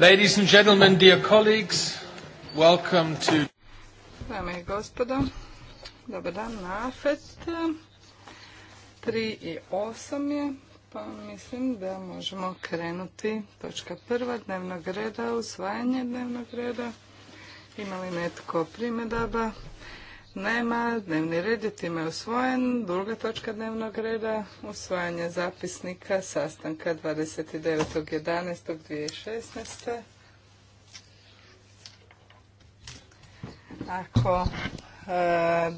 Ladies and gentlemen, dear colleagues, welcome to... Dame i gospodo, dobar dan na AFET. 3 i 8 je, pa mislim da možemo krenuti. Točka prva dnevnog reda, usvajanje dnevnog reda. Ima li netko primjedaba? nema, dnevni red je time usvojen. Druga točka dnevnog reda, usvajanje zapisnika sastanka 29.11.2016. Ako e,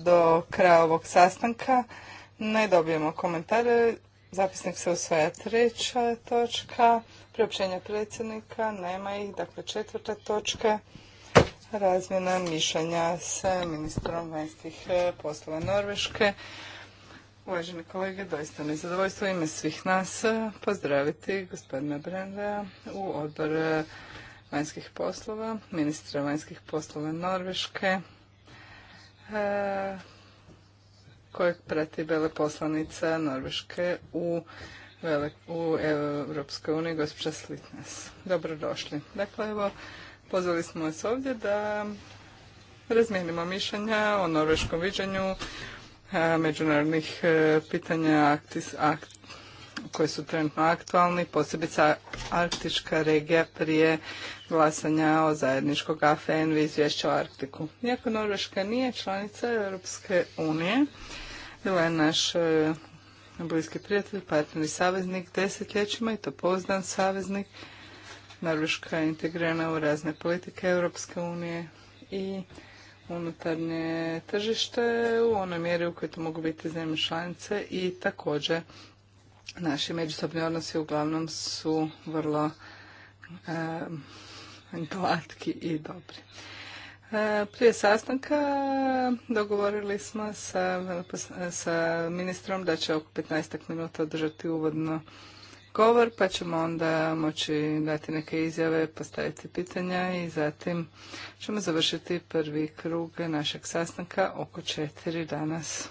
do kraja ovog sastanka ne dobijemo komentare, zapisnik se usvaja treća točka, priopćenja predsjednika, nema ih, dakle četvrta točka razmjena mišljenja sa ministrom vanjskih e, poslova Norveške. Uvaženi kolege, doista mi je zadovoljstvo ime svih nas e, pozdraviti gospodina Brenda u odbor e, vanjskih poslova, ministra vanjskih poslova Norveške, kojeg prati poslanica Norveške u u Europskoj uniji, gospođa Slitnes. Dobrodošli. Dakle, evo, Pozvali smo vas ovdje da razmijenimo mišljenja o norveškom viđenju e, međunarodnih e, pitanja akt, koji su trenutno aktualni, posebice Arktička regija prije glasanja o zajedničkog AFNV izvješća o Arktiku. Iako Norveška nije članica Europske unije, bila je naš e, bliski prijatelj, partner i saveznik desetljećima i to poznan saveznik Norveška je integrirana u razne politike Europske unije i unutarnje tržište u onoj mjeri u kojoj to mogu biti zemlje članice i također naši međusobni odnosi uglavnom su vrlo e, glatki i dobri. E, prije sastanka dogovorili smo sa, sa ministrom da će oko 15 minuta održati uvodno govor, pa ćemo onda moći dati neke izjave, postaviti pitanja i zatim ćemo završiti prvi krug našeg sastanka oko četiri danas.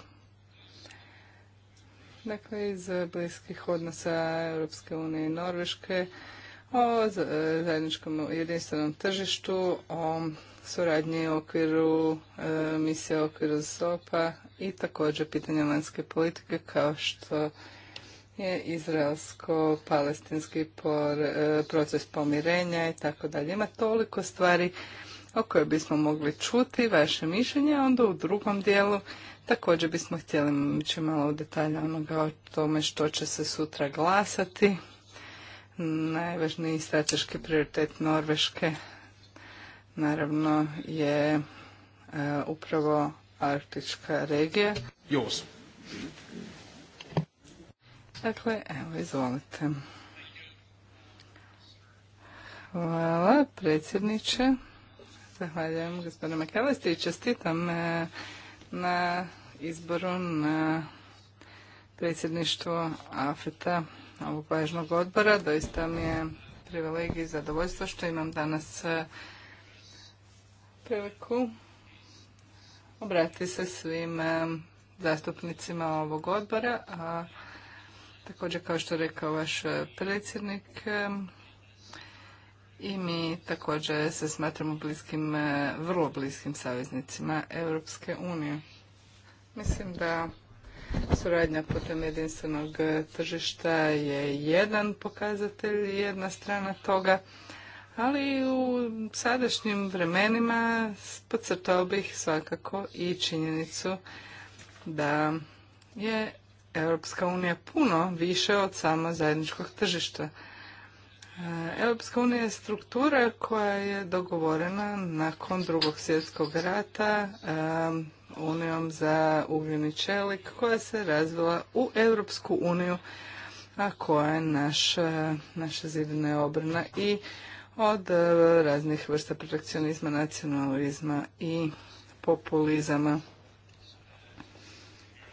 Dakle, iz bliskih odnosa Europske unije i Norveške, o zajedničkom jedinstvenom tržištu, o suradnji u okviru e, misije u okviru SOPA i također pitanje vanjske politike kao što je izraelsko-palestinski e, proces pomirenja i tako dalje. Ima toliko stvari o kojoj bismo mogli čuti vaše mišljenje, onda u drugom dijelu također bismo htjeli ući malo u detalje onoga o tome što će se sutra glasati. Najvažniji strateški prioritet Norveške naravno je e, upravo arktička regija. Dakle, evo, izvolite. Hvala, predsjedniče. Zahvaljujem gospodine Makalesti i čestitam e, na izboru na predsjedništvo AFETA ovog važnog odbora. Doista mi je privilegij i zadovoljstvo što imam danas e, priliku obratiti se svim e, zastupnicima ovog odbora, a Također, kao što je rekao vaš e, predsjednik, e, i mi također se smatramo bliskim, e, vrlo bliskim saveznicima Europske unije. Mislim da suradnja putem jedinstvenog tržišta je jedan pokazatelj, jedna strana toga, ali u sadašnjim vremenima podcrtao bih svakako i činjenicu da je Europska unija puno više od samo zajedničkog tržišta. E, Europska unija je struktura koja je dogovorena nakon drugog svjetskog rata e, unijom za ugljeni čelik koja se razvila u Europsku uniju a koja je e, naša, naša zidna obrana i od raznih vrsta protekcionizma, nacionalizma i populizama.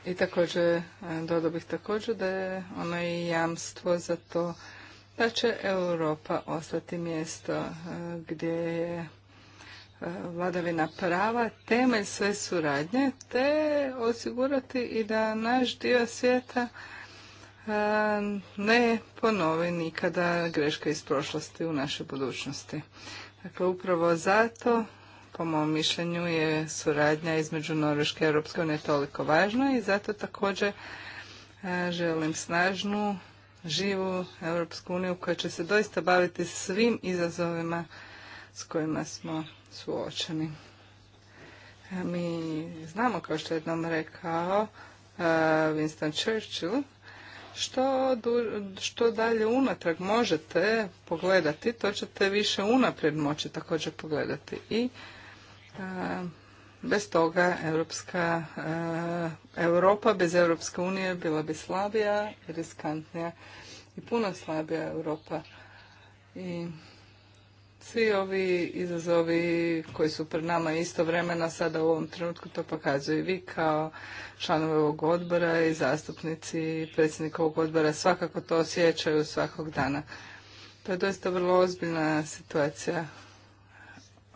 I također, e, dodao bih također da je ono i jamstvo za to da će Europa ostati mjesto e, gdje je e, vladavina prava, temelj sve suradnje, te osigurati i da naš dio svijeta ne ponovi nikada greške iz prošlosti u našoj budućnosti. Dakle, upravo zato po mom mišljenju je suradnja između Norveške i Europske unije toliko važna i zato također e, želim snažnu, živu Europsku uniju koja će se doista baviti svim izazovima s kojima smo suočeni. E, mi znamo, kao što je jednom rekao e, Winston Churchill, što, što dalje unatrag možete pogledati, to ćete više unaprijed moći također pogledati. I E, bez toga Europska, e, Europa bez Europske unije bila bi slabija, riskantnija i puno slabija Europa. I svi ovi izazovi koji su pred nama istovremeno sada u ovom trenutku to pokazuju i vi kao članovi ovog odbora i zastupnici i predsjednik ovog odbora svakako to osjećaju svakog dana. To je doista vrlo ozbiljna situacija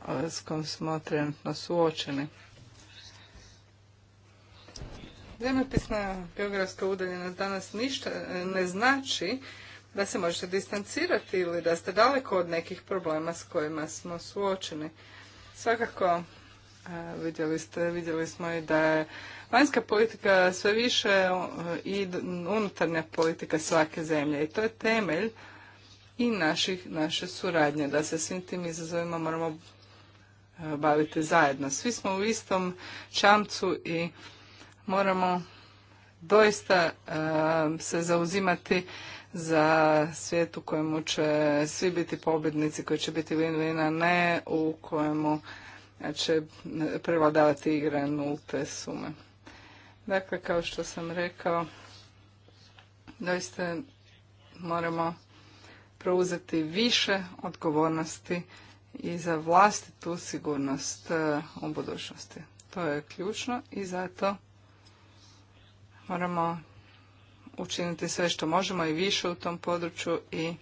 s kojom smo trenutno suočeni. Zemljopisna geografska udaljenost danas ništa ne znači da se možete distancirati ili da ste daleko od nekih problema s kojima smo suočeni. Svakako vidjeli ste, vidjeli smo i da je vanjska politika sve više e, i unutarnja politika svake zemlje i to je temelj i naših, naše suradnje, da se svim tim izazovima moramo E, bavite zajedno. Svi smo u istom čamcu i moramo doista e, se zauzimati za svijet u kojemu će svi biti pobjednici, koji će biti win-win, a ne u kojemu će prevladavati igre nulte sume. Dakle, kao što sam rekao, doista moramo preuzeti više odgovornosti i za vlastitu sigurnost e, u budućnosti. To je ključno i zato moramo učiniti sve što možemo i više u tom području i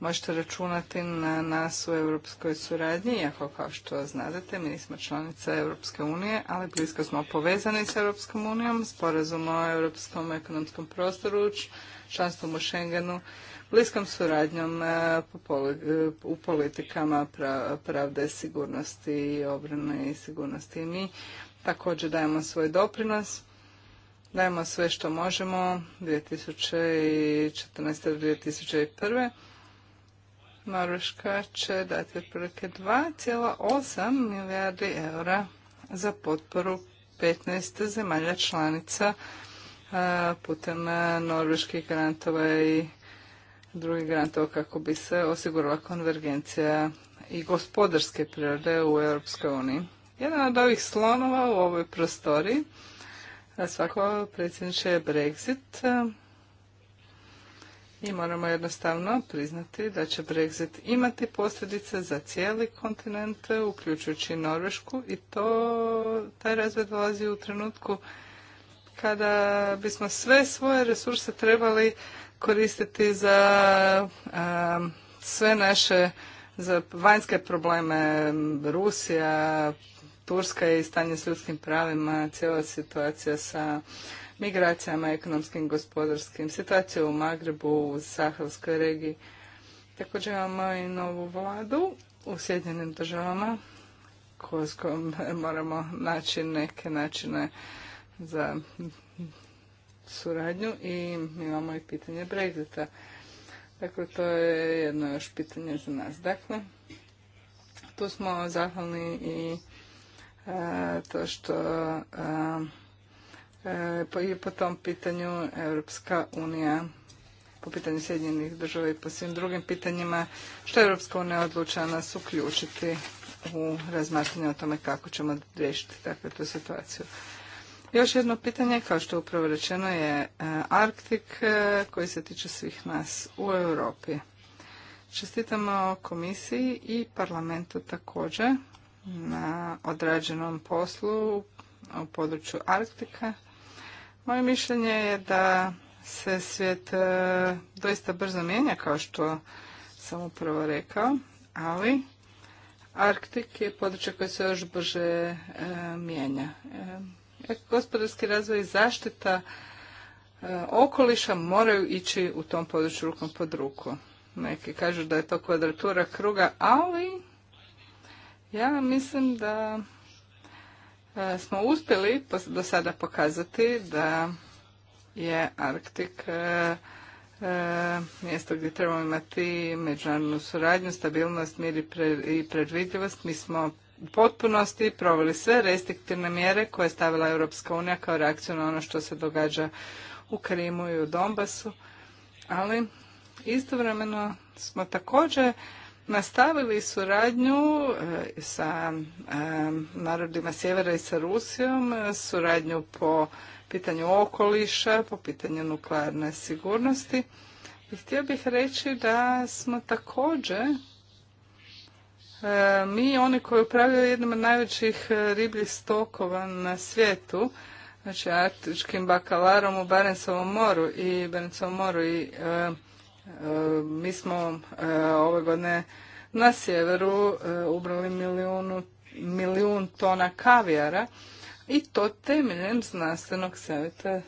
možete računati na nas u europskoj suradnji, iako kao što znate, mi nismo članica Europske unije, ali blisko smo povezani s Europskom unijom, sporazum o europskom ekonomskom prostoru, članstvom u Schengenu, bliskom suradnjom e, e, u politikama pravde sigurnosti i obrane i sigurnosti. I mi također dajemo svoj doprinos, dajemo sve što možemo 2014. do 2001. Norveška će dati otprilike 2,8 milijardi eura za potporu 15 zemalja članica e, putem norveških grantova i drugi gran to kako bi se osigurala konvergencija i gospodarske prirode u Europskoj uniji. Jedan od ovih slonova u ovoj prostoriji, svako predsjedniče je Brexit i moramo jednostavno priznati da će Brexit imati posljedice za cijeli kontinent, uključujući Norvešku i to taj razvoj dolazi u trenutku kada bismo sve svoje resurse trebali koristiti za sve naše za vanjske probleme Rusija, Turska i stanje s ljudskim pravima, cijela situacija sa migracijama, ekonomskim, gospodarskim, situacija u Magrebu, u Sahelskoj regiji. Također imamo i novu vladu u Sjedinjenim državama s kojom moramo naći neke načine za suradnju i imamo i pitanje Brexita. Dakle, to je jedno još pitanje za nas. Dakle, tu smo zahvalni i e, to što e, e i po tom pitanju Europska unija po pitanju Sjedinjenih država i po svim drugim pitanjima što Europska unija odlučila nas uključiti u razmatranje o tome kako ćemo riješiti takvu tu situaciju. Još jedno pitanje, kao što je upravo rečeno, je e, Arktik e, koji se tiče svih nas u Europi. Čestitamo komisiji i parlamentu također na odrađenom poslu u području Arktika. Moje mišljenje je da se svijet e, doista brzo mijenja, kao što sam upravo rekao, ali Arktik je područje koje se još brže mijenja gospodarski razvoj i zaštita e, okoliša moraju ići u tom području rukom pod ruku. Neki kažu da je to kvadratura kruga, ali ja mislim da e, smo uspjeli do sada pokazati da je Arktik e, mjesto gdje trebamo imati međunarodnu suradnju, stabilnost, mir i predvidljivost. Mi smo u potpunosti proveli sve restriktivne mjere koje je stavila Europska unija kao reakciju na ono što se događa u Krimu i u Donbasu, ali istovremeno smo također nastavili suradnju e, sa e, narodima sjevera i sa Rusijom, suradnju po pitanju okoliša, po pitanju nuklearne sigurnosti. I htio bih reći da smo također E, mi, oni koji upravljaju jednim od najvećih e, ribljih stokova na svijetu, znači Artičkim bakalarom u Barencovom moru i Barencovom moru i e, mi smo ove godine na sjeveru ubrali milijunu, milijun tona kavijara i to temeljem znanstvenog savjeta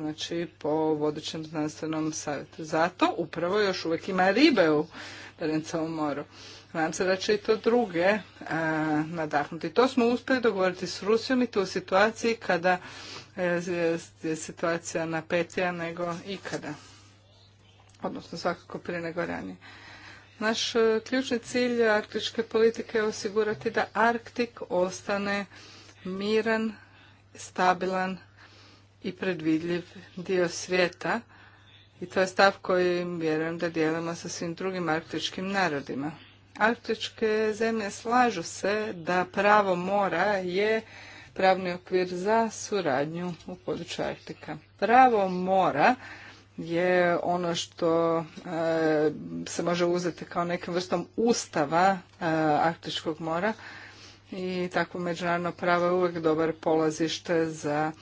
znači po vodećem znanstvenom savjetu. Zato upravo još uvijek ima ribe u Barencovom moru. Nadam se da će i to druge e, nadahnuti. To smo uspjeli dogovoriti s Rusijom i to u situaciji kada e, je situacija napetija nego ikada. Odnosno svakako prije nego ranije. Naš e, ključni cilj arktičke politike je osigurati da Arktik ostane miran, stabilan i predvidljiv dio svijeta i to je stav koji vjerujem da dijelimo sa svim drugim arktičkim narodima. Arktičke zemlje slažu se da pravo mora je pravni okvir za suradnju u području Arktika. Pravo mora je ono što e, se može uzeti kao nekim vrstom ustava e, Arktičkog mora i takvo međunarodno pravo je uvijek dobar polazište za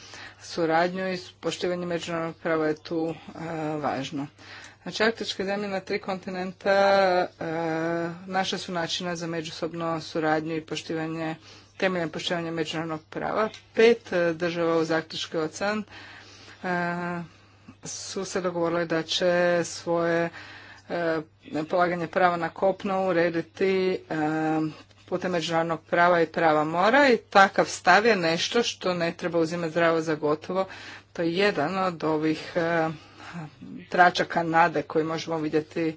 suradnju i poštivanje međunarodnog prava je tu e, važno. Znači, Arktičke zemlje na tri kontinenta e, naša su načina za međusobno suradnju i poštivanje temeljem poštivanja međunarodnog prava. Pet e, država uz Arktički ocean e, su se dogovorile da će svoje polaganje prava na kopno urediti putem međunarodnog prava i prava mora i takav stav je nešto što ne treba uzimati zdravo za gotovo. To je jedan od ovih tračaka nade koji možemo vidjeti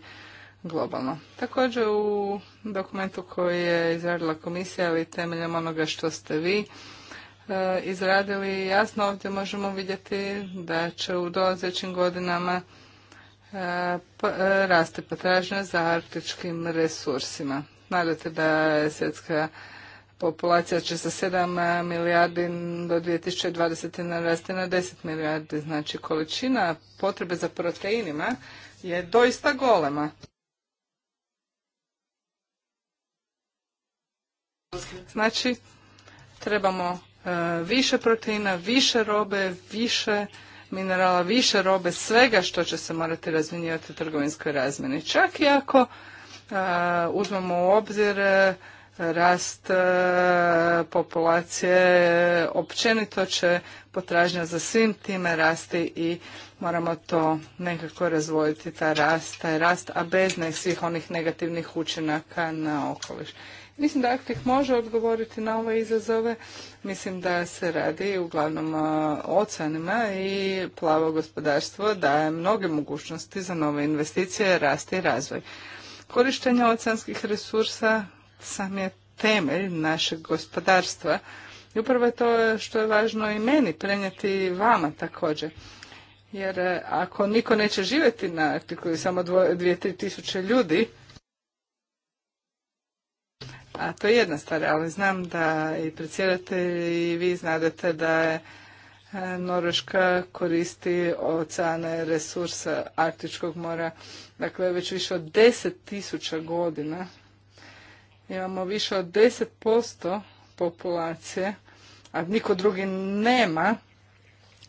globalno. Također u dokumentu koji je izradila komisija, ali temeljem onoga što ste vi e, izradili, jasno ovdje možemo vidjeti da će u dolazećim godinama e, e rasti potražnja za arktičkim resursima. Nadate da je svjetska populacija će sa 7 eh, milijardi do 2020. narasti na 10 milijardi. Znači količina potrebe za proteinima je doista golema. Znači, trebamo eh, više proteina, više robe, više minerala, više robe, svega što će se morati razminjivati u trgovinskoj razmjeni. Čak i ako eh, uzmemo u obzir rast e, populacije općenito će potražnja za svim time rasti i moramo to nekako razvojiti ta rast, taj rast, a bez ne svih onih negativnih učinaka na okoliš. Mislim da aktiv može odgovoriti na ove izazove. Mislim da se radi uglavnom e, o oceanima i plavo gospodarstvo daje mnoge mogućnosti za nove investicije, rast i razvoj. Korištenje oceanskih resursa sam je temelj našeg gospodarstva. I upravo je to što je važno i meni prenijeti vama također. Jer e, ako niko neće živjeti na Arktiku samo dva dvije, tri tisuće ljudi, a to je jedna stvar, ali znam da i predsjedatelj i vi znadete da je Norveška koristi oceane resursa Arktičkog mora, dakle već više od deset tisuća godina imamo više od 10% populacije, a niko drugi nema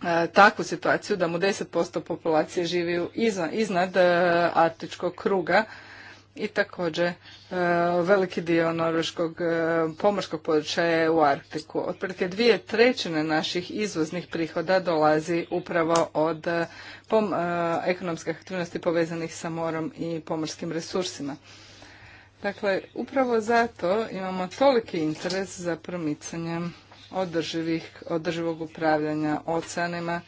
e, takvu situaciju da mu 10% populacije živi iznad, iznad e, Artičkog kruga i također e, veliki dio norveškog pomorskog područja je u Arktiku. Otprilike dvije trećine naših izvoznih prihoda dolazi upravo od ekonomske aktivnosti povezanih sa morom i pomorskim resursima. Dakle, upravo zato imamo toliki interes za promicanje održivog upravljanja oceanima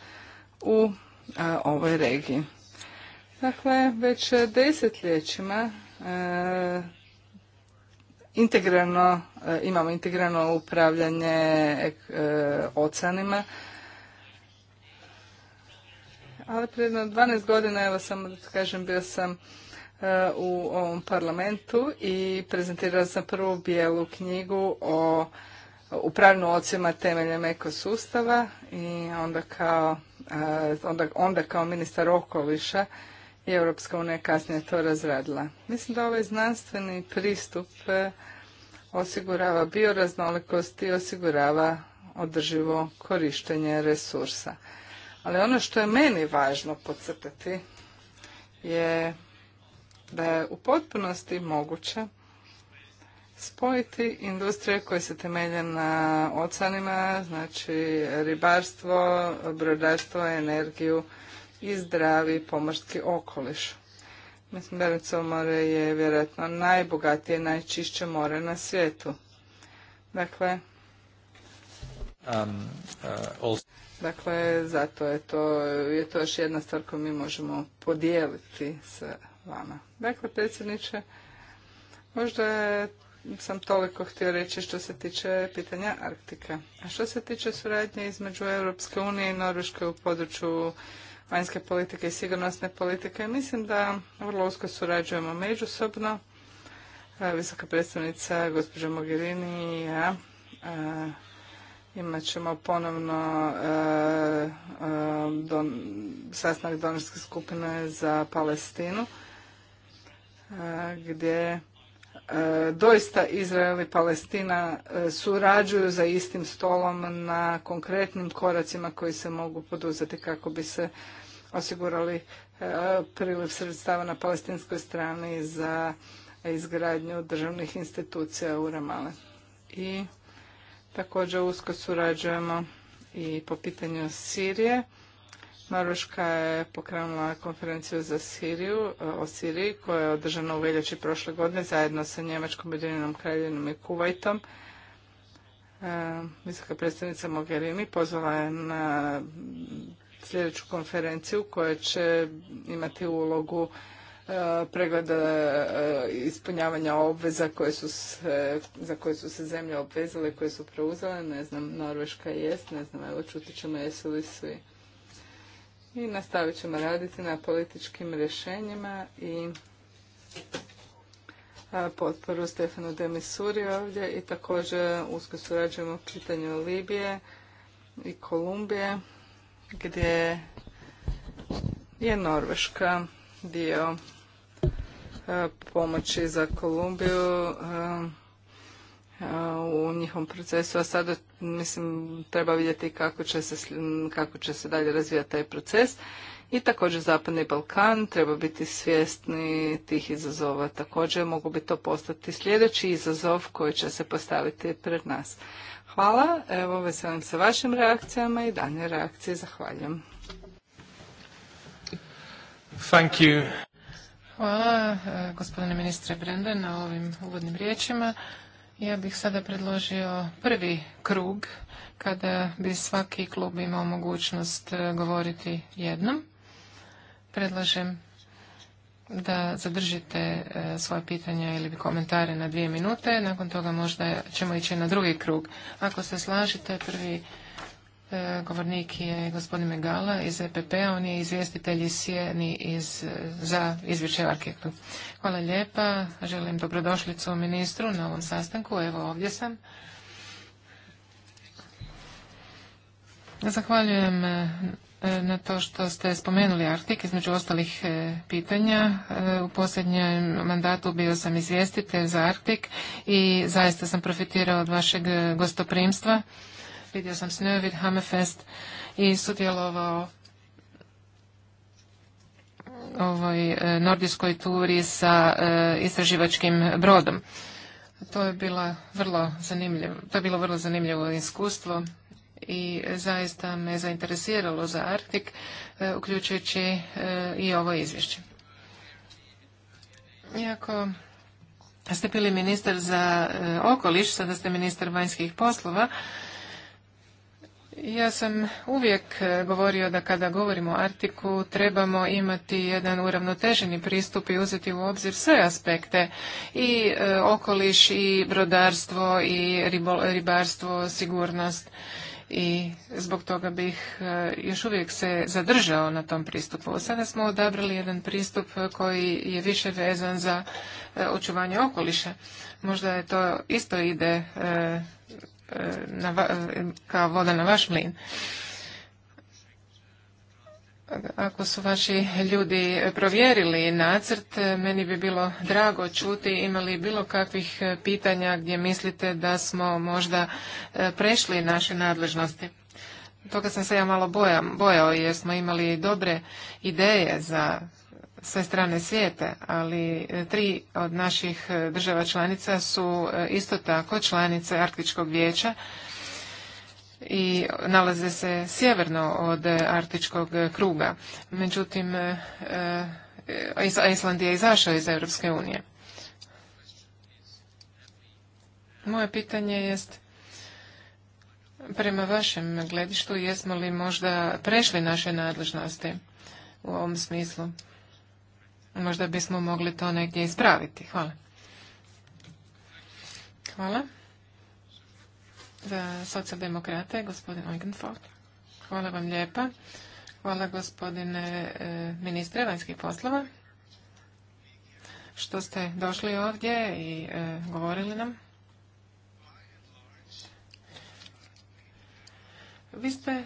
u ovoj regiji. Dakle, već desetljećima e, integrano, e, imamo integrano upravljanje e, oceanima, ali prije 12 godina, evo samo da kažem, bio sam u ovom parlamentu i prezentirala sam prvu bijelu knjigu o upravnu ocijema temeljem ekosustava i onda kao, e, onda, onda kao ministar okoliša i Europska unija kasnije to razradila. Mislim da ovaj znanstveni pristup e, osigurava bioraznolikost i osigurava održivo korištenje resursa. Ali ono što je meni važno podcrtati je da je u potpunosti moguće spojiti industrije koje se temelje na oceanima, znači ribarstvo, brodarstvo, energiju i zdravi pomorski okoliš. Mislim, Belico more je vjerojatno najbogatije, najčišće more na svijetu. Dakle, um, uh, dakle zato je to, je to još jedna stvar koju mi možemo podijeliti sa vama. Dakle, predsjedniče, možda sam toliko htio reći što se tiče pitanja Arktika. A što se tiče suradnje između Europske unije i Norveške u području vanjske politike i sigurnosne politike, mislim da vrlo usko surađujemo međusobno. E, visoka predstavnica gospođa Mogherini i ja e, imat ćemo ponovno e, don, sastanak donorske skupine za Palestinu gdje e, doista Izrael i Palestina e, surađuju za istim stolom na konkretnim koracima koji se mogu poduzeti kako bi se osigurali e, priliv sredstava na palestinskoj strani za izgradnju državnih institucija u Ramale. I također usko surađujemo i po pitanju Sirije Norveška je pokrenula konferenciju za Siriju, e, o Siriji koja je održana u veljači prošle godine zajedno sa Njemačkom, Ujedinjenom kraljevinom i Kuvajtom. E, visoka predstavnica Mogherini pozvala je na sljedeću konferenciju koja će imati ulogu e, pregleda ispunjavanja obveza koje su se, za koje su se zemlje obvezale, koje su preuzele. Ne znam, Norveška jest, ne znam, evo čuti ćemo jesu li svi i nastavit ćemo raditi na političkim rješenjima i potporu Stefanu Demisuri ovdje i također usko surađujemo u pitanju Libije i Kolumbije gdje je Norveška dio pomoći za Kolumbiju u njihovom procesu, a sada mislim treba vidjeti kako će se, kako će se dalje razvijati taj proces. I također Zapadni Balkan treba biti svjesni tih izazova. Također mogu bi to postati sljedeći izazov koji će se postaviti pred nas. Hvala, evo veselim se vašim reakcijama i danje reakcije. Zahvaljujem. Thank you. Hvala e, gospodine ministre Brenda na ovim uvodnim riječima. Ja bih sada predložio prvi krug kada bi svaki klub imao mogućnost e, govoriti jednom. Predlažem da zadržite e, svoje pitanja ili komentare na dvije minute. Nakon toga možda ćemo ići na drugi krug. Ako se slažete, prvi E, govornik je gospodin Megala iz EPP, on je izvjestitelj iz Sijeni za izvješće Arkitu. Hvala lijepa, želim dobrodošlicu ministru na ovom sastanku, evo ovdje sam. Zahvaljujem e, na to što ste spomenuli Arktik, između ostalih e, pitanja. U posljednjem mandatu bio sam izvjestitelj za Arktik i zaista sam profitirao od vašeg gostoprimstva vidio sam Snövid Hammerfest i sudjelovao ovoj e, nordijskoj turi sa e, istraživačkim brodom. To je bilo vrlo zanimljivo, to je bilo vrlo zanimljivo iskustvo i zaista me zainteresiralo za Arktik, e, uključujući i ovo izvješće. Iako ste bili ministar za okoliš, sada ste ministar vanjskih poslova, ja sam uvijek e, govorio da kada govorimo o Artiku trebamo imati jedan uravnoteženi pristup i uzeti u obzir sve aspekte i e, okoliš i brodarstvo i ribarstvo, sigurnost i zbog toga bih e, još uvijek se zadržao na tom pristupu. Sada smo odabrali jedan pristup koji je više vezan za očuvanje okoliša. Možda je to isto ide kao voda na vaš mlin. Ako su vaši ljudi provjerili nacrt, meni bi bilo drago čuti imali bilo kakvih pitanja gdje mislite da smo možda e, prešli naše nadležnosti. Toga sam se ja malo bojao jer smo imali dobre ideje za sve strane svijeta, ali e, tri od naših e, država članica su e, isto tako članice Arktičkog vijeća i nalaze se sjeverno od Arktičkog kruga. Međutim, Island je izašao iz Europske unije. Moje pitanje jest prema vašem gledištu jesmo li možda prešli naše nadležnosti u ovom smislu? Možda bismo mogli to negdje ispraviti. Hvala. Hvala. Za socijaldemokrate, gospodin Eugenfeld. Hvala vam lijepa. Hvala gospodine e, ministre vanjskih poslova što ste došli ovdje i e, govorili nam. Vi ste e,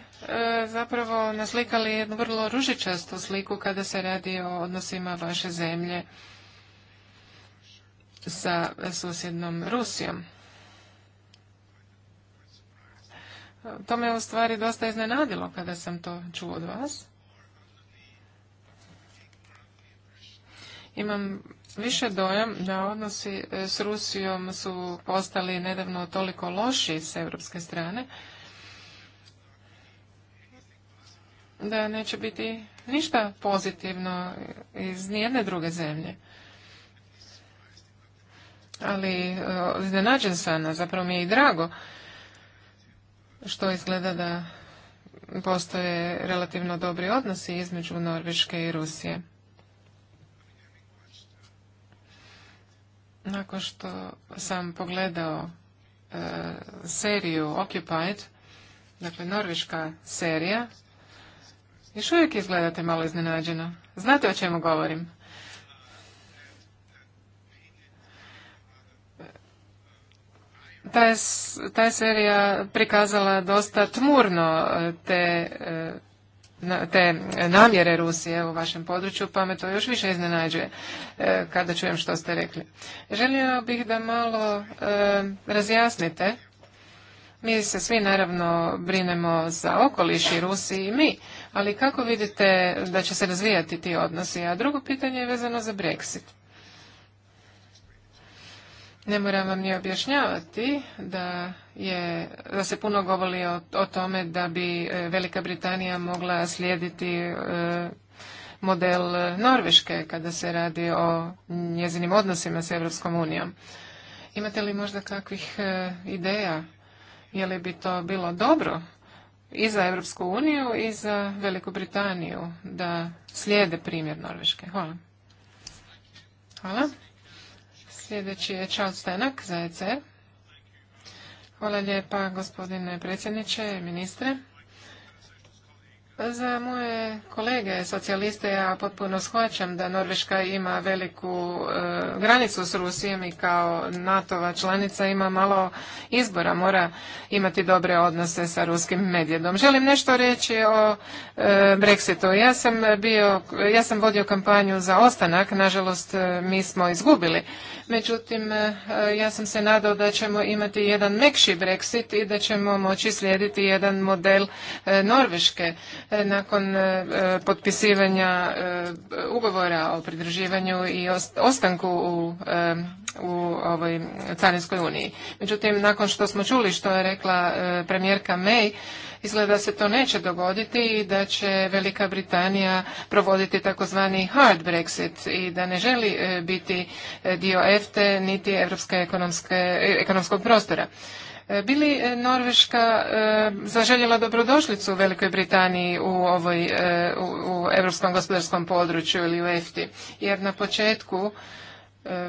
zapravo naslikali jednu vrlo ružičastu sliku kada se radi o odnosima vaše zemlje sa susjednom Rusijom. To me u stvari dosta iznenadilo kada sam to čuo od vas. Imam više dojam da odnosi e, s Rusijom su postali nedavno toliko loši s europske strane, da neće biti ništa pozitivno iz nijedne druge zemlje. Ali e, iznenađen sam, zapravo mi je i drago što izgleda da postoje relativno dobri odnosi između Norveške i Rusije. Nakon što sam pogledao e, seriju Occupied, dakle norveška serija, još uvijek izgledate malo iznenađeno. Znate o čemu govorim? Ta je, serija prikazala dosta tmurno e, te, e, te namjere Rusije u vašem području, pa me to još više iznenađuje e, kada čujem što ste rekli. Želio bih da malo razjasnite. Mi se svi naravno brinemo za okoliš i Rusi i mi, ali kako vidite da će se razvijati ti odnosi? A drugo pitanje je vezano za Brexit. Ne moram vam ni objašnjavati da, je, da se puno govori o, tome da bi e, Velika Britanija mogla slijediti e, model Norveške kada se radi o njezinim odnosima s Europskom unijom. Imate li možda kakvih e, ideja? Je li bi to bilo dobro i za Europsku uniju i za Veliku Britaniju da slijede primjer Norveške. Hvala. Hvala. Sljedeći je Charles Stenak za ECR. E. Hvala lijepa gospodine predsjedniče, ministre. Za moje kolege socijaliste ja potpuno shvaćam da Norveška ima veliku e, granicu s Rusijom i kao NATO-va članica ima malo izbora, mora imati dobre odnose sa ruskim medijedom. Želim nešto reći o e, Brexitu. Ja sam, bio, ja sam vodio kampanju za ostanak, nažalost e, mi smo izgubili. Međutim, ja sam se nadao da ćemo imati jedan mekši Brexit i da ćemo moći slijediti jedan model Norveške E, nakon e, e, potpisivanja ugovora o pridruživanju i ostanku u, u ovoj carinskoj uniji. Međutim, nakon što smo čuli što je rekla premijerka May, izgleda da se to neće dogoditi i da će Velika Britanija provoditi takozvani hard Brexit i da ne želi biti dio EFTE niti Europske ekonomskog prostora. E, Bili e, Norveška e, zaželjela dobrodošlicu u Velikoj Britaniji u ovoj u, europskom gospodarskom području ili u EFTI? Jer na početku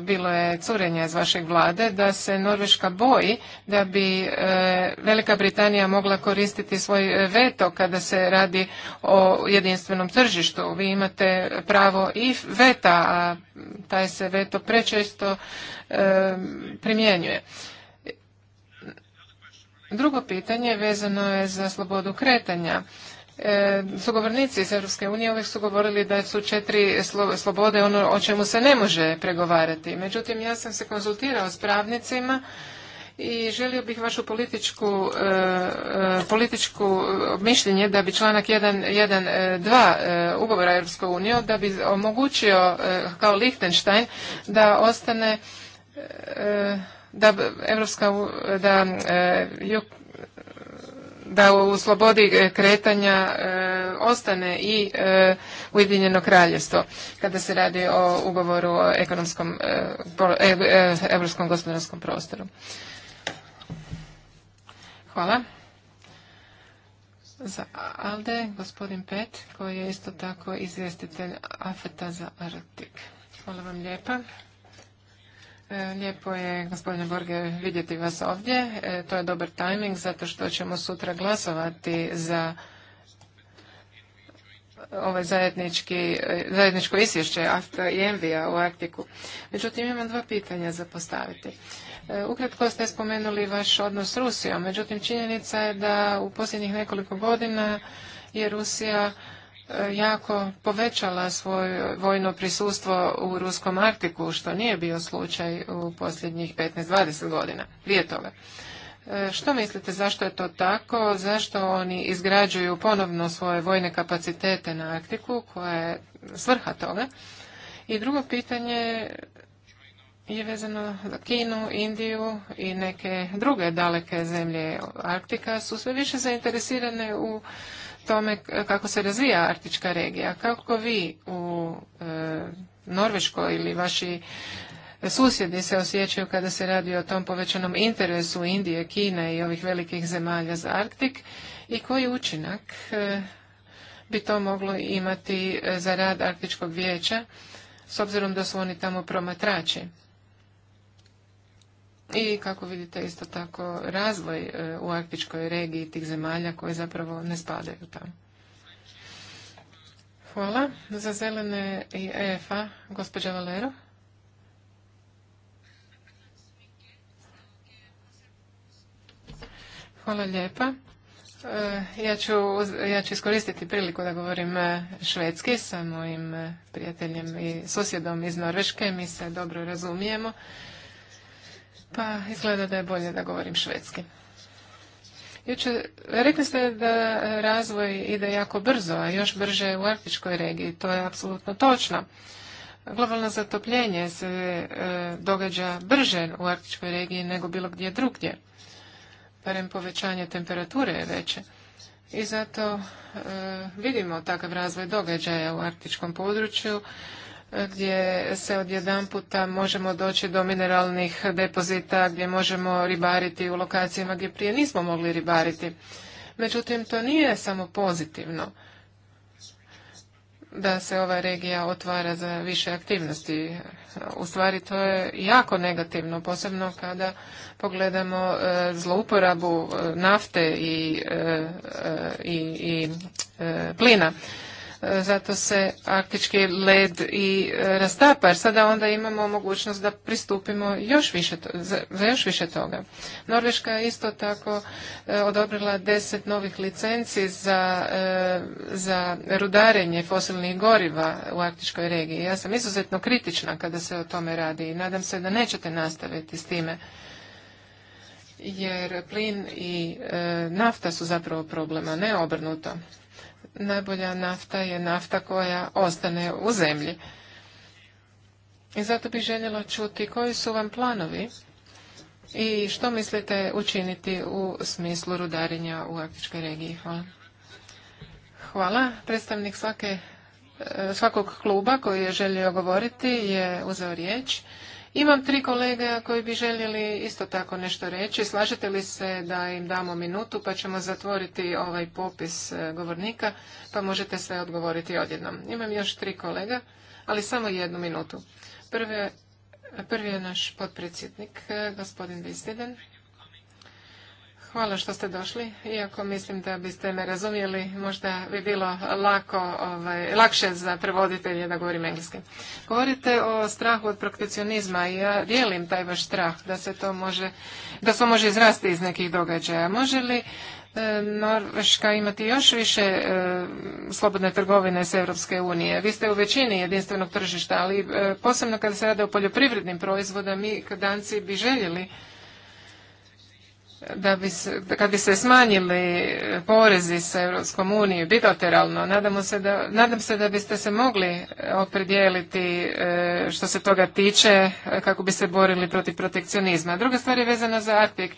bilo je curenje iz vašeg vlade da se Norveška boji da bi Velika Britanija mogla koristiti svoj veto kada se radi o jedinstvenom tržištu. Vi imate pravo i veta, a taj se veto prečesto primjenjuje. Drugo pitanje vezano je za slobodu kretanja. E, sugovornici iz Europske unije uvijek su govorili da su četiri slobode ono o čemu se ne može pregovarati. Međutim, ja sam se konzultirao s pravnicima i želio bih vašu političku, e, e političku mišljenje da bi članak 1.1.2 e, ugovora Europske unije da bi omogućio kao Lichtenstein da ostane da Evropska, da, e, da u slobodi kretanja e, ostane i e, Ujedinjeno kraljestvo kada se radi o ugovoru o ekonomskom, evropskom gospodarskom prostoru. Hvala. Za Alde, gospodin Pet, koji je isto tako izvjestitelj AFETA za Arktik. Hvala vam lijepa. E, lijepo je, gospodine Borge, vidjeti vas ovdje. E, to je dobar tajming zato što ćemo sutra glasovati za ovaj e, zajedničko isješće AFTA i Envija u Arktiku. Međutim, imam dva pitanja za postaviti. Ukratko ste spomenuli vaš odnos s Rusijom, međutim činjenica je da u posljednjih nekoliko godina je Rusija jako povećala svoje vojno prisustvo u Ruskom Arktiku, što nije bio slučaj u posljednjih 15-20 godina prije toga. E, što mislite zašto je to tako? Zašto oni izgrađuju ponovno svoje vojne kapacitete na Arktiku, koja je svrha toga? I drugo pitanje je vezano za Kinu, Indiju i neke druge daleke zemlje Arktika su sve više zainteresirane u tome kako se razvija Artička regija. Kako vi u e, Norveškoj ili vaši susjedi se osjećaju kada se radi o tom povećanom interesu Indije, Kine i ovih velikih zemalja za Arktik i koji učinak e, bi to moglo imati e, za rad Arktičkog vijeća s obzirom da su oni tamo promatrači i kako vidite isto tako razvoj e, u arktičkoj regiji tih zemalja koje zapravo ne spadaju tamo. Hvala. Za zelene i EFA, gospođa Valero. Hvala lijepa. E, ja ću, ja ću iskoristiti priliku da govorim e, švedski sa mojim prijateljem i susjedom iz Norveške. Mi se dobro razumijemo. Pa izgleda da je bolje da govorim švedski. Juče, rekli ste da razvoj ide jako brzo, a još brže u Arktičkoj regiji. To je apsolutno točno. Globalno zatopljenje se e, događa brže u Arktičkoj regiji nego bilo gdje drugdje. Barem povećanje temperature je veće. I zato e, vidimo takav razvoj događaja u arktičkom području gdje se odjedan puta možemo doći do mineralnih depozita, gdje možemo ribariti u lokacijama gdje prije nismo mogli ribariti. Međutim, to nije samo pozitivno da se ova regija otvara za više aktivnosti. U stvari to je jako negativno, posebno kada pogledamo e, zlouporabu e, nafte i, e, plina zato se arktički led i e, rastapa, jer sada onda imamo mogućnost da pristupimo još više to, za, još više toga. Norveška je isto tako e, odobrila deset novih licenci za, e, za rudarenje fosilnih goriva u arktičkoj regiji. Ja sam izuzetno kritična kada se o tome radi i nadam se da nećete nastaviti s time jer plin i nafta su zapravo problema, ne obrnuto najbolja nafta je nafta koja ostane u zemlji. I zato bih željela čuti koji su vam planovi i što mislite učiniti u smislu rudarenja u Arktičkoj regiji. Hvala. Hvala. Predstavnik svake, svakog kluba koji je želio govoriti je uzeo riječ. Imam tri kolega koji bi željeli isto tako nešto reći. Slažete li se da im damo minutu pa ćemo zatvoriti ovaj popis e, govornika pa možete sve odgovoriti odjednom. Imam još tri kolega, ali samo jednu minutu. prvi je naš potpredsjednik, e, gospodin Vistiden. Hvala što ste došli. Iako mislim da biste me razumjeli, možda bi bilo lako, ovaj, lakše za prevoditelje da govorim engleski. Govorite o strahu od protekcionizma i ja dijelim taj vaš strah da se to može, da se može izrasti iz nekih događaja. Može li e, Norveška imati još više e, slobodne trgovine s Europske unije. Vi ste u većini jedinstvenog tržišta, ali e, posebno kada se radi o poljoprivrednim proizvodima, mi danci bi željeli da bi se, kad bi se smanjili porezi sa Europskom bilateralno, nadamo se da, nadam se da biste se mogli opredijeliti e, što se toga tiče e, kako bi se borili protiv protekcionizma. Druga stvar je vezana za Arktik.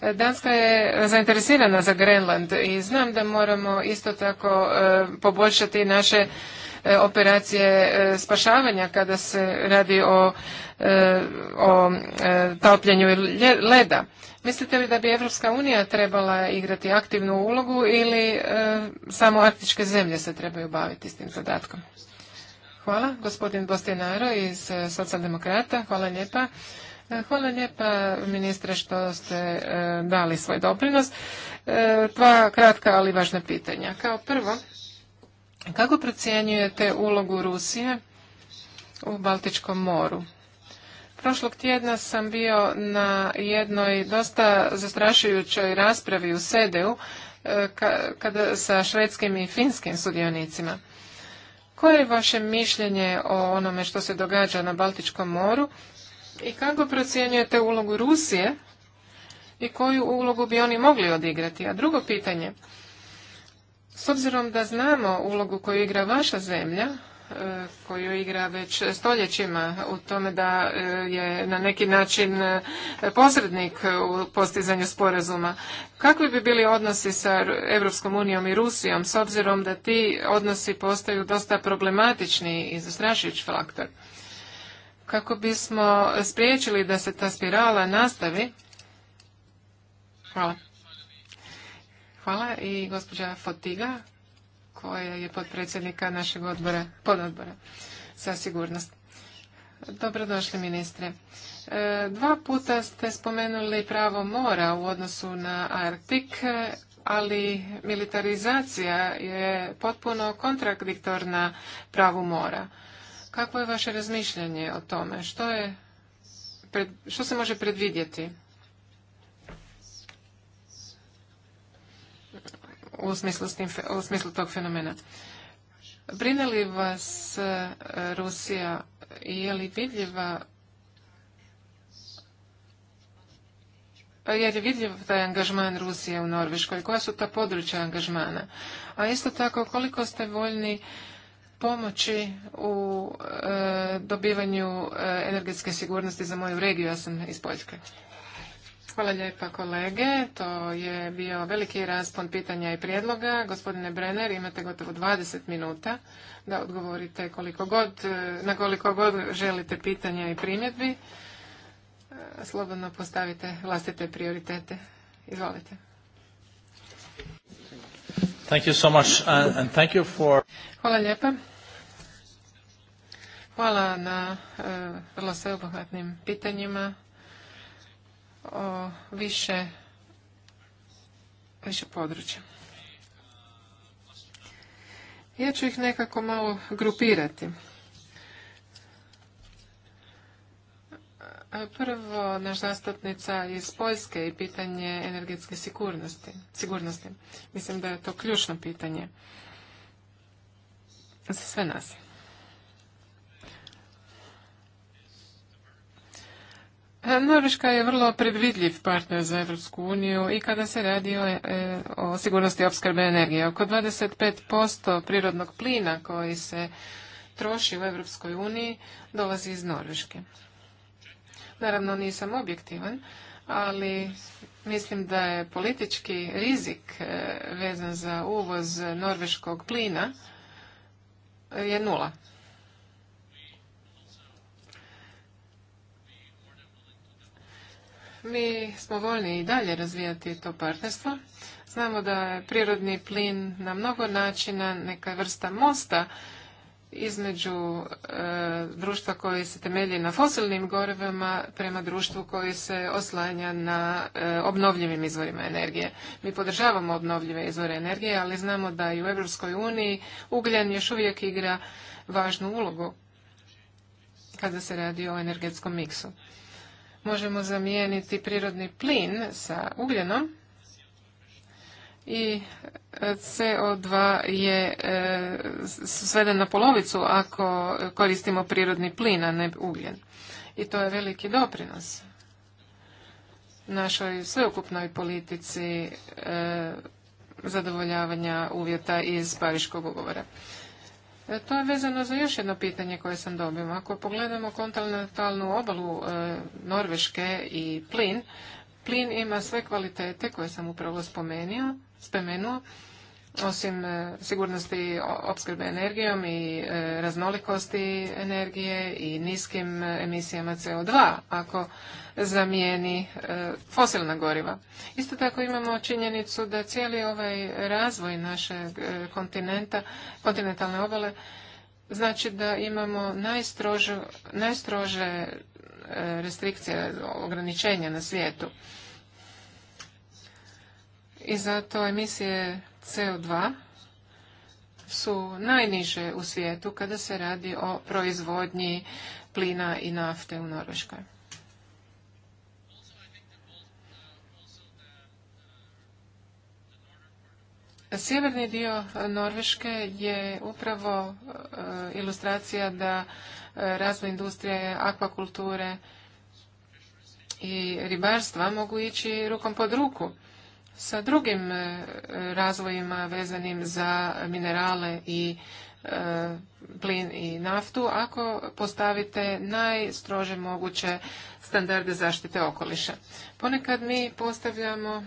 E, Danska je zainteresirana za Grenland i znam da moramo isto tako poboljšati naše operacije spašavanja kada se radi o, o, o leda. Mislite li da bi Europska unija trebala igrati aktivnu ulogu ili e, samo arktičke zemlje se trebaju baviti s tim zadatkom? Hvala. Gospodin Bostinaro iz e, Socijaldemokrata. Hvala lijepa. E, hvala lijepa ministre što ste dali svoj doprinos. E, dva kratka ali važna pitanja. Kao prvo, kako procjenjujete ulogu Rusije u Baltičkom moru? Prošlog tjedna sam bio na jednoj dosta zastrašujućoj raspravi u SEDEU e, kada, sa švedskim i finskim sudionicima. Koje je vaše mišljenje o onome što se događa na Baltičkom moru i kako procjenjujete ulogu Rusije i koju ulogu bi oni mogli odigrati? A drugo pitanje, s obzirom da znamo ulogu koju igra vaša zemlja koju igra već stoljećima u tome da e, je na neki način e, posrednik u postizanju sporazuma. Kakvi bi bili odnosi sa Europskom unijom i Rusijom s obzirom da ti odnosi postaju dosta problematični i zastrašujući faktor? Kako bismo spriječili da se ta spirala nastavi? Hvala. Hvala i gospođa Fotiga koja je podpredsjednika našeg odbora, pododbora za sigurnost. Dobrodošli ministre. E, dva puta ste spomenuli pravo mora u odnosu na Arktik, ali militarizacija je potpuno kontradiktorna pravu mora. Kako je vaše razmišljanje o tome? Što, je, što se može predvidjeti? u smislu, tim, u smislu tog fenomena. Brine li vas e, Rusija i je li vidljiva e, jer je vidljiv taj angažman Rusije u Norveškoj, koja su ta područja angažmana. A isto tako, koliko ste voljni pomoći u e, dobivanju energetske sigurnosti za moju regiju, ja sam iz Poljske. Hvala lijepa kolege. To je bio veliki raspon pitanja i prijedloga. Gospodine Brenner, imate gotovo 20 minuta da odgovorite koliko god, na koliko god želite pitanja i primjedbi. E, slobodno postavite vlastite prioritete. Izvolite. Thank you so much and thank you for... Hvala lijepa. Hvala na e, vrlo sveobuhvatnim pitanjima o više, više područja. Ja ću ih nekako malo grupirati. Prvo, naš zastupnica iz Poljske i pitanje energetske sigurnosti. sigurnosti. Mislim da je to ključno pitanje za sve nas. Norveška je vrlo predvidljiv partner za Europsku uniju i kada se radi o, e, sigurnosti opskrbe energije. Oko 25% prirodnog plina koji se troši u Europskoj uniji dolazi iz Norveške. Naravno nisam objektivan, ali mislim da je politički rizik e, vezan za uvoz norveškog plina je nula. Mi smo voljni i dalje razvijati to partnerstvo. Znamo da je prirodni plin na mnogo načina neka vrsta mosta između e, društva koji se temelji na fosilnim gorivama prema društvu koji se oslanja na e, obnovljivim izvorima energije. Mi podržavamo obnovljive izvore energije, ali znamo da i u Europskoj uniji ugljen još uvijek igra važnu ulogu kada se radi o energetskom miksu možemo zamijeniti prirodni plin sa ugljenom i e, CO2 je e, sveden na polovicu ako koristimo prirodni plin, a ne ugljen. I to je veliki doprinos našoj sveukupnoj politici e, zadovoljavanja uvjeta iz Pariškog ugovora. E, to je vezano za još jedno pitanje koje sam dobila. Ako pogledamo kontinentalnu obalu e, Norveške i plin, plin ima sve kvalitete koje sam upravo spomenuo, spomenuo osim e, sigurnosti opskrbe energijom i e, raznolikosti energije i niskim emisijama CO2 ako zamijeni e, fosilna goriva. Isto tako imamo činjenicu da cijeli ovaj razvoj naše kontinenta, kontinentalne obale znači da imamo najstrože, najstrože restrikcije, ograničenja na svijetu. I zato emisije CO2 su najniže u svijetu kada se radi o proizvodnji plina i nafte u Norveškoj. Sjeverni dio Norveške je upravo e, ilustracija da e, razvoj industrije, akvakulture i ribarstva mogu ići rukom pod ruku sa drugim e, razvojima vezanim za minerale i e, plin i naftu ako postavite najstrože moguće standarde zaštite okoliša. Ponekad mi postavljamo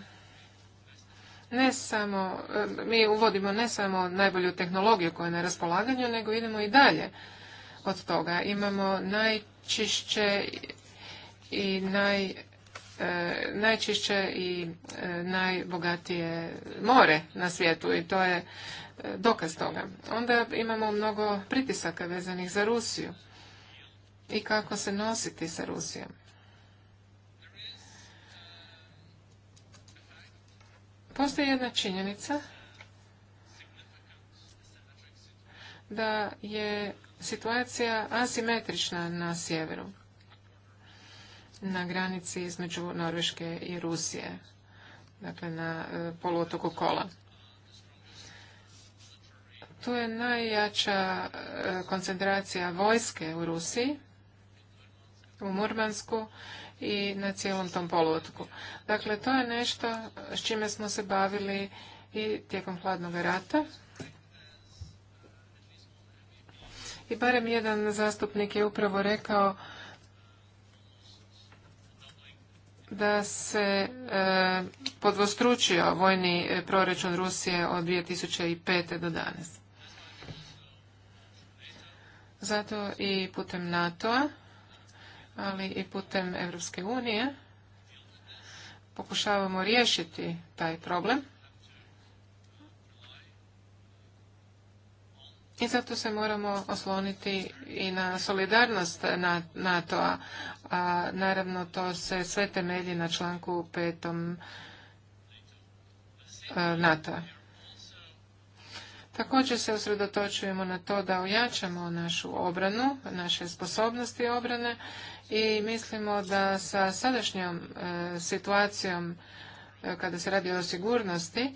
ne samo, e, mi uvodimo ne samo najbolju tehnologiju koja je na raspolaganju, nego idemo i dalje od toga. Imamo najčišće i naj E, najčišće i e, najbogatije more na svijetu i to je e, dokaz toga. Onda imamo mnogo pritisaka vezanih za Rusiju i kako se nositi sa Rusijom. Postoji jedna činjenica da je situacija asimetrična na sjeveru na granici između Norveške i Rusije, dakle na e, poluotoku Kola. Tu je najjača e, koncentracija vojske u Rusiji, u Murmansku i na cijelom tom poluotoku. Dakle, to je nešto s čime smo se bavili i tijekom hladnog rata. I barem jedan zastupnik je upravo rekao da se e, podvostručio vojni e, proračun Rusije od 2005. do danas. Zato i putem NATO-a, ali i putem Europske unije pokušavamo riješiti taj problem I zato se moramo osloniti i na solidarnost NATO-a. A naravno to se sve temelji na članku petom e, NATO-a. Također se usredotočujemo na to da ojačamo našu obranu, naše sposobnosti obrane i mislimo da sa sadašnjom e, situacijom e, kada se radi o sigurnosti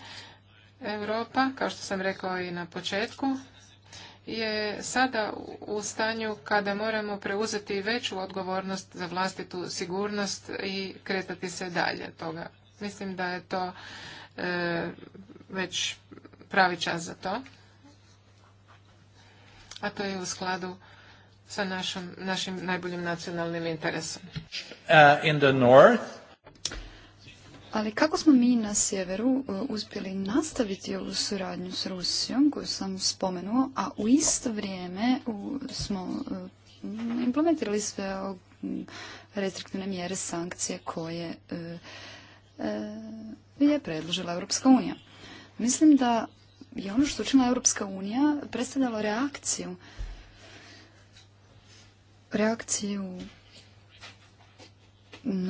Europa, kao što sam rekao i na početku, je sada u stanju kada moramo preuzeti veću odgovornost za vlastitu sigurnost i kretati se dalje toga. Mislim da je to e, već pravi čas za to. A to je u skladu sa našim najboljim nacionalnim interesom. Uh, in the north. Ali kako smo mi na sjeveru e, uspjeli nastaviti ovu suradnju s Rusijom, koju sam spomenuo, a u isto vrijeme smo e, implementirali sve restriktivne mjere sankcije koje e, je predložila Europska unija. Mislim da je ono što učinila Europska unija predstavljalo reakciju reakciju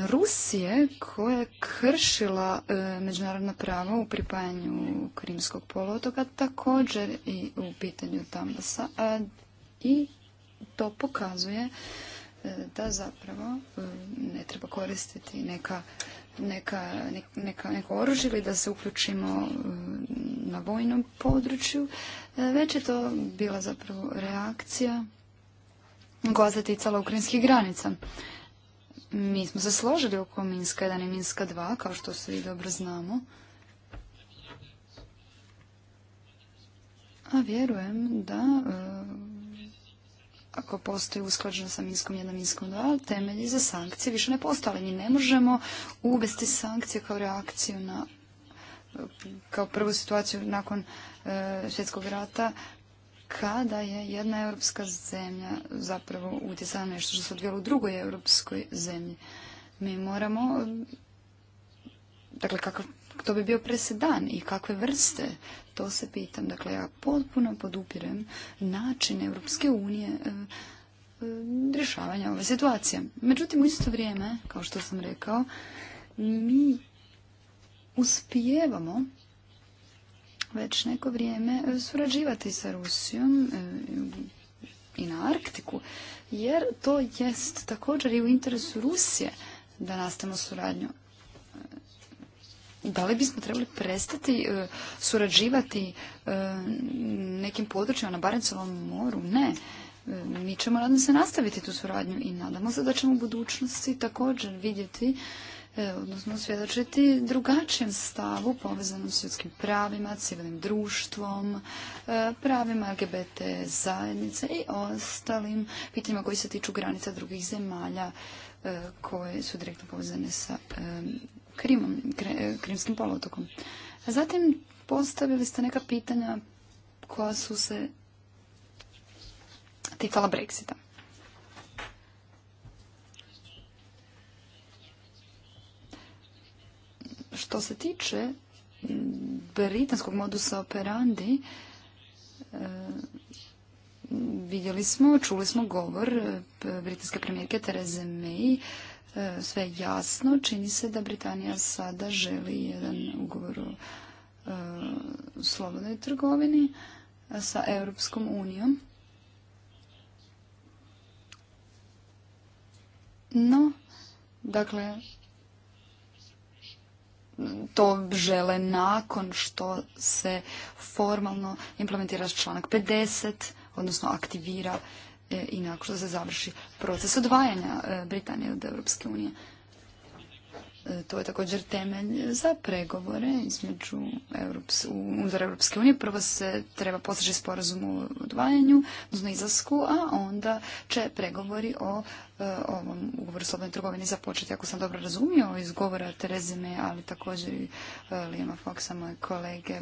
Rusije koja je kršila e, međunarodno pravo u pripajanju Krimskog poluotoka također i u pitanju Tambasa i to pokazuje e, da zapravo e, ne treba koristiti neka neka, neka, neko oružje ili da se uključimo na vojnom području, već je to bila zapravo reakcija koja se ticala ukrajinskih granica. Mi smo se složili oko Minska 1 i Minska 2, kao što svi dobro znamo. A vjerujem da e, ako postoji usklađeno sa Minskom 1 Minskom 2, temelji za sankcije više ne postoje, mi ne možemo uvesti sankcije kao reakciju na e, kao prvu situaciju nakon e, svjetskog rata kada je jedna europska zemlja zapravo utjecala nešto što se odvijelo u drugoj europskoj zemlji. Mi moramo, dakle, kakav, to bi bio presedan i kakve vrste, to se pitam. Dakle, ja potpuno podupirem način Europske unije e, e, rješavanja ove situacije. Međutim, u isto vrijeme, kao što sam rekao, mi uspijevamo već neko vrijeme e, surađivati sa Rusijom e, i na Arktiku, jer to jest također i u interesu Rusije da nastavimo suradnju. E, da li bismo trebali prestati surađivati nekim područjima na Barencovom moru? Ne. mi ćemo, nadam se, nastaviti tu suradnju i nadamo se da ćemo u budućnosti također vidjeti E, odnosno svjedočiti drugačijem stavu povezanom s ljudskim pravima, civilnim društvom, e, pravima LGBT zajednice i ostalim pitanjima koji se tiču granica drugih zemalja e, koje su direktno povezane sa Krimom, Krimskim polotokom. zatim postavili ste neka pitanja koja su se ticala Brexita. Što se tiče mm, britanskog modusa operandi, e, vidjeli smo, čuli smo govor e, britanske premijerke Tereze May, e, sve jasno, čini se da Britanija sada želi jedan ugovor o slobodnoj trgovini sa Europskom unijom. No, dakle, to žele nakon što se formalno implementira članak 50, odnosno aktivira e, i nakon što se završi proces odvajanja e, Britanije od Europske unije. E, to je također temelj za pregovore između unutar Europske unije. Prvo se treba postići sporazum o odvajanju, odnosno izlasku, a onda će pregovori o e, ovom ugovoru slobodnoj trgovini započeti. Ako sam dobro razumio iz govora Terezime, ali također i e, Lijema Foxa, moje kolege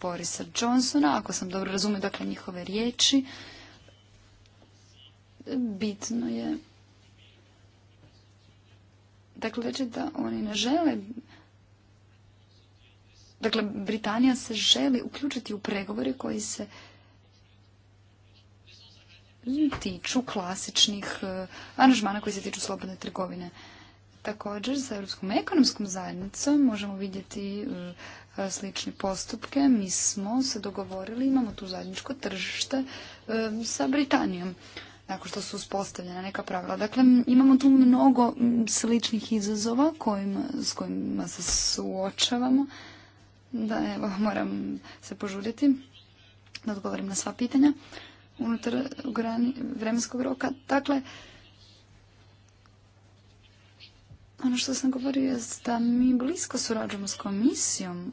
Borisa Johnsona, ako sam dobro razumio dakle njihove riječi, bitno je Dakle, reći da oni ne žele Dakle, Britanija se želi uključiti u pregovore koji se tiču klasičnih e, aranžmana koji se tiču slobodne trgovine. Također, sa Europskom ekonomskom zajednicom možemo vidjeti e, e, slične postupke. Mi smo se dogovorili, imamo tu zajedničko tržište sa Britanijom nakon što su uspostavljena neka pravila. Dakle, imamo tu mnogo sličnih izazova kojima, s kojima se suočavamo. Da, evo, moram se požuriti da odgovorim na sva pitanja unutar vremenskog roka. Dakle, ono što sam govorio je da mi blisko surađujemo s komisijom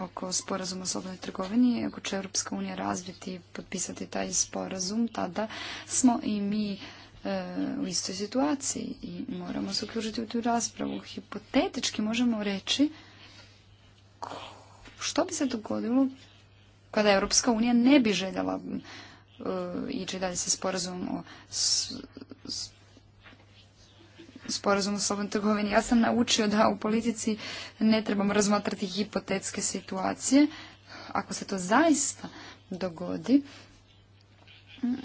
oko sporazuma o slobodnoj trgovini, ako će Europska unija razviti i potpisati taj sporazum, tada smo i mi e, u istoj situaciji i moramo se uključiti u tu raspravu. Hipotetički možemo reći što bi se dogodilo kada Europska unija ne bi željela e, ići dalje sa sporazumom o sporazum o slobodnoj trgovini. Ja sam naučio da u politici ne trebamo razmatrati hipotetske situacije. Ako se to zaista dogodi,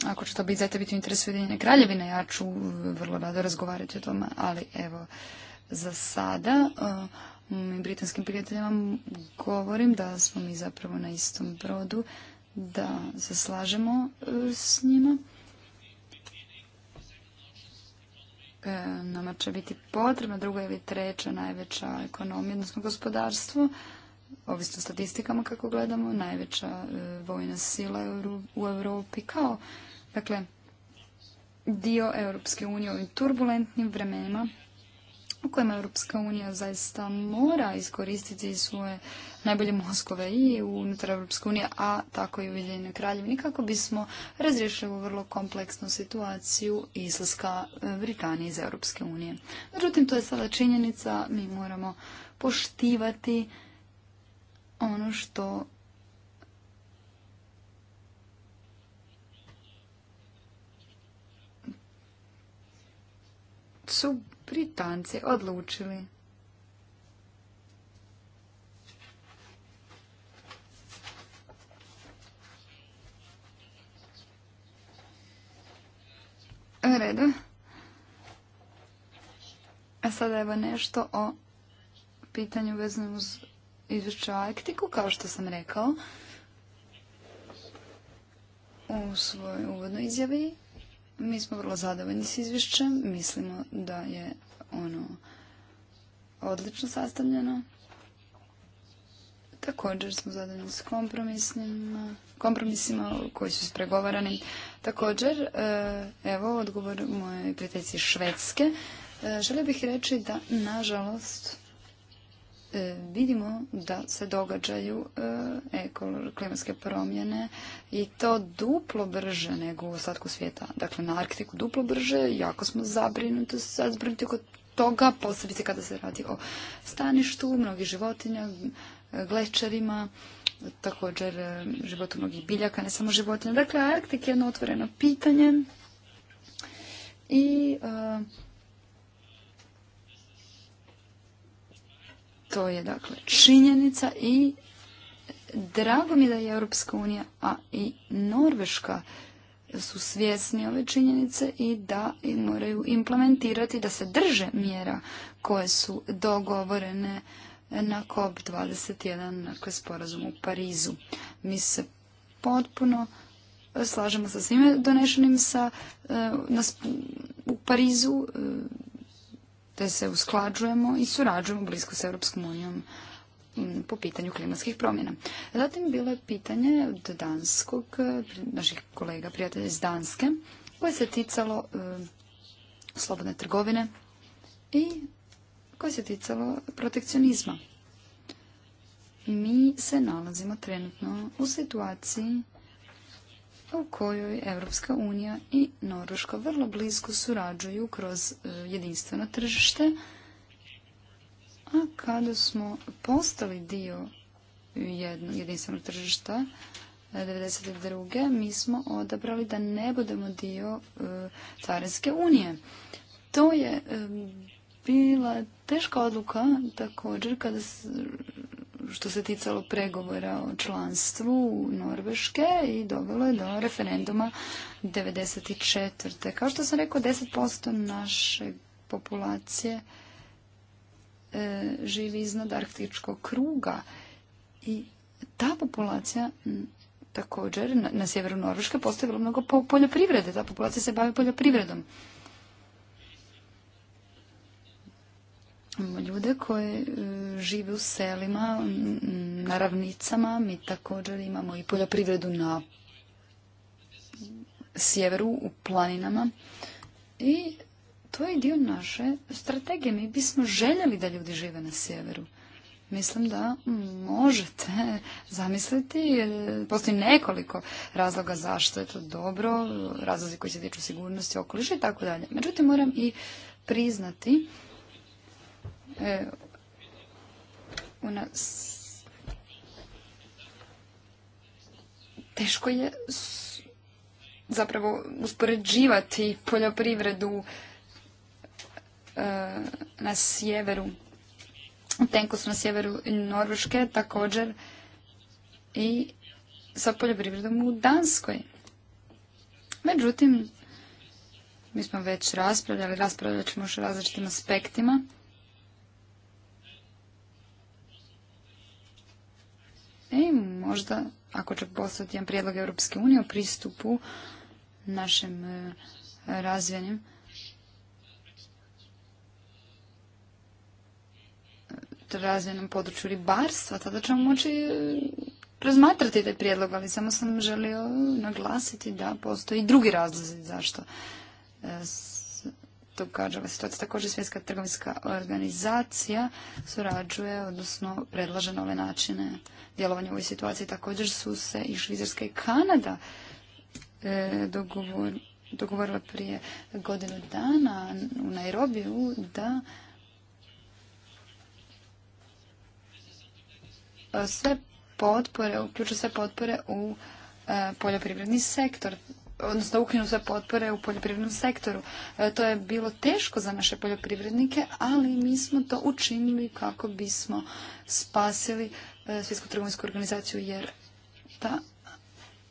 ako će to biti, zaista biti u interesu Ujedinjene kraljevine, ja ću vrlo rado razgovarati o tome, ali evo, za sada uh, mojim britanskim prijateljima govorim da smo mi zapravo na istom brodu, da se slažemo uh, s njima. E, nama će biti potrebna druga ili treća najveća ekonomija, odnosno gospodarstvo, ovisno statistikama kako gledamo, najveća e, vojna sila u Europi kao, dakle, dio Europske unije u ovim turbulentnim vremenima u kojima Europska unija zaista mora iskoristiti svoje najbolje mozgove i unutar Europske unije, a tako i Ujedinjene Kraljevini, kako bismo razriješili ovu vrlo kompleksnu situaciju izlaska e, Britanije iz Europske unije. Međutim, to je sada činjenica, mi moramo poštivati ono što su Britanci odlučili. E, Redo. A sada evo nešto o pitanju vezano uz izvješće o Arktiku, kao što sam rekao u svojoj uvodnoj izjavi. Mi smo vrlo zadovoljni s izvješćem. Mislimo da je ono odlično sastavljeno. Također smo zadovoljni s kompromisima koji su ispregovarani. Također, e, evo odgovor moje prijateljice Švedske. E, želio bih reći da, nažalost, E, vidimo da se događaju e, klimatske promjene i to duplo brže nego u ostatku svijeta. Dakle, na Arktiku duplo brže, jako smo zabrinuti, zabrinuti kod toga, posebice kada se radi o staništu, mnogih životinja, glečerima, također e, životu mnogih biljaka, ne samo životinja. Dakle, Arktik je jedno otvoreno pitanje i To je dakle činjenica i drago mi da je Europska unija, a i Norveška su svjesni ove činjenice i da moraju implementirati, da se drže mjera koje su dogovorene na COP21, dakle sporazum u Parizu. Mi se potpuno slažemo sa svime donešenim sa, eh, u Parizu, eh, te se usklađujemo i surađujemo blisko s Europskom unijom po pitanju klimatskih promjena. Zatim bilo je pitanje od danskog, naših kolega, prijatelja iz Danske, koje se ticalo eh, slobodne trgovine i koje se ticalo protekcionizma. Mi se nalazimo trenutno u situaciji u kojoj Evropska unija i Norveška vrlo blisko surađuju kroz e, jedinstveno tržište, a kada smo postali dio jedinstvenog tržišta 1992. E, mi smo odabrali da ne budemo dio e, Carinske unije. To je bila teška odluka također kada što se ticalo pregovora o članstvu Norveške i dovelo je do referenduma 94. Kao što sam rekao, 10% naše populacije e, živi iznad arktičkog kruga i ta populacija također na, sjeveru Norveške postoje vrlo mnogo poljoprivrede. Ta populacija se bavi poljoprivredom. ljude koji e, žive u selima, na ravnicama, mi također imamo i poljoprivredu na sjeveru, u planinama. I to je dio naše strategije. Mi bismo željeli da ljudi žive na sjeveru. Mislim da možete zamisliti, e, postoji nekoliko razloga zašto je to dobro, razlozi koji se tiču sigurnosti, okoliša i tako dalje. Međutim, moram i priznati E, ona... teško je zapravo uspoređivati poljoprivredu e, na sjeveru tenko su na sjeveru Norveške također i sa poljoprivredom u Danskoj. Međutim, mi smo već raspravljali, raspravljat ćemo još različitim aspektima. i e, možda ako će postati jedan prijedlog Europske unije o pristupu našem e, razvijenim e, razvijenom području ribarstva, tada ćemo moći razmatrati taj prijedlog, ali samo sam želio naglasiti da postoji drugi razlozi zašto događala situacija. Također Svjetska trgovinska organizacija surađuje, odnosno predlaže nove načine djelovanja u ovoj situaciji. Također su se i Švicarska i Kanada e, dogovor, dogovorila prije godinu dana u Nairobiju da e, sve potpore, uključuju sve potpore u e, poljoprivredni sektor odnosno ukinu sve potpore u poljoprivrednom sektoru. E, to je bilo teško za naše poljoprivrednike, ali mi smo to učinili kako bismo spasili e, Svjetsku trgovinsku organizaciju, jer ta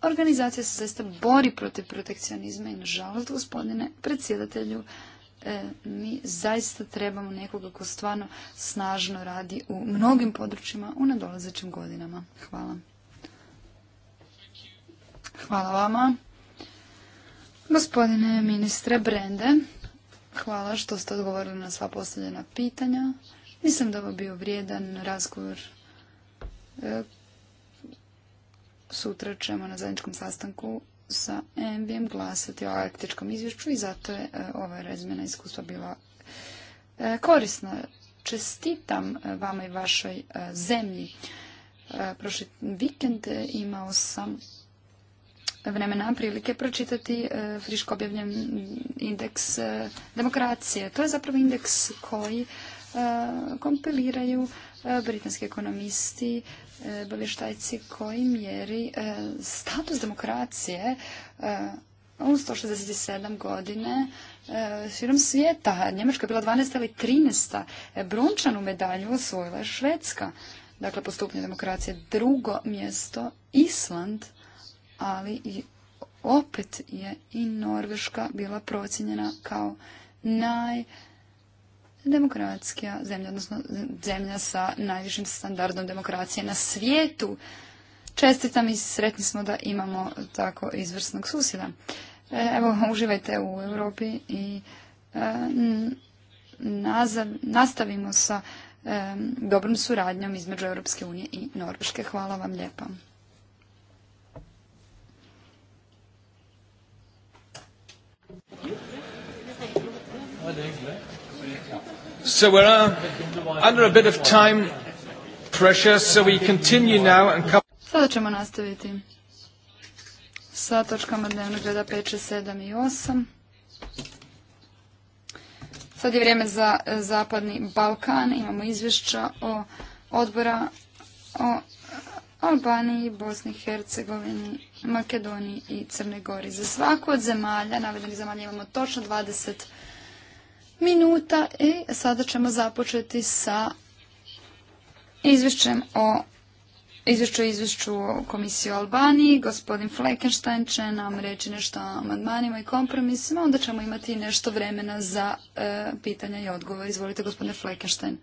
organizacija se zaista bori protiv protekcionizma i nažalost, gospodine predsjedatelju, e, mi zaista trebamo nekoga ko stvarno snažno radi u mnogim područjima u nadolazećim godinama. Hvala. Hvala vama. Gospodine ministre Brende, hvala što ste odgovorili na sva postavljena pitanja. Mislim da ovo bio vrijedan razgovor. E, sutra ćemo na zajedničkom sastanku sa MBM glasati o arktičkom izvješću i zato je e, ova razmjena iskustva bila e, korisna. Čestitam vama i vašoj zemlji. Prošli vikend imao sam vremena prilike pročitati e, friško objavljen indeks e, demokracije. To je zapravo indeks koji e, kompiliraju britanski ekonomisti, obavještajci koji mjeri status demokracije u 167 godine širom svijeta. Njemačka je bila 12. ili 13. brunčanu medalju osvojila je Švedska. Dakle, po stupnju demokracije drugo mjesto Island – ali i opet je i Norveška bila procijenjena kao najdemokratskija zemlja, odnosno zemlja sa najvišim standardom demokracije na svijetu. Čestitam i sretni smo da imamo tako izvrsnog susjeda. E, evo, uživajte u Europi i e, nastavimo sa e, dobrom suradnjom između Europske unije i Norveške. Hvala vam lijepa. So we're uh, under a bit of time pressure, so we continue now and come... Sada ćemo nastaviti sa točkama dnevnog reda 5, 6, 7 i 8. Sad je vrijeme za e, Zapadni Balkan. Imamo izvješća o odbora o Albaniji, Bosni Hercegovini, Makedoniji i Crne Gori. Za svaku od zemalja, navedenih zemalja, imamo točno 20 minuta i sada ćemo započeti sa izvješćem o izvješću izvješću Komisije o Albaniji. Gospodin Fleckenstein će nam reći nešto o amandmanima i kompromisima, onda ćemo imati nešto vremena za e, pitanja i odgovor. Izvolite gospodine Fleckenstein.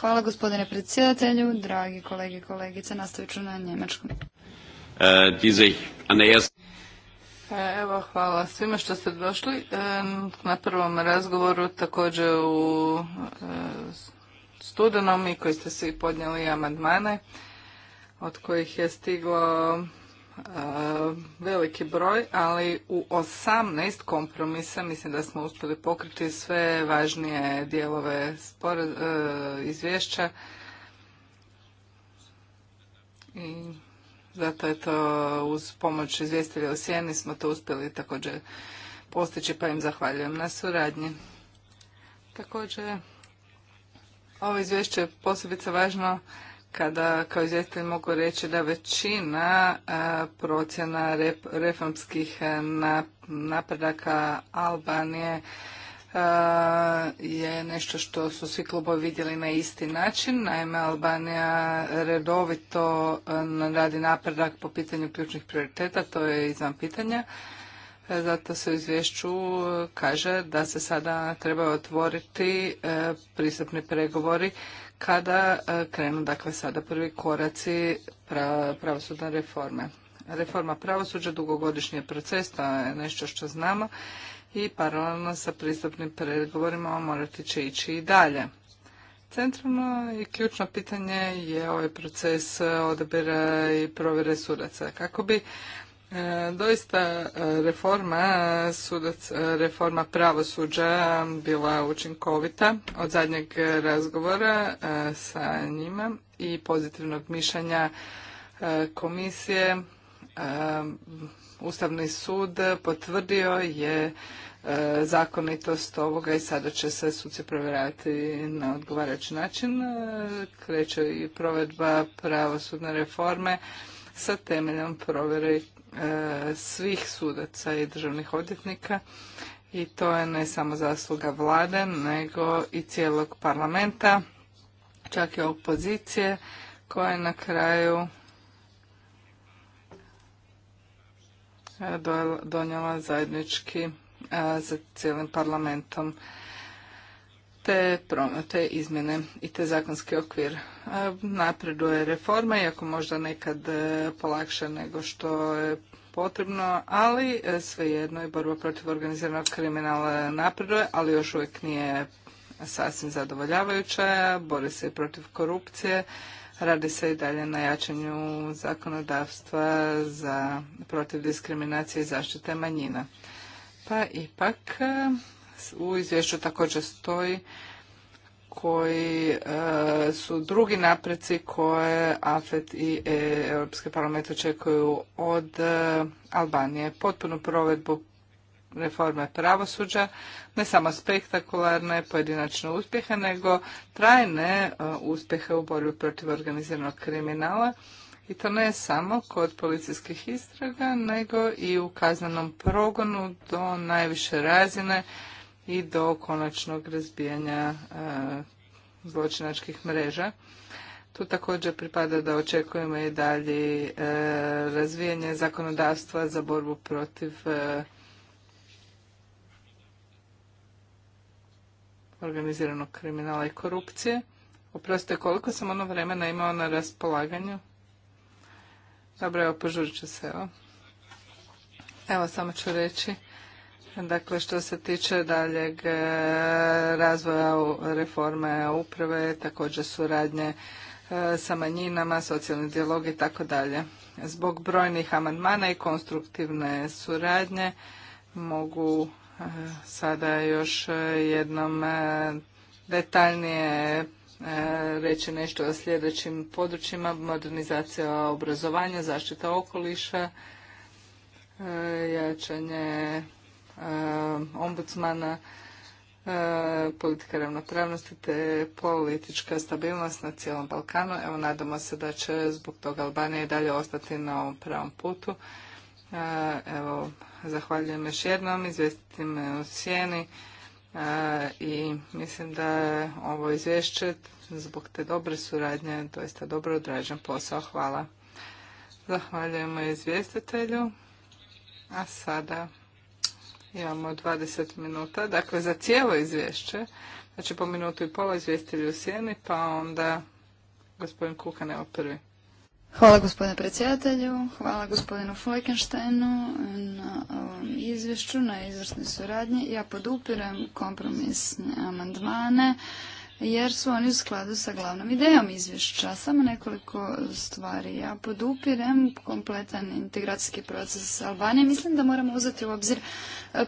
Hvala gospodine predsjedatelju, dragi kolege i kolegice, nastavit ću na njemačkom. Uh, pa evo, hvala svima što ste došli. E, na prvom razgovoru također u e, studenom i koji ste svi podnijeli amandmane, od kojih je stiglo e, veliki broj, ali u 18 kompromisa mislim da smo uspjeli pokriti sve važnije dijelove izvješća i zato je to uz pomoć izvjestelja u Sjeni smo to uspjeli također postići pa im zahvaljujem na suradnji. Također ovo izvješće je posebice važno kada kao izvjestitelj mogu reći da većina procjena reformskih napredaka Albanije E, je nešto što su svi klubovi vidjeli na isti način. Naime, Albanija redovito e, radi napredak po pitanju ključnih prioriteta, to je izvan pitanja. E, zato se u izvješću kaže da se sada treba otvoriti pristupni pregovori kada krenu dakle sada prvi koraci pravosudne reforme. Reforma pravosuđa dugogodišnji proces, to je nešto što znamo i paralelno sa pristupnim pregovorima morati će ići i dalje. Centralno i ključno pitanje je ovaj proces odabira i provjere sudaca. Kako bi e, Doista e, reforma, sudac, e, reforma pravosuđa bila učinkovita od zadnjeg razgovora sa njima i pozitivnog mišljenja komisije Ustavni sud potvrdio je e, zakonitost ovoga i sada će se suci provjeravati na odgovarajući način. E, kreće i provedba pravosudne reforme sa temeljom provjere e, svih sudaca i državnih odvjetnika i to je ne samo zasluga vlade nego i cijelog parlamenta, čak i opozicije koja je na kraju donijela zajednički e, za cijelim parlamentom te, izmjene i te zakonski okvir. E, napreduje reforma, iako možda nekad e, polakše nego što je potrebno, ali svejedno i borba protiv organiziranog kriminala napreduje, ali još uvijek nije sasvim zadovoljavajuća. Bori se protiv korupcije Radi se i dalje na jačanju zakonodavstva za protiv diskriminacije i zaštite manjina. Pa ipak u izvješću također stoji koji e, su drugi napreci koje AFET i e, Europski parlament očekuju od e, Albanije. Potpunu provedbu reforme pravosuđa, ne samo spektakularne pojedinačne uspjehe, nego trajne e, uspjehe u borbi protiv organiziranog kriminala. I to ne samo kod policijskih istraga, nego i u kaznenom progonu do najviše razine i do konačnog razbijanja e, zločinačkih mreža. Tu također pripada da očekujemo i dalje e, razvijanje zakonodavstva za borbu protiv organiziranog kriminala i korupcije. Oprostite, koliko sam ono vremena imao na raspolaganju? Dobro, evo, požurit ću se, evo. Evo, samo ću reći. Dakle, što se tiče daljeg e, razvoja reforme uprave, također suradnje e, sa manjinama, socijalni dijalog i tako dalje. Zbog brojnih amandmana i konstruktivne suradnje mogu sada još e, jednom e, detaljnije e, reći nešto o sljedećim područjima, modernizacija obrazovanja, zaštita okoliša, jačanje ombudsmana, politika ravnopravnosti te politička stabilnost na cijelom Balkanu. Evo, nadamo se da će zbog toga Albanija i dalje ostati na ovom pravom putu. Evo, Zahvaljujem još jednom me u sjeni e, i mislim da je ovo izvješće zbog te dobre suradnje doista dobro odrađen posao. Hvala. Zahvaljujemo izvjestitelju. A sada imamo 20 minuta, dakle za cijelo izvješće, znači po minutu i pola izvjestitelju u sjeni, pa onda gospodin Kukan evo prvi. Hvala gospodine predsjedatelju, hvala gospodinu Fleckensteinu na ovom izvješću, na izvrsnoj suradnji. Ja podupirem kompromisne amandmane jer su oni u skladu sa glavnom idejom izvješća. Samo nekoliko stvari. Ja podupirem kompletan integracijski proces s Albanije. Mislim da moramo uzeti u obzir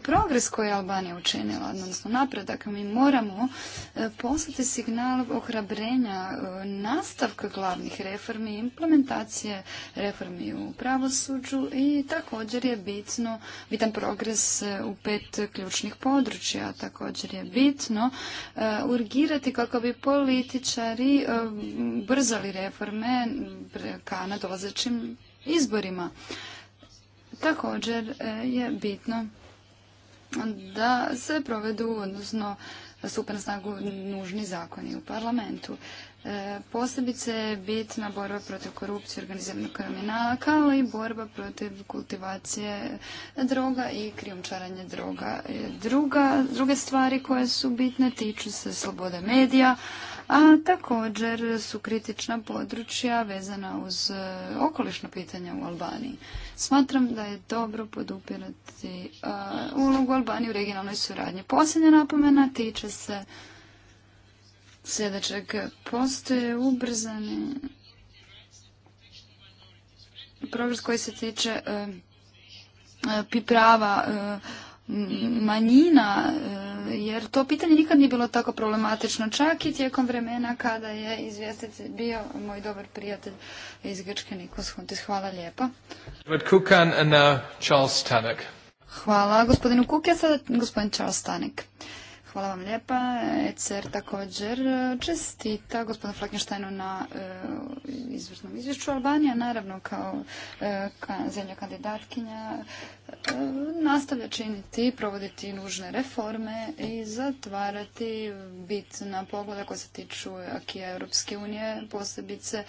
progres koji je Albanija učinila, odnosno napredak. Mi moramo e, poslati signal ohrabrenja e, nastavka glavnih reformi, implementacije reformi u pravosuđu i također je bitno, bitan progres e, u pet ključnih područja. Također je bitno urgirati kako bi političari brzali reforme ka nadolazećim izborima. Također je bitno da se provedu, odnosno stupe na snagu nužni zakoni u parlamentu. E, posebice je bitna borba protiv korupcije i organiziranog kriminala, kao i borba protiv kultivacije droga i krijumčaranje droga. E, druga, druge stvari koje su bitne tiču se slobode medija, a također su kritična područja vezana uz e, okolišna pitanja u Albaniji. Smatram da je dobro podupirati e, ulogu Albanije u regionalnoj suradnji. Posljednja napomena tiče se sljedećeg. Postoje ubrzani progres koji se tiče e, prava manjina jer to pitanje nikad nije bilo tako problematično, čak i tijekom vremena kada je izvjestitelj bio moj dobar prijatelj iz Grčke Nikos Huntis. Hvala lijepa. Uh, Hvala gospodinu Kuke, sada gospodin Charles Stanek. Hvala vam lijepa. ECR također čestita gospodinu Flakenštajnu na e, izvrsnom izvješću. Albanija naravno kao e, zemlja kandidatkinja e, nastavlja činiti, provoditi nužne reforme i zatvarati na pogleda koja se tiču akija Europske unije, posebice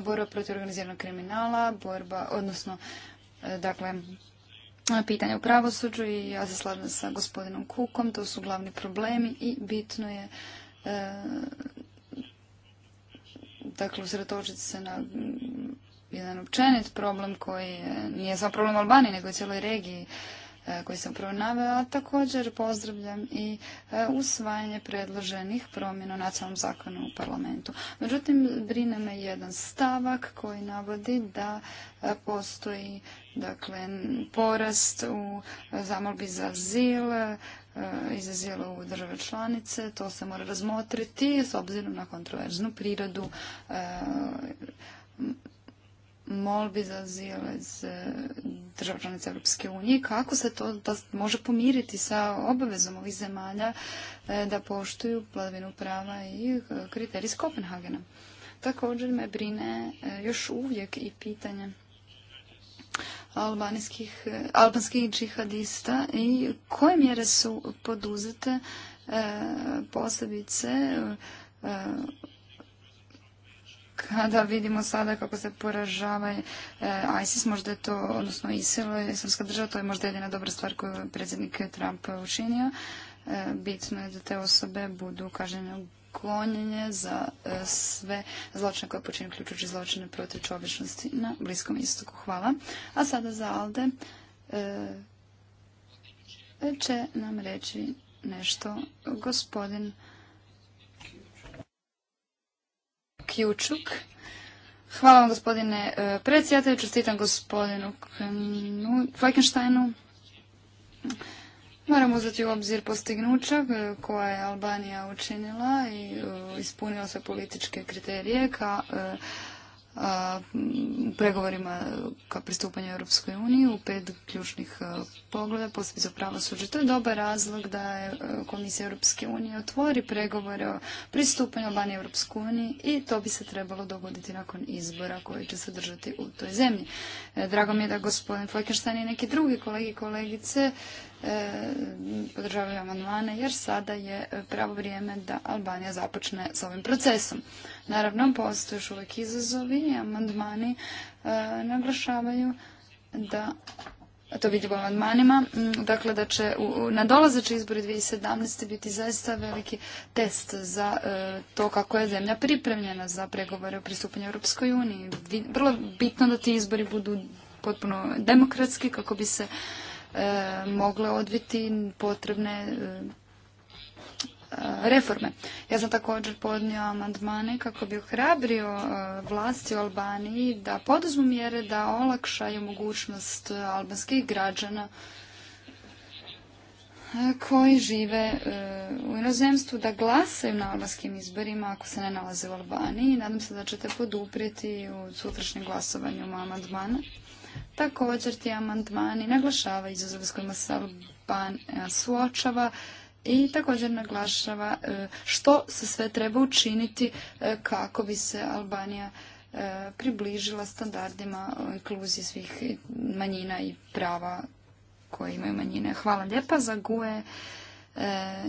borba protiv organiziranog kriminala, borba, odnosno dakle pitanja u pravosuđu i ja se slažem sa gospodinom Kukom, to su glavni problemi i bitno je e, dakle usredotočiti se na jedan općenit problem koji nije samo problem Albanije nego i cijeloj regiji E, koji sam prvo a također pozdravljam i e, usvajanje predloženih promjena u nacionalnom zakonu u parlamentu. Međutim, brine me jedan stavak koji navodi da e, postoji dakle, porast u zamolbi za azil, azila u države članice, to se mora razmotriti s obzirom na kontroverznu prirodu molbi za azil iz eh, Europske unije, kako se to može pomiriti sa obavezom ovih zemalja eh, da poštuju plavinu prava i eh, kriterij iz Kopenhagena. Također me brine još uvijek i pitanje albanskih, albanskih džihadista i koje mjere su poduzete posebice kada vidimo sada kako se poražava e, ISIS, možda je to, odnosno ISIL, islamska država, to je možda jedina dobra stvar koju je predsjednik Trump učinio. E, bitno je da te osobe budu kažnjene gonjenje za e, sve zločine koje počinju uključujući zločine protiv čovječnosti na Bliskom istoku. Hvala. A sada za Alde će nam reći nešto gospodin Ključuk. Hvala vam gospodine e, predsjedatelju, čestitam gospodinu Fleckensteinu. Moram uzeti u obzir postignuća e, koja je Albanija učinila i e, ispunila sve političke kriterije kao pregovorima ka pristupanju Europskoj uniji u pet ključnih pogleda, posebice pravosuđe. To je dobar razlog da je Komisija Europske unije otvori pregovore o pristupanju Albanije Europskoj uniji i to bi se trebalo dogoditi nakon izbora koji će se držati u toj zemlji. E, drago mi je da gospodin Fleckenstein i neki drugi kolegi i kolegice E, podržavaju amandmane jer sada je pravo vrijeme da Albanija započne s ovim procesom. Naravno, postoje još uvijek izazovi i amandmani e, naglašavaju da to vidimo amandmanima, dakle da će na dolazeći izbori 2017. biti zaista veliki test za e, to kako je zemlja pripremljena za pregovore o pristupanju Europskoj uniji. Vrlo bitno da ti izbori budu potpuno demokratski kako bi se E, mogle odviti potrebne e, e, reforme. Ja sam također podnio amandmane kako bi ohrabrio vlasti u Albaniji da poduzmu mjere da olakšaju mogućnost albanskih građana koji žive u inozemstvu da glasaju na albanskim izborima ako se ne nalaze u Albaniji. Nadam se da ćete poduprijeti u sutrašnjem glasovanju amandmana Također ti amandmani naglašava izazove s kojima se Albanija e, suočava i također naglašava e, što se sve treba učiniti e, kako bi se Albanija približila standardima inkluzije svih manjina i prava koje imaju manjine. Hvala lijepa za GUE,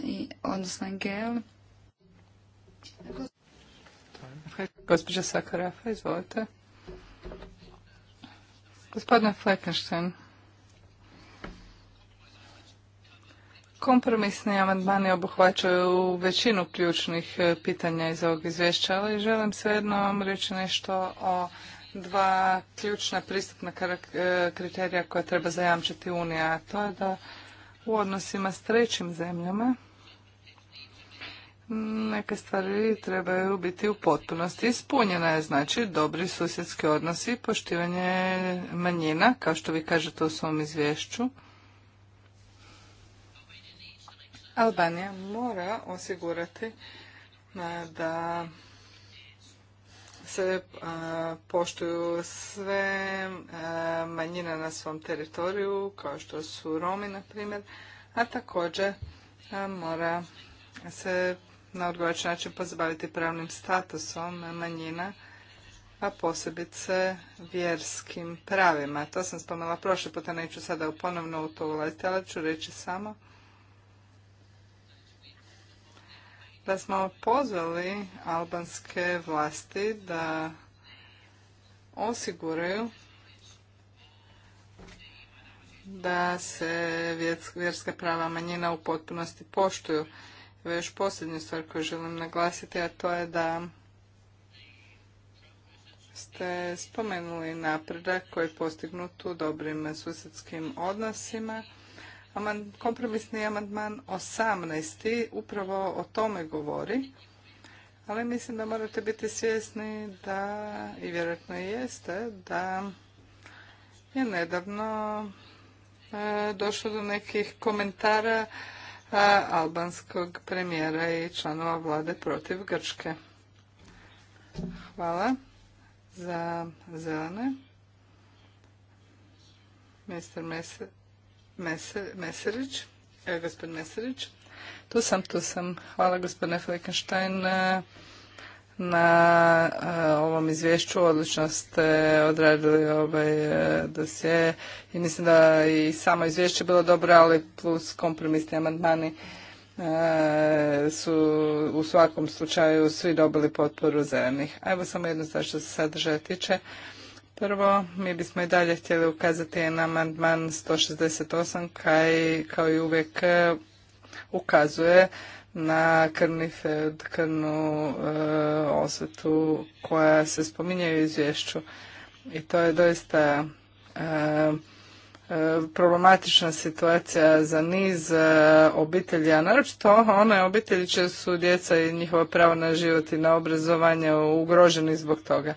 i, odnosno NGL. Gospođa Sakarafa, izvolite. Gospodine Fleckenstein, kompromisni amandmani obuhvaćaju većinu ključnih e, pitanja iz ovog izvješća, ali želim svejedno vam reći nešto o dva ključna pristupna e, kriterija koja treba zajamčiti Unija, a to je da u odnosima s trećim zemljama neke stvari trebaju biti u potpunosti ispunjene, znači dobri susjedski odnosi, poštivanje manjina, kao što vi kažete u svom izvješću. Albanija mora osigurati da se poštuju sve manjine na svom teritoriju, kao što su Romi, na primjer, a također mora se na odgovarajući način pozabaviti pravnim statusom manjina, a posebice vjerskim pravima. To sam spomenula prošle, puta, neću sada ponovno u to ulaziti, ali ću reći samo da smo pozvali albanske vlasti da osiguraju da se vjerska prava manjina u potpunosti poštuju još posljednju stvar koju želim naglasiti, a to je da ste spomenuli napredak koji je postignut u dobrim susjedskim odnosima. Kompromisni amandman 18. upravo o tome govori, ali mislim da morate biti svjesni da, i vjerojatno jeste, da je nedavno e, došlo do nekih komentara pa, albanskog premijera i članova vlade protiv Grčke. Hvala za zelene. Mr. Meserić, e, gospodin Meserić. Tu sam, tu sam. Hvala gospodine Fleckenstein na eh, ovom izvješću. Odlično ste odradili ovaj eh, dosje i mislim da i samo izvješće bilo dobro, ali plus kompromisni amandmani eh, su u svakom slučaju svi dobili potporu zelenih. evo samo jedno što se sadržaja tiče. Prvo, mi bismo i dalje htjeli ukazati na amandman 168 kaj, kao i uvijek ukazuje na krvni fed, krvnu e, osvetu koja se spominje u izvješću. I to je doista e, e, problematična situacija za niz obitelji, a naročito one obitelji čije su djeca i njihova pravo na život i na obrazovanje ugroženi zbog toga.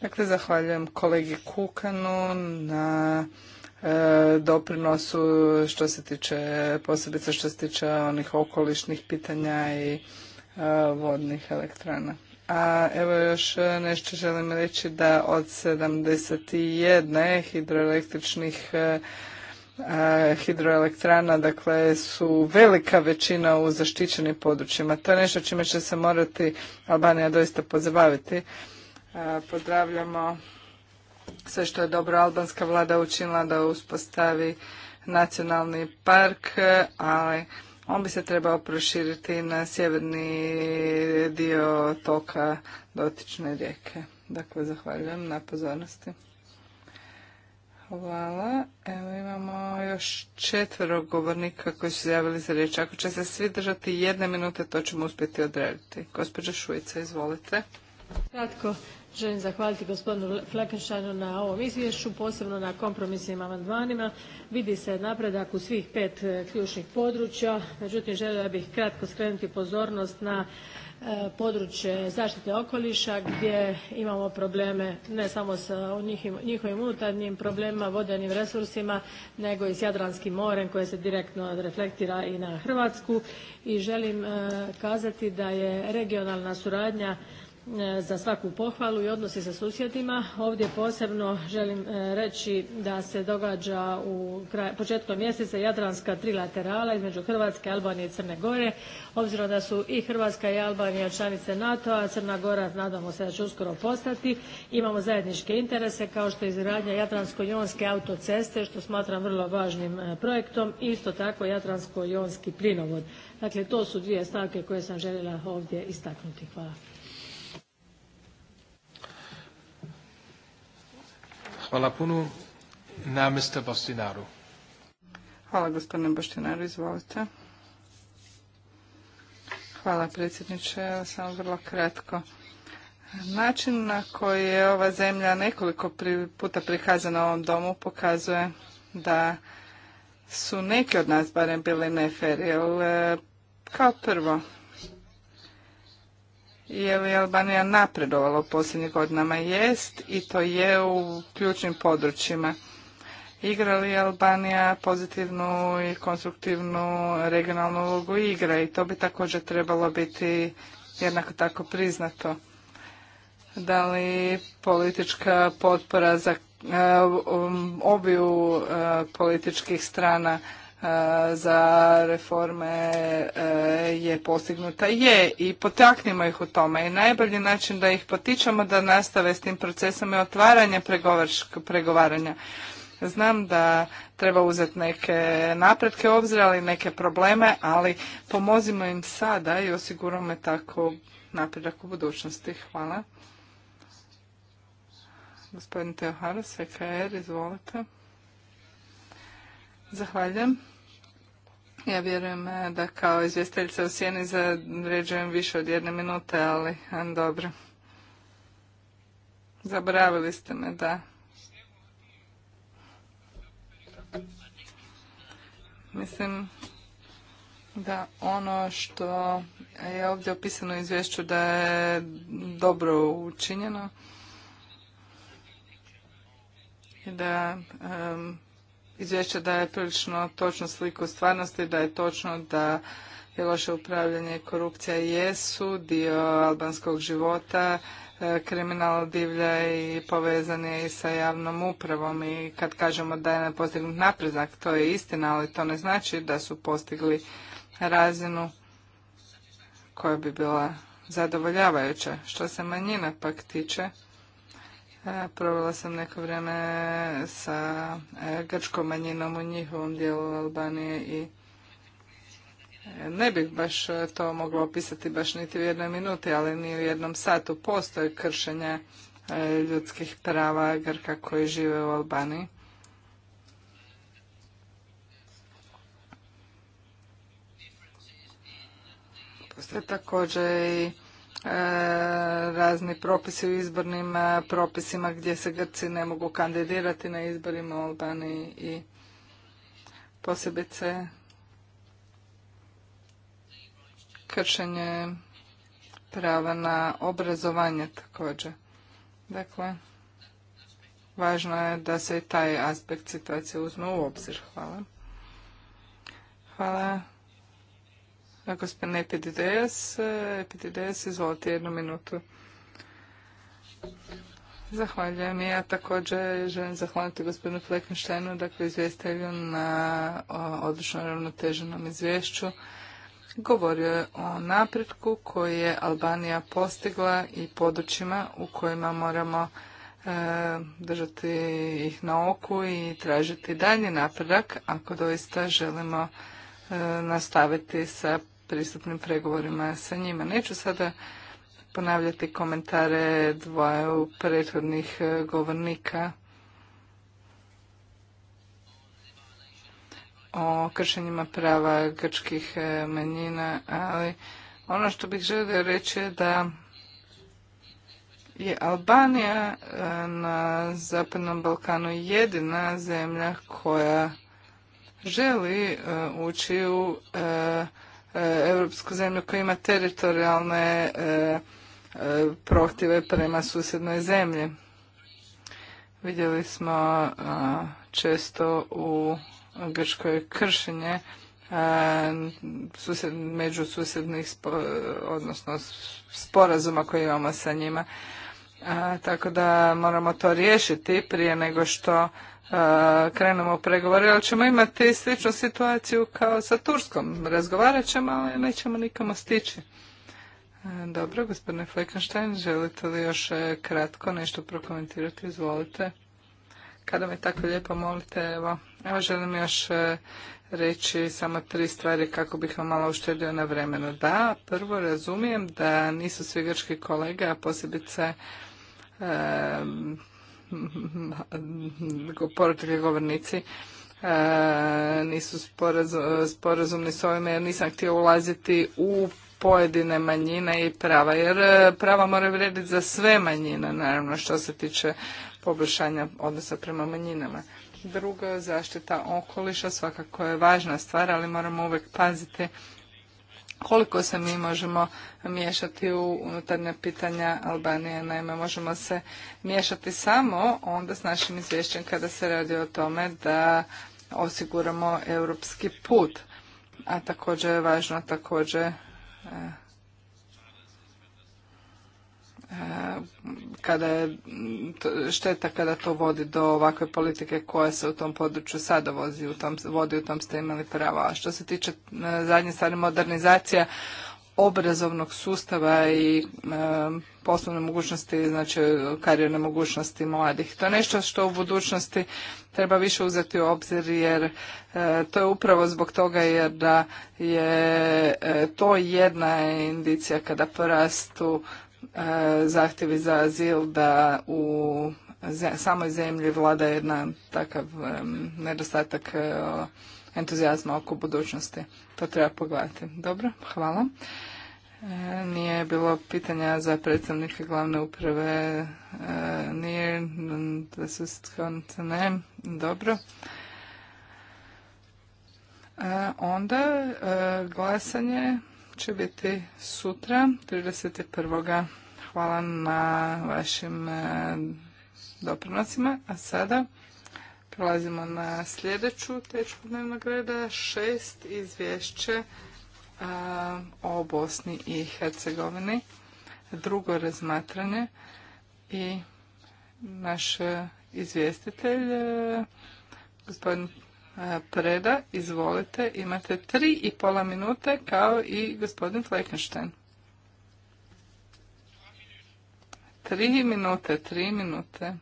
Dakle, zahvaljujem kolegi Kukanu na E, doprinosu što se tiče, posebice što se tiče onih okolišnih pitanja i e, vodnih elektrana. A evo još nešto želim reći da od 71 hidroelektričnih e, hidroelektrana, dakle su velika većina u zaštićenim područjima. To je nešto čime će se morati Albanija doista pozabaviti. Pozdravljamo sve što je dobro albanska vlada učinila da uspostavi nacionalni park, ali on bi se trebao proširiti na sjeverni dio toka dotične rijeke. Dakle, zahvaljujem na pozornosti. Hvala. Evo imamo još četvero govornika koji su javili za riječ. Ako će se svi držati jedne minute, to ćemo uspjeti odrediti. Gospođa Šujica, izvolite. Kratko želim zahvaliti gospodinu Fleckensteinu na ovom izvješću, posebno na kompromisnim amandmanima. Vidi se napredak u svih pet e, ključnih područja, međutim željela bih kratko skrenuti pozornost na e, područje zaštite okoliša gdje imamo probleme ne samo sa njihovim unutarnjim problemima, vodenim resursima nego i s Jadranskim morem koje se direktno reflektira i na Hrvatsku. I želim e, kazati da je regionalna suradnja E, za svaku pohvalu i odnosi sa susjedima. Ovdje posebno želim e, reći da se događa u početkom mjeseca Jadranska trilaterala između Hrvatske, Albanije i Crne Gore. Obzirom da su i Hrvatska i Albanija članice NATO-a, Crna Gora nadamo se da će uskoro postati, imamo zajedničke interese kao što je izgradnja Jadransko-jonske autoceste što smatram vrlo važnim e, projektom i isto tako Jadransko-jonski plinovod. Dakle, to su dvije stavke koje sam željela ovdje istaknuti. Hvala. Hvala puno. Na Bostinaru. Hvala gospodine Boštinaru, izvolite. Hvala predsjedniče, samo vrlo kratko. Način na koji je ova zemlja nekoliko puta prikazana u ovom domu pokazuje da su neki od nas barem bili nefer. E, kao prvo, je li Albanija napredovala u posljednjih godinama? Jest i to je u ključnim područjima. Igra li Albanija pozitivnu i konstruktivnu regionalnu ulogu igra i to bi također trebalo biti jednako tako priznato. Da li politička potpora za eh, obiju eh, političkih strana za reforme e, je postignuta je i potaknimo ih u tome i najbolji način da ih potičemo da nastave s tim procesom je otvaranje pregovaranja. Znam da treba uzeti neke napretke obzira, ali neke probleme, ali pomozimo im sada i osiguramo tako napredak u budućnosti. Hvala. Gospodin Teoharas, VKR, e izvolite. Zahvaljujem. Ja vjerujem eh, da kao izvjestiteljica u sjeni zaređujem više od jedne minute, ali eh, dobro. Zaboravili ste me, da. Mislim da ono što je ovdje opisano u izvješću da je dobro učinjeno i da da daje prilično točnu sliku stvarnosti, da je točno da je loše upravljanje i korupcija jesu dio albanskog života, e, kriminal divlja i povezan je i sa javnom upravom i kad kažemo da je postignut naprezak, to je istina, ali to ne znači da su postigli razinu koja bi bila zadovoljavajuća. Što se manjina pak tiče, E, Provela sam neko vrijeme sa e, grčkom manjinom u njihovom dijelu Albanije i e, ne bih baš to mogla opisati baš niti u jednoj minuti, ali ni u jednom satu postoje kršenja ljudskih prava Grka koji žive u Albaniji. Postoje također i E, razni propisi u izbornim e, propisima gdje se Grci ne mogu kandidirati na izborima u Albaniji i posebice kršenje prava na obrazovanje također. Dakle, važno je da se i taj aspekt situacije uzme u obzir. Hvala. Hvala. Gospodin Epidideas, Epididejas, izvolite jednu minutu. Zahvaljujem. Ja također želim zahvaliti gospodinu Fleckensteinu, dakle izvjestitelju na odlično ravnoteženom izvješću. Govorio je o napretku koji je Albanija postigla i područjima u kojima moramo e, držati ih na oku i tražiti dalji napredak ako doista želimo e, nastaviti sa pristupnim pregovorima sa njima. Neću sada ponavljati komentare dvaju prethodnih e, govornika o kršenjima prava grčkih e, manjina, ali ono što bih želio reći je da je Albanija e, na Zapadnom Balkanu jedina zemlja koja želi ući u europsku zemlju koja ima teritorijalne e, e, prohtive prema susjednoj zemlji. Vidjeli smo često u Grčkoj kršenje susjed, među susjednih odnosno sporazuma koje imamo sa njima. tako da moramo to riješiti prije nego što krenemo u pregovore, ali ćemo imati sličnu situaciju kao sa Turskom. Razgovarat ćemo, ali nećemo nikamo stići. Dobro, gospodine Fleckenstein, želite li još e, kratko nešto prokomentirati? Izvolite. Kada me tako lijepo molite, evo, evo želim još e, reći samo tri stvari kako bih vam malo uštedio na vremenu. Da, prvo razumijem da nisu svi grčki kolege, a posebice e, Porke govornici e, nisu sporazumni s ovime jer nisam htio ulaziti u pojedine manjine i prava, jer e, prava mora vrijediti za sve manjine, naravno što se tiče poboljšanja odnosa prema manjinama. Drugo, zaštita okoliša svakako je važna stvar, ali moramo uvijek paziti koliko se mi možemo miješati u unutarnja pitanja Albanije. Naime, možemo se miješati samo onda s našim izvješćem kada se radi o tome da osiguramo europski put. A također je važno također e, E, kada je šteta kada to vodi do ovakve politike koja se u tom području sada vozi, u tom, vodi, u tom ste imali pravo. A što se tiče e, zadnje stvari modernizacija obrazovnog sustava i e, poslovne mogućnosti, znači karijerne mogućnosti mladih. To je nešto što u budućnosti treba više uzeti u obzir jer to je upravo zbog toga jer da je to jedna indicija kada porastu E, zahtjevi za azil da u samoj zemlji vlada jedna takav nedostatak e, entuzijazma oko budućnosti. To treba pogledati. Dobro, hvala. E, nije bilo pitanja za predstavnike glavne uprave. Nije da ne. Dobro. Onda glasanje će biti sutra, 31. Hvala na vašim e, doprinosima. A sada prelazimo na sljedeću tečku dnevnog reda, šest izvješće e, o Bosni i Hercegovini, drugo razmatranje i naš izvjestitelj, e, gospodin E, Preda, izvolite, imate tri i pola minute kao i gospodin Fleckenstein. Tri minute, tri minute.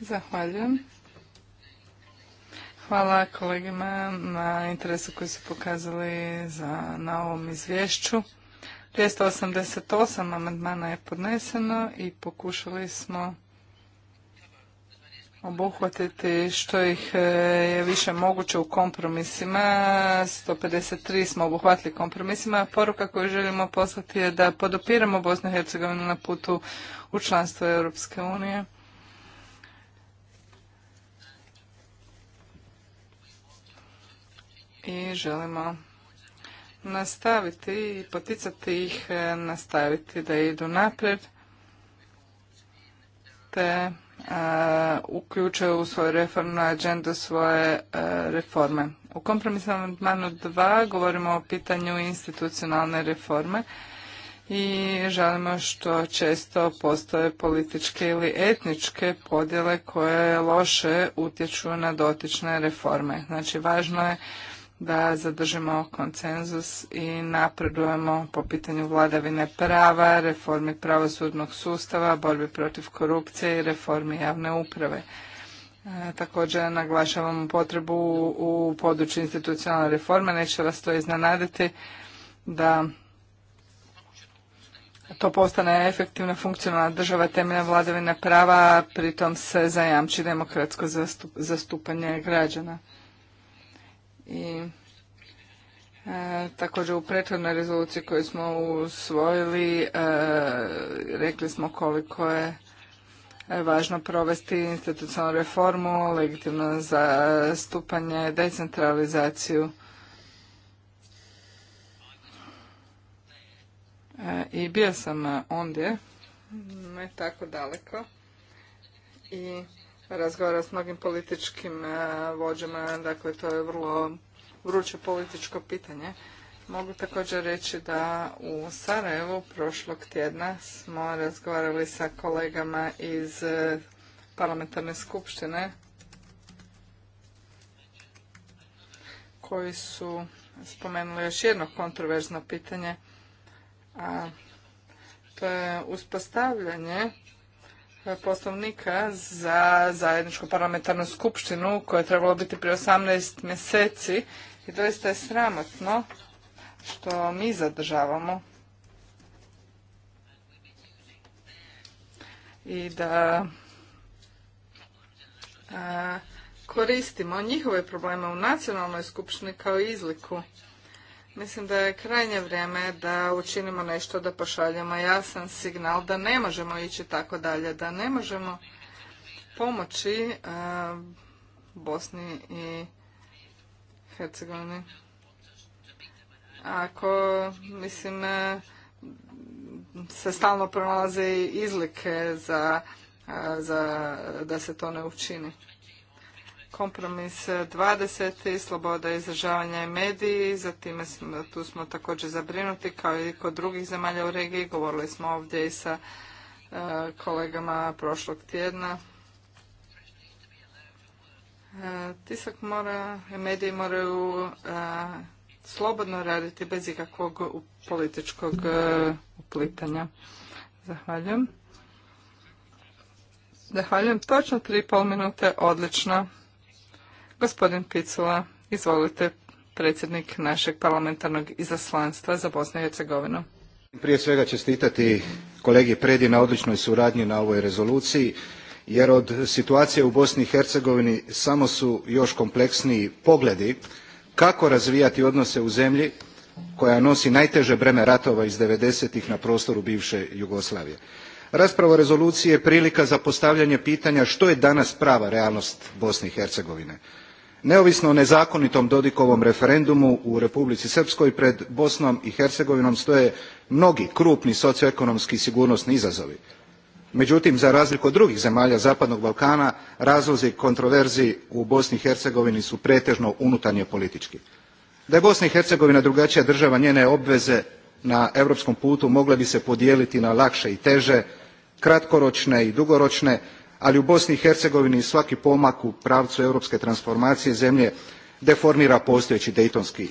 Zahvaljujem. Hvala kolegima na interesu koji su pokazali za, na ovom izvješću. 288 amandmana je podneseno i pokušali smo obuhvatiti što ih e, je više moguće u kompromisima. 153 smo obuhvatili kompromisima. Poruka koju želimo poslati je da podopiramo Bosnu i Hercegovinu na putu u članstvo Europske unije. I želimo nastaviti i poticati ih e, nastaviti da idu naprijed te a, e, u svoju reformnu agendu svoje e, reforme. U kompromisnom amandmanu 2 govorimo o pitanju institucionalne reforme i želimo što često postoje političke ili etničke podjele koje loše utječu na dotične reforme. Znači važno je da zadržimo konsenzus i napredujemo po pitanju vladavine prava, reformi pravosudnog sustava, borbi protiv korupcije i reformi javne uprave. E, također naglašavamo potrebu u području institucionalne reforme, neće vas to iznenaditi da to postane efektivna funkcionalna država temelja vladavine prava, pritom se zajamči demokratsko zastupanje građana i e, također u prethodnoj rezoluciji koju smo usvojili e, rekli smo koliko je e, važno provesti institucionalnu reformu, legitimno stupanje, decentralizaciju i bio sam ondje ne tako daleko i razgovara s mnogim političkim e, vođama, dakle to je vrlo vruće političko pitanje. Mogu također reći da u Sarajevu prošlog tjedna smo razgovarali sa kolegama iz e, parlamentarne skupštine koji su spomenuli još jedno kontroverzno pitanje, a to je uspostavljanje poslovnika za zajedničku parlamentarnu skupštinu koja je trebala biti prije 18 mjeseci i doista je sramotno što mi zadržavamo i da koristimo njihove probleme u nacionalnoj skupštini kao izliku Mislim da je krajnje vrijeme da učinimo nešto, da pošaljemo jasan signal da ne možemo ići tako dalje, da ne možemo pomoći eh, Bosni i Hercegovini. Ako, mislim, eh, se stalno pronalaze izlike za, eh, za, da se to ne učini kompromis 20. sloboda izražavanja i mediji, zatim tu smo također zabrinuti kao i kod drugih zemalja u regiji, govorili smo ovdje i sa e, kolegama prošlog tjedna. E, tisak mora, mediji moraju e, slobodno raditi bez ikakvog političkog uplitanja. Zahvaljujem. Zahvaljujem. Točno tri pol minute. Odlično. Gospodin Picula, izvolite, predsjednik našeg parlamentarnog izaslanstva za Bosnu i Hercegovinu. Prije svega čestitati kolegi Predi na odličnoj suradnji na ovoj rezoluciji, jer od situacije u Bosni i Hercegovini samo su još kompleksniji pogledi kako razvijati odnose u zemlji koja nosi najteže breme ratova iz 90-ih na prostoru bivše Jugoslavije. Rasprava rezolucije je prilika za postavljanje pitanja što je danas prava realnost Bosne i Hercegovine neovisno o nezakonitom dodikovom referendumu u republici srpskoj pred bosnom i hercegovinom stoje mnogi krupni socioekonomski i sigurnosni izazovi međutim za razliku od drugih zemalja zapadnog balkana razlozi kontroverzi u bosni i hercegovini su pretežno unutarnje politički. da je bosna i hercegovina drugačija država njene obveze na europskom putu mogle bi se podijeliti na lakše i teže kratkoročne i dugoročne ali u bosni i hercegovini svaki pomak u pravcu europske transformacije zemlje deformira postojeći dejtonski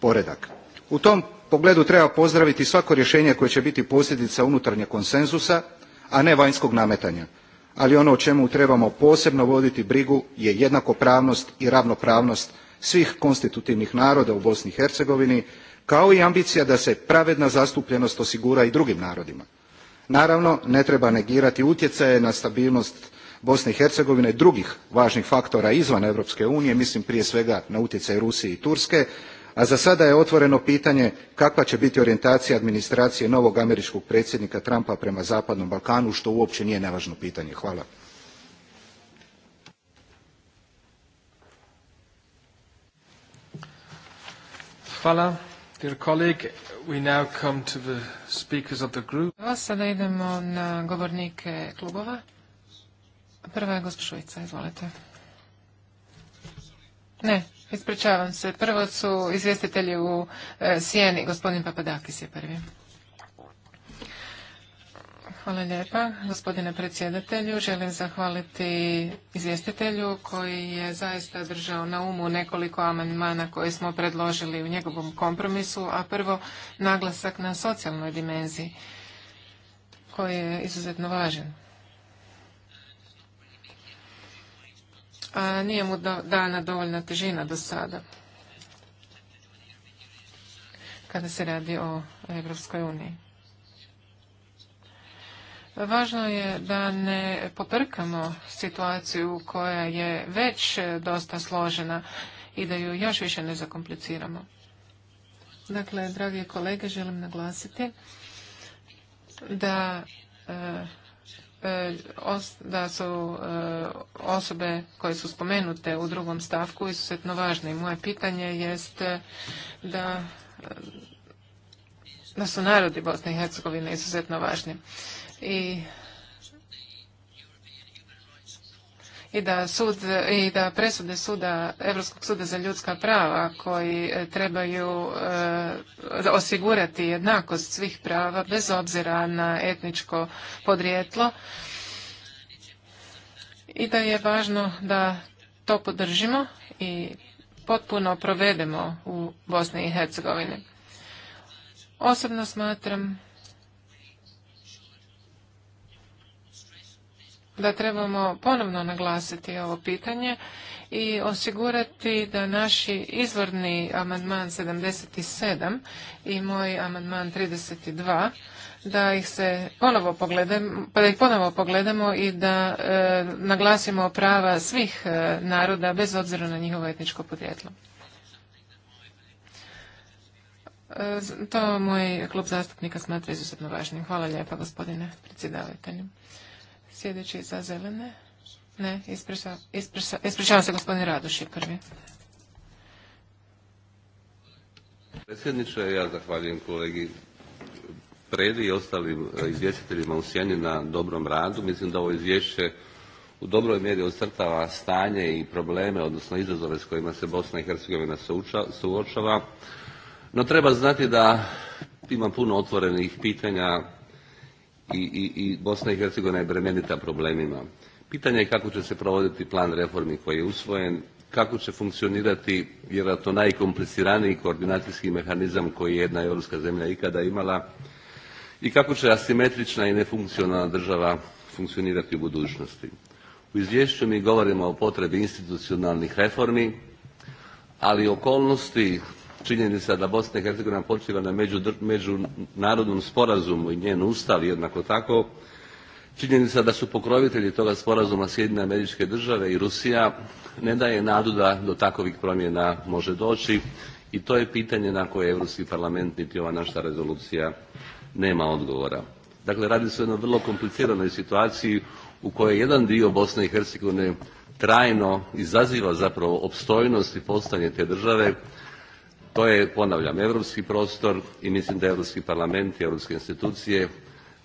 poredak. u tom pogledu treba pozdraviti svako rješenje koje će biti posljedica unutarnjeg konsenzusa a ne vanjskog nametanja ali ono o čemu trebamo posebno voditi brigu je jednakopravnost i ravnopravnost svih konstitutivnih naroda u bosni i hercegovini kao i ambicija da se pravedna zastupljenost osigura i drugim narodima naravno ne treba negirati utjecaje na stabilnost bosne i hercegovine drugih važnih faktora izvan europske unije mislim prije svega na utjecaj rusije i turske a za sada je otvoreno pitanje kakva će biti orijentacija administracije novog američkog predsjednika trumpa prema zapadnom balkanu što uopće nije nevažno pitanje. hvala. Dear colleague, we now come to the speakers of the group. sada idemo na govornike klubova. Prva je gospođica izvolite. Ne, ispričavam se. Prvo su izvjestitelji u e, Sijeni, gospodin Papadakis je prvi. Hvala lijepa, gospodine predsjedatelju. Želim zahvaliti izvjestitelju koji je zaista držao na umu nekoliko amandmana koje smo predložili u njegovom kompromisu, a prvo naglasak na socijalnoj dimenziji koji je izuzetno važan. A nije mu dana dovoljna težina do sada kada se radi o Europskoj uniji. Važno je da ne poprkamo situaciju koja je već dosta složena i da ju još više ne zakompliciramo. Dakle, dragi kolege, želim naglasiti da e, e, da su e, osobe koje su spomenute u drugom stavku izuzetno važne. I moje pitanje jest da, da su narodi Bosne i Hercegovine izuzetno važni i da, sud, i da presude suda, Europskog suda za ljudska prava koji e, trebaju e, osigurati jednakost svih prava bez obzira na etničko podrijetlo i da je važno da to podržimo i potpuno provedemo u Bosni i Hercegovini. Osobno smatram da trebamo ponovno naglasiti ovo pitanje i osigurati da naši izvorni amandman 77 i moj amandman 32 da ih se ponovo pogledamo, da ih ponovo pogledamo i da e, naglasimo prava svih e, naroda bez obzira na njihovo etničko podrijetlo. E, to moj klub zastupnika smatra izuzetno važnim. Hvala lijepa gospodine predsjedavatelju. Sljedeći za zelene. Ne, ispričavam se gospodin Radoš je prvi. Predsjedniče, ja zahvaljujem kolegi Predi i ostalim e, izvjestiteljima u Sjeni na dobrom radu. Mislim da ovo izvješće u dobroj mjeri ocrtava stanje i probleme, odnosno izazove s kojima se Bosna i Hercegovina suočava. No treba znati da ima puno otvorenih pitanja i, Bosna i Hercegovina je bremenita problemima. Pitanje je kako će se provoditi plan reformi koji je usvojen, kako će funkcionirati vjerojatno najkompliciraniji koordinacijski mehanizam koji je jedna europska zemlja ikada imala i kako će asimetrična i nefunkcionalna država funkcionirati u budućnosti. U izvješću mi govorimo o potrebi institucionalnih reformi, ali okolnosti činjenica da Bosna i Hercegovina počiva na međunarodnom sporazumu i njen ustav jednako tako, činjenica da su pokrovitelji toga sporazuma Sjedine američke države i Rusija ne daje nadu da do takovih promjena može doći i to je pitanje na koje Europski parlament niti ova naša rezolucija nema odgovora. Dakle, radi se o jednoj vrlo kompliciranoj situaciji u kojoj jedan dio Bosne i Hercegovine trajno izaziva zapravo opstojnost i postanje te države, to je, ponavljam, europski prostor i mislim da Europski parlament i europske institucije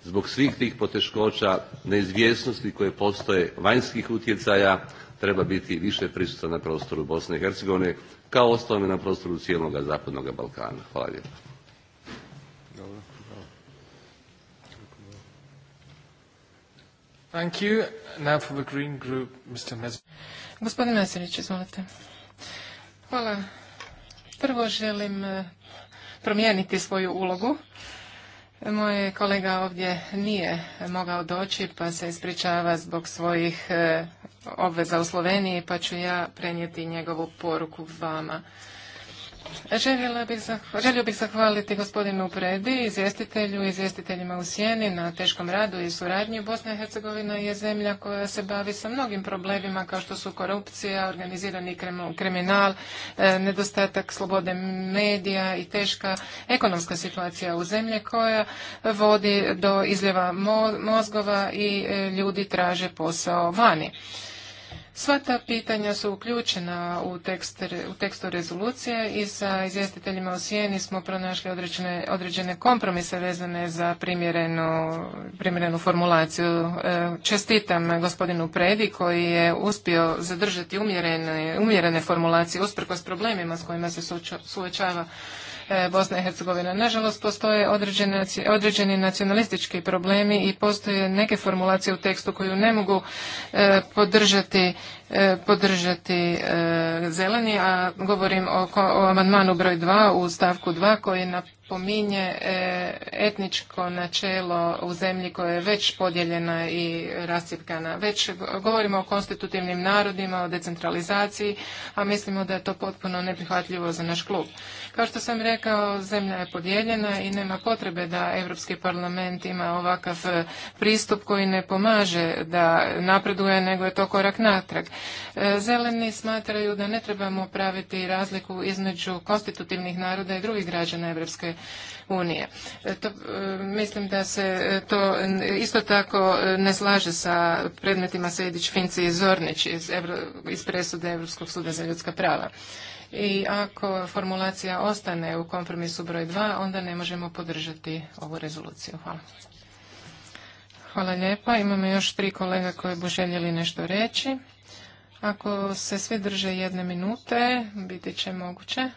zbog svih tih poteškoća, neizvjesnosti koje postoje, vanjskih utjecaja, treba biti više prisutan na prostoru Bosne i Hercegovine, kao ostalome na prostoru cijelog Zapadnog Balkana. Hvala Hvala Prvo želim e, promijeniti svoju ulogu. Moj kolega ovdje nije mogao doći pa se ispričava zbog svojih e, obveza u Sloveniji pa ću ja prenijeti njegovu poruku vama želio bih zahvaliti gospodinu Predi, izvjestitelju izvjestiteljima u Sjeni na teškom radu i suradnji. Bosna i Hercegovina je zemlja koja se bavi sa mnogim problemima kao što su korupcija, organizirani kriminal, e, nedostatak slobode medija i teška ekonomska situacija u zemlji koja vodi do izljeva mozgova i e, ljudi traže posao vani. Sva ta pitanja su uključena u, tekst, u tekstu rezolucije i sa izvjestiteljima u Sijeni smo pronašli određene, određene kompromise vezane za primjerenu, primjerenu formulaciju. E, čestitam gospodinu Predi koji je uspio zadržati umjerene, umjerene formulacije usprkos problemima s kojima se suočava E, Bosna i Hercegovina. Nažalost, postoje određeni nacionalistički problemi i postoje neke formulacije u tekstu koju ne mogu e, podržati E, podržati e, zeleni, a govorim o, amandmanu broj 2 u stavku 2 koji napominje e, etničko načelo u zemlji koja je već podijeljena i rascjepkana. Već govorimo o konstitutivnim narodima, o decentralizaciji, a mislimo da je to potpuno neprihvatljivo za naš klub. Kao što sam rekao, zemlja je podijeljena i nema potrebe da Europski parlament ima ovakav pristup koji ne pomaže da napreduje, nego je to korak natrag. E, zeleni smatraju da ne trebamo praviti razliku između konstitutivnih naroda i drugih građana Evropske unije. E, e, mislim da se to isto tako ne slaže sa predmetima Sedić, Finci i Zornić iz, presude Europskog suda za ljudska prava. I ako formulacija ostane u kompromisu broj 2, onda ne možemo podržati ovu rezoluciju. Hvala. Hvala lijepa. Imamo još tri kolega koji bi željeli nešto reći. Ako se sve drže jedne minute, biti će moguće.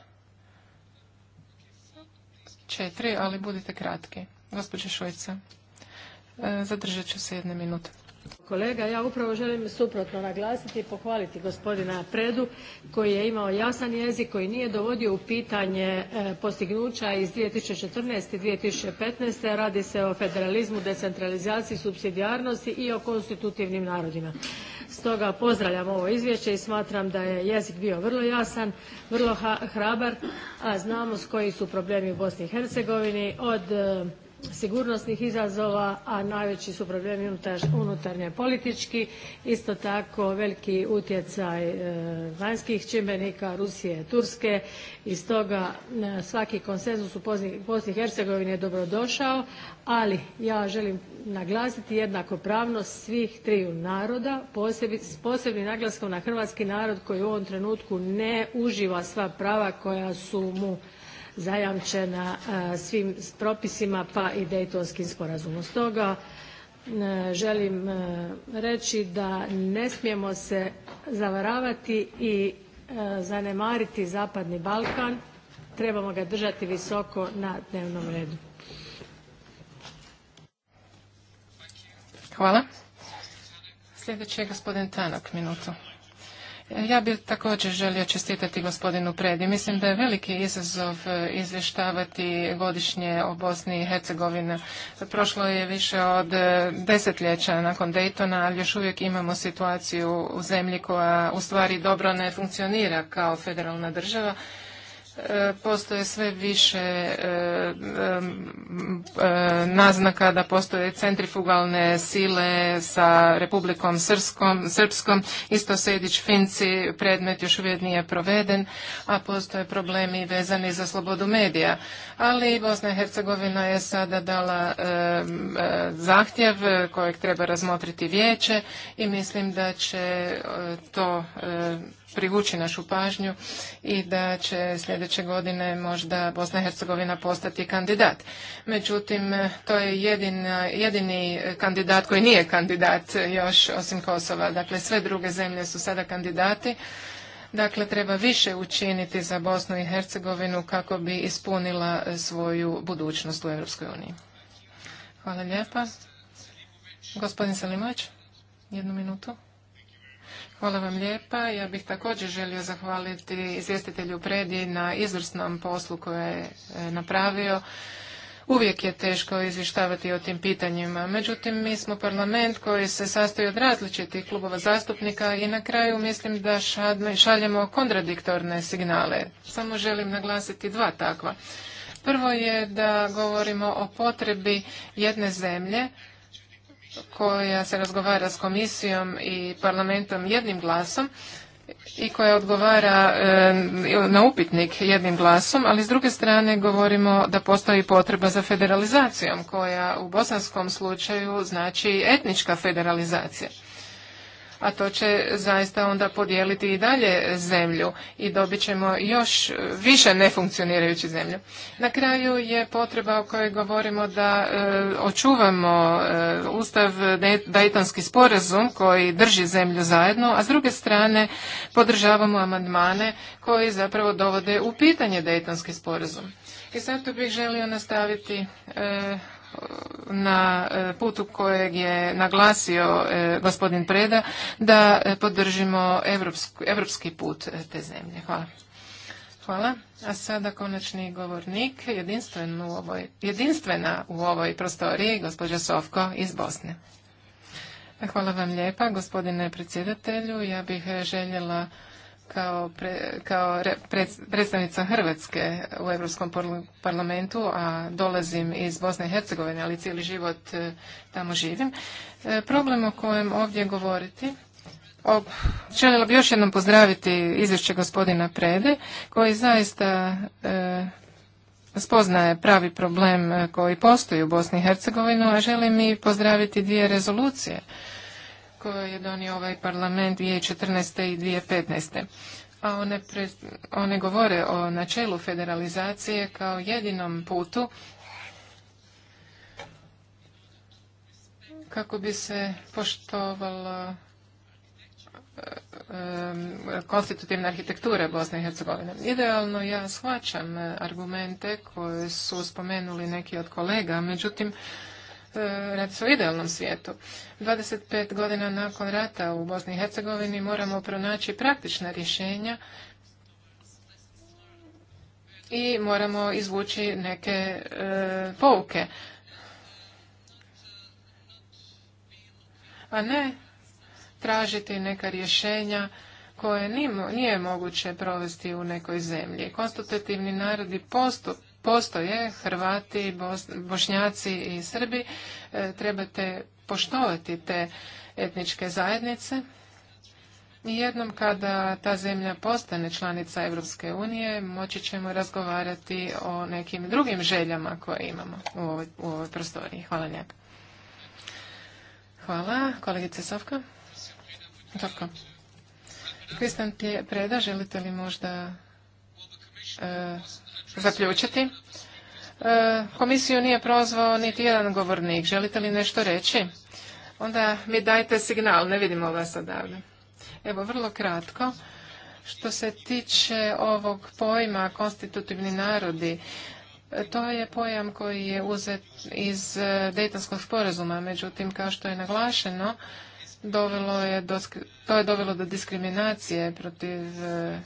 Četiri, ali budite kratki. Gospođa Šuica e, zadržat ću se jedne minute. Kolega, ja upravo želim suprotno naglasiti i pohvaliti gospodina Predu koji je imao jasan jezik, koji nije dovodio u pitanje e, postignuća iz 2014. i 2015. Radi se o federalizmu, decentralizaciji, supsidijarnosti i o konstitutivnim narodima. Stoga pozdravljam ovo izvješće i smatram da je jezik bio vrlo jasan, vrlo hrabar, a znamo s koji su problemi u Bosni i Hercegovini od e, sigurnosnih izazova a najveći su problemi unutarnje politički Isto tako veliki utjecaj e, vanjskih čimbenika Rusije, Turske i stoga e, svaki konsenzus u Bosni i Hercegovini je dobrodošao, ali ja želim naglasiti jednakopravnost svih triju naroda s posebnim naglaskom na hrvatski narod koji u ovom trenutku ne uživa sva prava koja su mu zajamčena e, svim propisima pa i Daytonskim sporazumom. Stoga e, želim e, reći da ne smijemo se zavaravati i zanemariti zapadni Balkan, trebamo ga držati visoko na dnevnom redu. Hvala. Sljedeći je gospodin Tanak, minutu. Ja bih također želio čestitati gospodinu Predi. Mislim da je veliki izazov e, izvještavati godišnje o Bosni i Hercegovini. Prošlo je više od e, desetljeća nakon Daytona, ali još uvijek imamo situaciju u zemlji koja u stvari dobro ne funkcionira kao federalna država E, postoje sve više e, e, naznaka da postoje centrifugalne sile sa Republikom Srpskom, isto Sedić Finci predmet još uvijek nije proveden, a postoje problemi vezani za slobodu medija. Ali Bosna i Hercegovina je sada dala zahtjev kojeg treba razmotriti vijeće i mislim da će to privući našu pažnju i da će sljedeće godine možda Bosna i Hercegovina postati kandidat. Međutim, to je jedini kandidat koji nije kandidat još osim Kosova. Dakle, sve druge zemlje su sada kandidati. Dakle, treba više učiniti za Bosnu i Hercegovinu kako bi ispunila svoju budućnost u Europskoj uniji. Hvala lijepa. Gospodin Salimović, jednu minutu. Hvala vam lijepa. Ja bih također želio zahvaliti izvjestitelju Predi na izvrsnom poslu koje je e, napravio. Uvijek je teško izvještavati o tim pitanjima. Međutim, mi smo parlament koji se sastoji od različitih klubova zastupnika i na kraju mislim da šaljemo kontradiktorne signale. Samo želim naglasiti dva takva. Prvo je da govorimo o potrebi jedne zemlje koja se razgovara s komisijom i parlamentom jednim glasom i koja odgovara e, na upitnik jednim glasom, ali s druge strane govorimo da postoji potreba za federalizacijom koja u bosanskom slučaju znači etnička federalizacija a to će zaista onda podijeliti i dalje zemlju i dobit ćemo još više nefunkcionirajući zemlju. Na kraju je potreba o kojoj govorimo da e, očuvamo e, Ustav Dejtonski sporazum koji drži zemlju zajedno, a s druge strane podržavamo amandmane koji zapravo dovode u pitanje Dejtonski sporazum. I tu bih želio nastaviti e, na e, putu kojeg je naglasio e, gospodin Preda da e, podržimo evropski put te zemlje. Hvala. Hvala. A sada konačni govornik, jedinstven jedinstvena u ovoj prostoriji, gospođa Sovko iz Bosne. Hvala vam lijepa, gospodine predsjedatelju. Ja bih željela kao, kao predstavnica Hrvatske u Europskom parlamentu, a dolazim iz Bosne i Hercegovine, ali cijeli život e, tamo živim. E, problem o kojem ovdje govoriti, željela bi još jednom pozdraviti izvješće gospodina Prede, koji zaista e, spoznaje pravi problem koji postoji u Bosni i Hercegovini, a želim i pozdraviti dvije rezolucije koje je donio ovaj parlament 2014. i 2015. A one, pre, one govore o načelu federalizacije kao jedinom putu kako bi se poštovala konstitutivna arhitektura Bosne i Hercegovine. Idealno ja shvaćam argumente koje su spomenuli neki od kolega, međutim E, radi se idealnom svijetu. 25 godina nakon rata u Bosni i Hercegovini moramo pronaći praktična rješenja i moramo izvući neke e, pouke. A ne tražiti neka rješenja koje nije moguće provesti u nekoj zemlji. Konstitutivni narodi postup, postoje Hrvati, Bošnjaci i Srbi, e, trebate poštovati te etničke zajednice. I jednom kada ta zemlja postane članica Europske unije, moći ćemo razgovarati o nekim drugim željama koje imamo u ovoj, u ovoj prostoriji. Hvala lijepo. Hvala. Kolegice Sovka. Kristan Preda, li možda e, zaključiti. E, komisiju nije prozvao niti jedan govornik. Želite li nešto reći? Onda mi dajte signal, ne vidimo vas odavde. Evo, vrlo kratko. Što se tiče ovog pojma konstitutivni narodi, to je pojam koji je uzet iz dejtanskog sporazuma, međutim, kao što je naglašeno, to je dovelo do diskriminacije protiv e,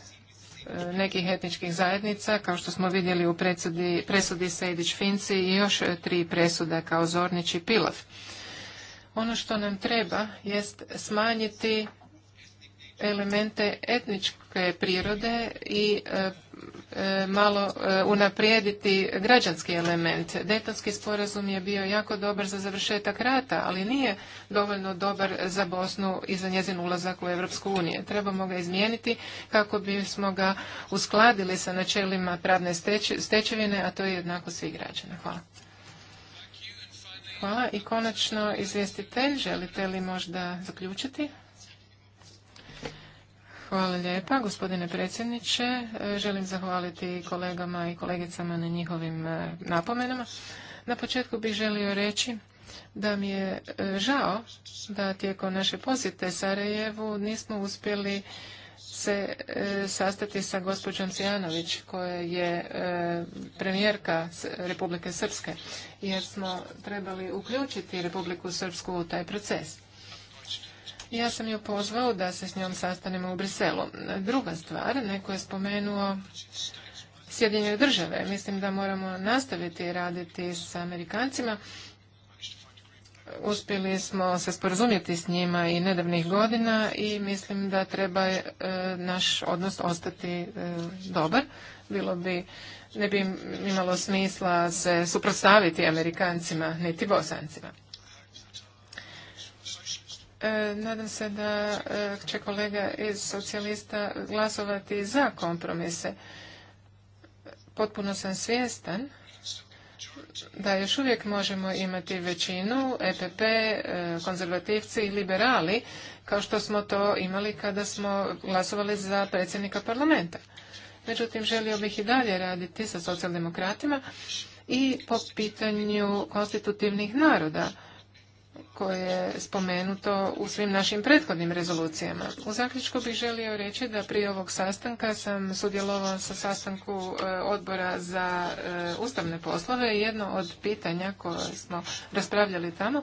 E, nekih etničkih zajednica, kao što smo vidjeli u presudi, presudi Sejdić Finci i još e, tri presude kao Zornić i Pilav. Ono što nam treba jest smanjiti elemente etničke prirode i e, e, malo e, unaprijediti građanski element. Detonski sporazum je bio jako dobar za završetak rata, ali nije dovoljno dobar za Bosnu i za njezin ulazak u Europsku uniju. Trebamo ga izmijeniti kako bismo ga uskladili sa načelima pravne stečevine, a to je jednako svih građana. Hvala. Hvala i konačno izvjestitelj, želite li možda zaključiti? Hvala lijepa, gospodine predsjedniče. E, želim zahvaliti kolegama i kolegicama na njihovim e, napomenama. Na početku bih želio reći da mi je e, žao da tijekom naše posjete Sarajevu nismo uspjeli se sastati sa gospođom Cijanović koja je premijerka Republike Srpske jer smo trebali uključiti Republiku Srpsku u taj proces. Ja sam ju pozvao da se s njom sastanemo u Briselu. Druga stvar, neko je spomenuo Sjedinjene države. Mislim da moramo nastaviti raditi s Amerikancima. Uspjeli smo se sporazumjeti s njima i nedavnih godina i mislim da treba e, naš odnos ostati e, dobar. Bilo bi, ne bi imalo smisla se suprotstaviti Amerikancima niti Bosancima. E, nadam se da e, će kolega iz socijalista glasovati za kompromise. Potpuno sam svjestan da još uvijek možemo imati većinu, EPP, e, konzervativci i liberali, kao što smo to imali kada smo glasovali za predsjednika parlamenta. Međutim, želio bih i dalje raditi sa socijaldemokratima i po pitanju konstitutivnih naroda koje je spomenuto u svim našim prethodnim rezolucijama. U zaključku bih želio reći da prije ovog sastanka sam sudjelovao sa sastanku e, odbora za e, ustavne poslove i jedno od pitanja koje smo raspravljali tamo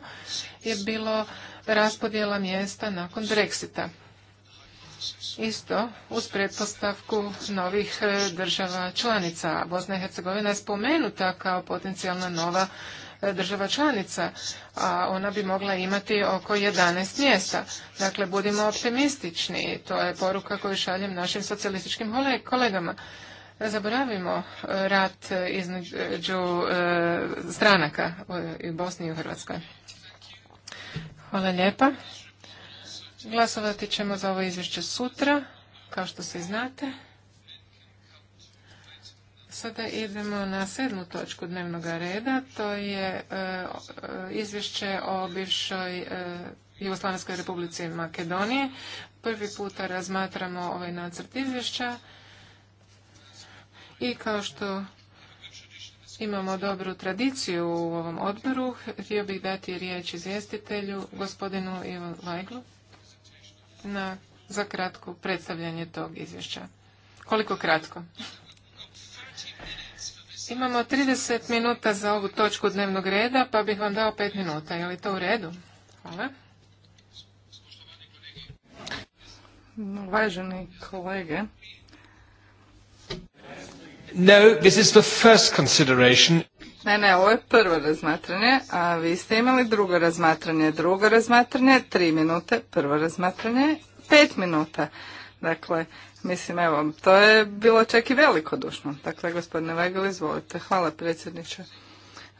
je bilo raspodjela mjesta nakon Brexita. Isto uz pretpostavku novih e, država članica. Bosna i Hercegovina je spomenuta kao potencijalna nova država članica, a ona bi mogla imati oko 11 mjesta. Dakle, budimo optimistični, to je poruka koju šaljem našim socijalističkim kolegama. Zaboravimo rat između e, stranaka u Bosni i u Hrvatskoj. Hvala lijepa. Glasovati ćemo za ovo izvješće sutra, kao što se znate. Sada idemo na sedmu točku dnevnog reda, to je e, e, izvješće o bivšoj e, Jugoslavenskoj republici Makedonije. Prvi puta razmatramo ovaj nacrt izvješća i kao što imamo dobru tradiciju u ovom odboru, htio bih dati riječ izvjestitelju gospodinu Ivo Vajglu, na, za kratko predstavljanje tog izvješća. Koliko kratko? Imamo 30 minuta za ovu točku dnevnog reda, pa bih vam dao 5 minuta. Je li to u redu? Hvala. Uvaženi kolege. No, this is the first consideration. Ne, ne, ovo je prvo razmatranje, a vi ste imali drugo razmatranje, drugo razmatranje, tri minute, prvo razmatranje, pet minuta. Dakle, Mislim, evo, to je bilo čak i dušno. Dakle, gospodine Vegel, izvolite. Hvala, predsjedniče.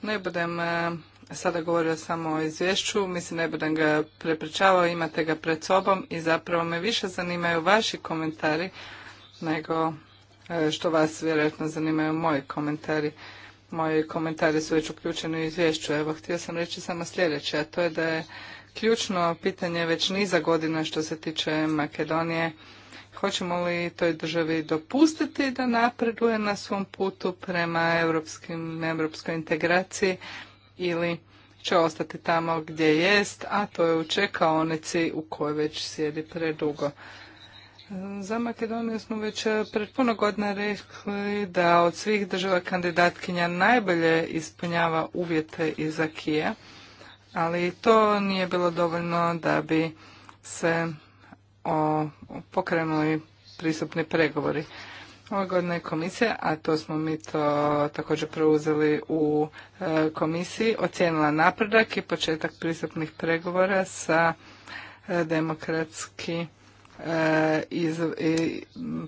Ne budem e, sada govorio samo o izvješću, mislim ne budem ga prepričavao, imate ga pred sobom i zapravo me više zanimaju vaši komentari nego e, što vas vjerojatno zanimaju moji komentari. Moji komentari su već uključeni u izvješću. Evo, htio sam reći samo sljedeće, a to je da je ključno pitanje već niza godina što se tiče Makedonije Hoćemo li toj državi dopustiti da napreduje na svom putu prema europskim, europskoj integraciji ili će ostati tamo gdje jest, a to je u čekaonici u kojoj već sjedi predugo. Za Makedoniju smo već pred puno godina rekli da od svih država kandidatkinja najbolje ispunjava uvjete iz Akije, ali to nije bilo dovoljno da bi se o pokrenuli pristupni pregovori. Ove godine je komisija, a to smo mi to također preuzeli u e, komisiji, ocijenila napredak i početak pristupnih pregovora sa e, demokratski e,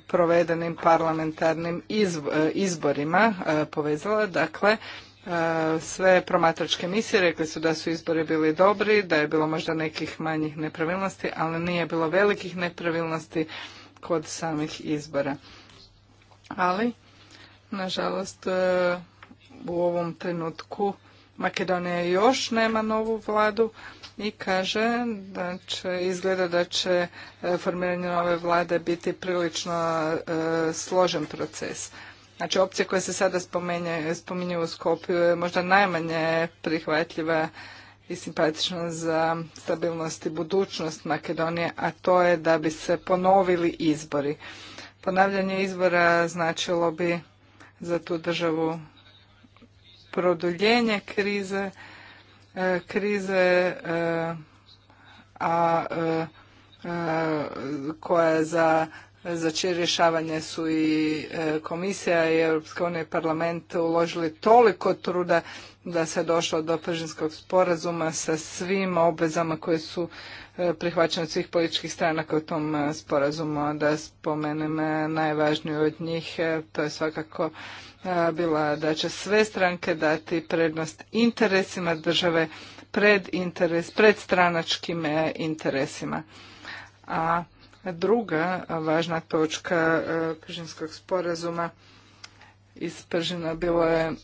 provedenim parlamentarnim izborima povezala. Dakle, E, sve promatračke misije rekli su da su izbori bili dobri, da je bilo možda nekih manjih nepravilnosti, ali nije bilo velikih nepravilnosti kod samih izbora. Ali, nažalost, e, u ovom trenutku Makedonija još nema novu vladu i kaže da će, izgleda da će e, formiranje nove vlade biti prilično složen proces. Znači opcija koja se sada spomenje, spominje u Skopju je možda najmanje prihvatljiva i simpatična za stabilnost i budućnost Makedonije, a to je da bi se ponovili izbori. Ponavljanje izbora značilo bi za tu državu produljenje krize, e, krize e, a e, koja je za za čije rješavanje su i e, komisija i Europska unija i parlament uložili toliko truda da se došlo do pržinskog sporazuma sa svim obvezama koje su e, prihvaćene od svih političkih stranaka u tom e, sporazumu. Da spomenem najvažniju od njih, to je svakako bila da će sve stranke dati prednost interesima države pred interes, pred stranačkim interesima. A Druga važna točka e, Pržinskog sporazuma iz Pržina bilo je e,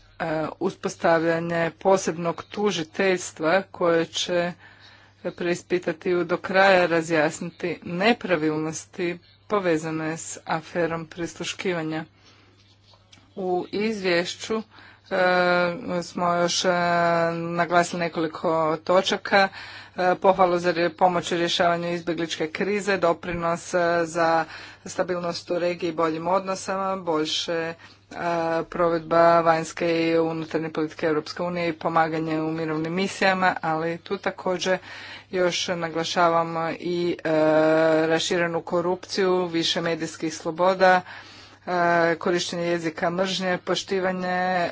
uspostavljanje posebnog tužiteljstva koje će preispitati u do kraja razjasniti nepravilnosti povezane s aferom prisluškivanja. U izvješću E, smo još e, naglasili nekoliko točaka. E, pohvalu za pomoć u rješavanju izbjegličke krize, doprinos za stabilnost u regiji i boljim odnosama, boljše provedba vanjske i unutarnje politike Europske unije i pomaganje u mirovnim misijama, ali tu također još naglašavamo i raširenu korupciju, više medijskih sloboda, E, korištenje jezika mržnje, poštivanje e,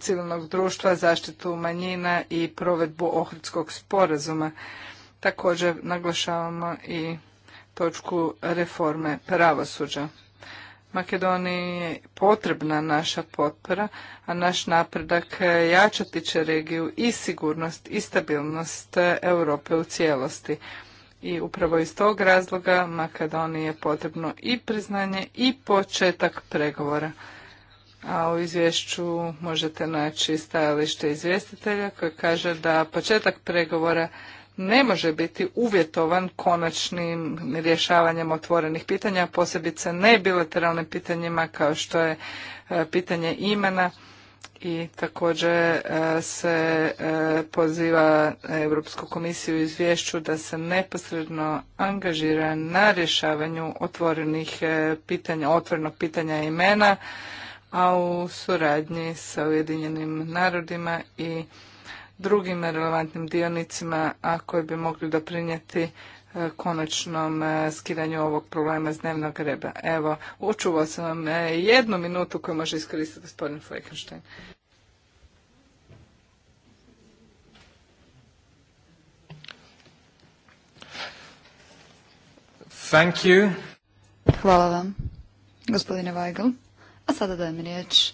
civilnog društva, zaštitu manjina i provedbu Ohridskog sporazuma. Također naglašavamo i točku reforme pravosuđa. Makedoniji je potrebna naša potpora, a naš napredak jačati će regiju i sigurnost i stabilnost Europe u cijelosti i upravo iz tog razloga Makedoniji je potrebno i priznanje i početak pregovora. A u izvješću možete naći stajalište izvjestitelja koje kaže da početak pregovora ne može biti uvjetovan konačnim rješavanjem otvorenih pitanja, posebice ne bilateralnim pitanjima kao što je e, pitanje imena i također e, se e, poziva Europsku komisiju izvješću da se neposredno angažira na rješavanju otvorenih e, pitanja, otvorenog pitanja imena, a u suradnji sa Ujedinjenim narodima i drugim relevantnim dionicima, a koji bi mogli doprinijeti E, konačnom e, skidanju ovog problema s dnevnog reda. Evo, učuvao sam vam e, jednu minutu koju može iskoristiti gospodin Fleckenstein. Thank you. Hvala vam, gospodine Weigl. A sada dajem riječ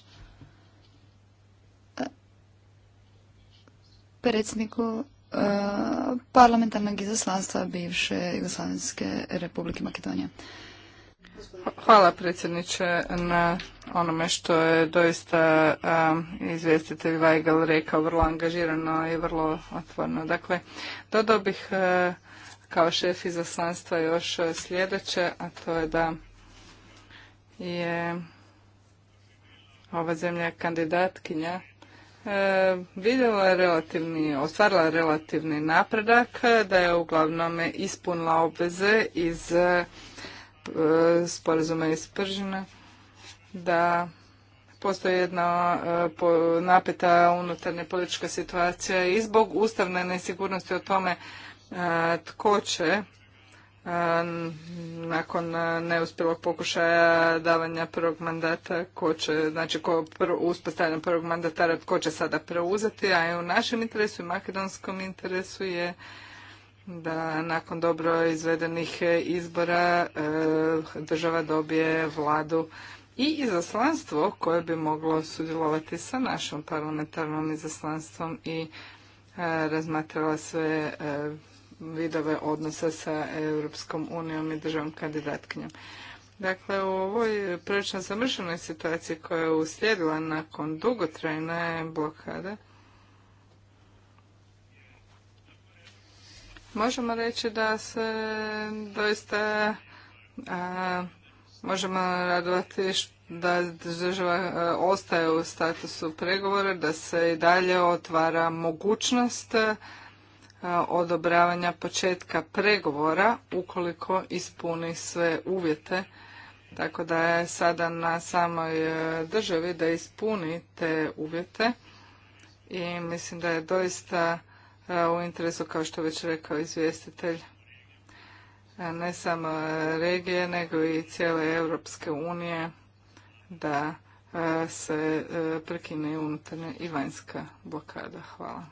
predsjedniku E, parlamentarnog izaslanstva bivše Jugoslavenske republike Makedonije. Hvala predsjedniče na onome što je doista izvjestitelj Weigel rekao vrlo angažirano i vrlo otvorno. Dakle, dodao bih e, kao šef izaslanstva još sljedeće, a to je da je ova zemlja kandidatkinja E, vidjela relativni, ostvarila relativni napredak, da je uglavnom ispunila obveze iz e, sporazuma iz da postoji jedna e, napeta unutarnja politička situacija i zbog ustavne nesigurnosti o tome tko će nakon neuspjelog pokušaja davanja prvog mandata, ko će, znači ko prvog mandatara, tko će sada preuzeti, a i u našem interesu i makedonskom interesu je da nakon dobro izvedenih izbora e, država dobije vladu i izaslanstvo koje bi moglo sudjelovati sa našom parlamentarnom izaslanstvom i e, razmatrala sve e, vidove odnosa sa Europskom unijom i državom kandidatkinjom. Dakle, u ovoj prilično zamršenoj situaciji koja je uslijedila nakon dugotrajne blokade, možemo reći da se doista možemo radovati da država ostaje u statusu pregovora, da se i dalje otvara mogućnost E, odobravanja početka pregovora ukoliko ispuni sve uvjete. Tako da je sada na samoj e, državi da ispuni te uvjete i mislim da je doista e, u interesu, kao što već rekao izvjestitelj, ne samo regije, nego i cijele Europske unije da se prekine unutarnja i vanjska blokada. Hvala.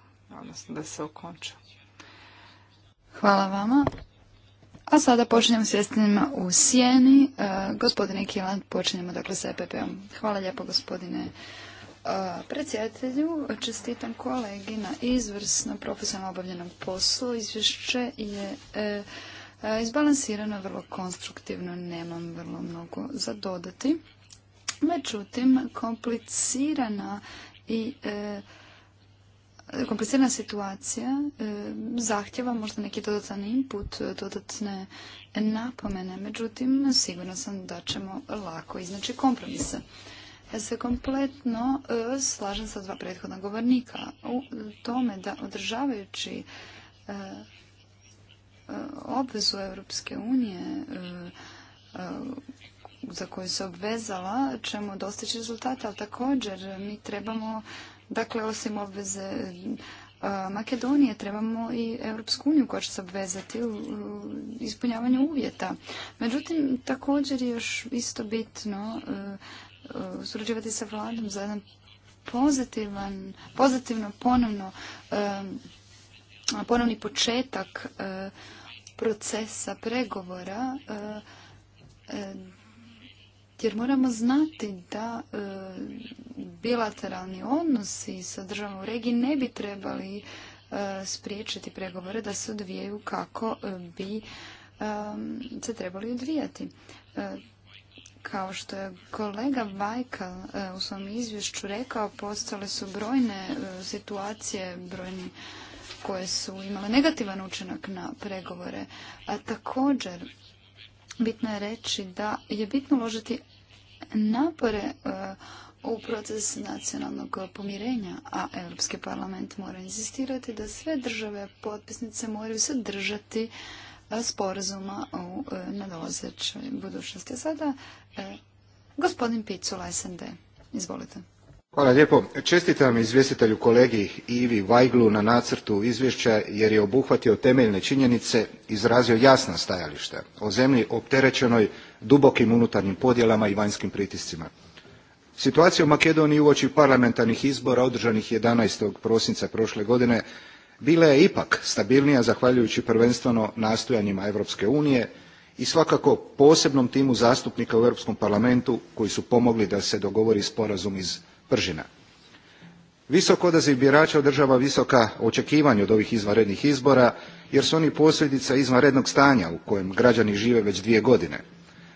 Odnosno da se okonča. Hvala vama. A sada počinjemo s vjestinima u Sijeni. E, gospodine Kilan, počinjemo dakle s EPP-om. Hvala lijepo gospodine e, predsjedatelju. Čestitam kolegi na izvrsno profesionalno obavljenom poslu. Izvješće je e, izbalansirano, vrlo konstruktivno, nemam vrlo mnogo za dodati. Međutim, komplicirana i komplicirana situacija e, zahtjeva možda neki dodatan input, dodatne napomene. Međutim, sigurno sam da ćemo lako iznaći kompromise. Ja se kompletno e, slažem sa dva prethodna govornika u tome da održavajući e, obvezu Europske unije za koju se obvezala ćemo dostići rezultate, ali također mi trebamo Dakle, osim obveze Makedonije trebamo i Europsku uniju koja će se obvezati u ispunjavanju uvjeta. Međutim, također je još isto bitno e, e, surađivati sa vladom za jedan pozitivan, pozitivno ponovno e, ponovni početak procesa pregovora jer moramo znati da e, bilateralni odnosi sa državom u regiji ne bi trebali e, spriječiti pregovore da se odvijaju kako e, bi se trebali odvijati. Kao što je kolega Vajkal u svom izvješću rekao, postale su brojne situacije, brojni koje su imale negativan učinak na pregovore. A također, bitno je reći da je bitno uložiti napore eh, u proces nacionalnog pomirenja, a Europski parlament mora insistirati da sve države potpisnice moraju se držati eh, sporazuma u eh, nadolazećoj budućnosti. Sada gospodin Picula, SND. Izvolite. Hvala lijepo. Čestitam izvjestitelju kolegi Ivi Vajglu na nacrtu izvješća jer je obuhvatio temeljne činjenice, izrazio jasna stajališta o zemlji opterećenoj dubokim unutarnjim podjelama i vanjskim pritiscima. Situacija u Makedoniji uoči parlamentarnih izbora održanih 11. prosinca prošle godine bila je ipak stabilnija zahvaljujući prvenstveno nastojanjima Europske unije i svakako posebnom timu zastupnika u Europskom parlamentu koji su pomogli da se dogovori sporazum iz Pržina. Visok odaziv birača održava visoka očekivanja od ovih izvanrednih izbora jer su oni posljedica izvanrednog stanja u kojem građani žive već dvije godine.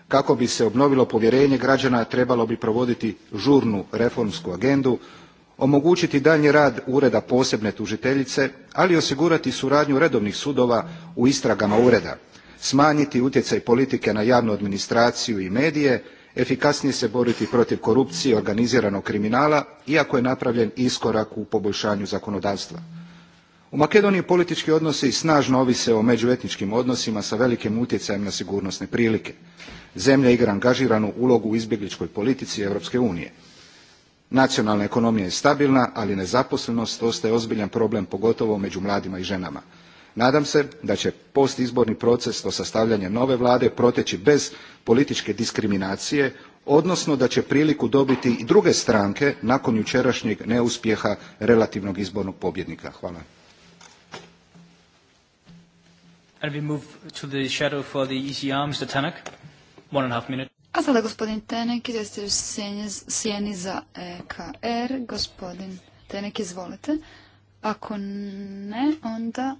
Kako bi se obnovilo povjerenje građana trebalo bi provoditi žurnu reformsku agendu, omogućiti daljnji rad ureda posebne tužiteljice, ali i osigurati suradnju redovnih sudova u istragama ureda, smanjiti utjecaj politike na javnu administraciju i medije efikasnije se boriti protiv korupcije i organiziranog kriminala iako je napravljen iskorak u poboljšanju zakonodavstva. U Makedoniji politički odnosi snažno ovise o međuetničkim odnosima sa velikim utjecajem na sigurnosne prilike. Zemlja igra angažiranu ulogu u izbjegličkoj politici Europske unije. Nacionalna ekonomija je stabilna, ali nezaposlenost ostaje ozbiljan problem pogotovo među mladima i ženama nadam se da će postizborni proces do sastavljanja nove vlade proteći bez političke diskriminacije odnosno da će priliku dobiti i druge stranke nakon jučerašnjeg neuspjeha relativnog izbornog pobjednika. Hvala. sada gospodin Tenek, sjeni za EKR. Gospodin Tenek, izvolite. Ako ne, onda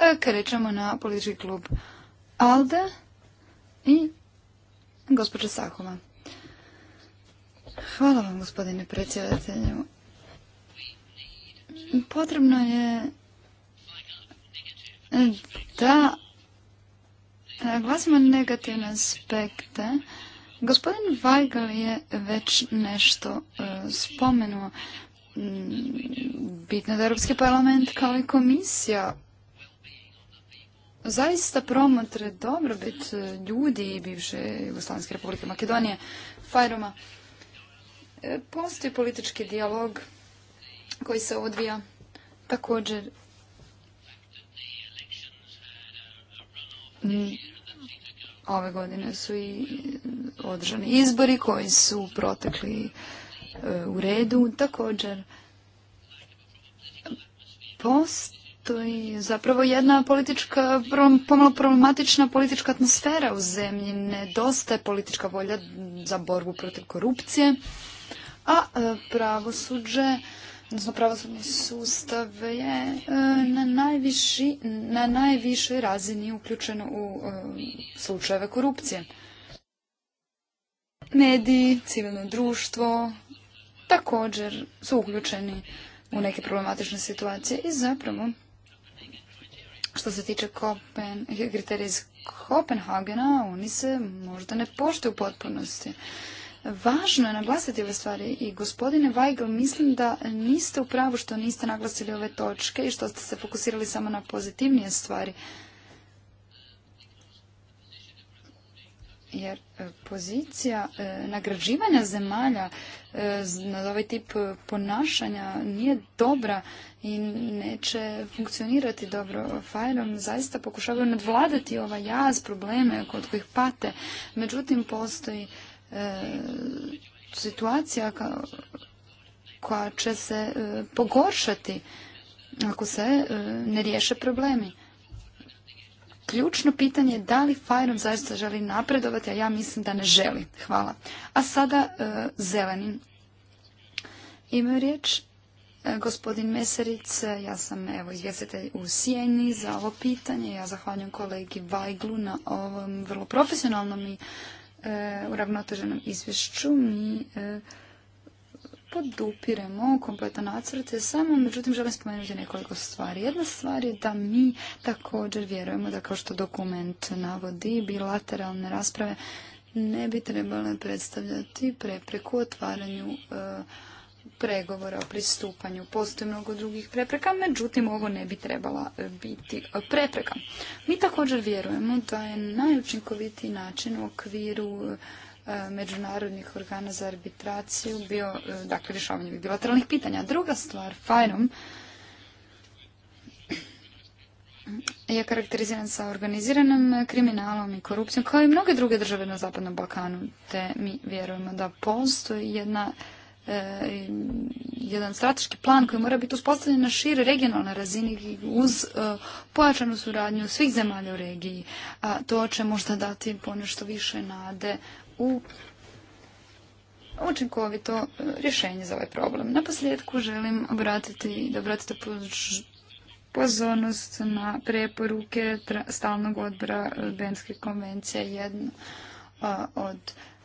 E, krećemo na politički klub Alde i gospođa Sahova. Hvala vam, gospodine predsjedatelju. Potrebno je da glasimo negativne aspekte. Gospodin Weigel je već nešto e, spomenuo. Mm, bitno da Europski parlament kao i komisija zaista promotre dobrobit e, ljudi bivše Jugoslavijske republike Makedonije, Fajroma. E, postoji politički dijalog koji se odvija također ove godine su i održani izbori koji su protekli e, u redu. Također post to je zapravo jedna politička, pomalo problematična politička atmosfera u zemlji. Nedostaje politička volja za borbu protiv korupcije, a e, pravosuđe, odnosno pravosudni sustav je e, na, najviši, na najvišoj razini uključen u e, slučajeve korupcije. Mediji, civilno društvo također su uključeni u neke problematične situacije i zapravo što se tiče kriterija iz Kopenhagena, oni se možda ne poštuju u potpunosti. Važno je naglasiti ove stvari i gospodine Weigl, mislim da niste u pravu što niste naglasili ove točke i što ste se fokusirali samo na pozitivnije stvari. jer e, pozicija e, nagrađivanja zemalja e, na ovaj tip ponašanja nije dobra i neće funkcionirati dobro. Fajrom zaista pokušavaju nadvladati ova jaz, probleme kod kojih pate. Međutim, postoji e, situacija koja će se e, pogoršati ako se e, ne riješe problemi. Ključno pitanje je da li Fajrom zaista želi napredovati, a ja mislim da ne želi. Hvala. A sada zelenim. Imaju riječ E, gospodin Meseric, ja sam evo izvjestitelj u Sijeni za ovo pitanje. Ja zahvaljujem kolegi Vajglu na ovom vrlo profesionalnom i e, uravnoteženom izvješću. Mi e, podupiremo kompletan nacrt, samo međutim želim spomenuti nekoliko stvari. Jedna stvar je da mi također vjerujemo da kao što dokument navodi bilateralne rasprave ne bi trebale predstavljati prepreku otvaranju e, pregovora o pristupanju. Postoji mnogo drugih prepreka, međutim ovo ne bi trebala e, biti e, prepreka. Mi također vjerujemo da je najučinkovitiji način u okviru e, međunarodnih organa za arbitraciju bio, dakle, rješavanje bilateralnih pitanja. Druga stvar, je karakteriziran sa organiziranim kriminalom i korupcijom, kao i mnoge druge države na Zapadnom Balkanu, te mi vjerujemo da postoji jedna E, jedan strateški plan koji mora biti uspostavljen na šire regionalnoj razini uz e, pojačanu suradnju svih zemalja u regiji. A to će možda dati ponešto više nade u učinkovito e, rješenje za ovaj problem. Na posljedku želim obratiti, da obratite pozornost na preporuke stalnog odbora Benske konvencije jedna od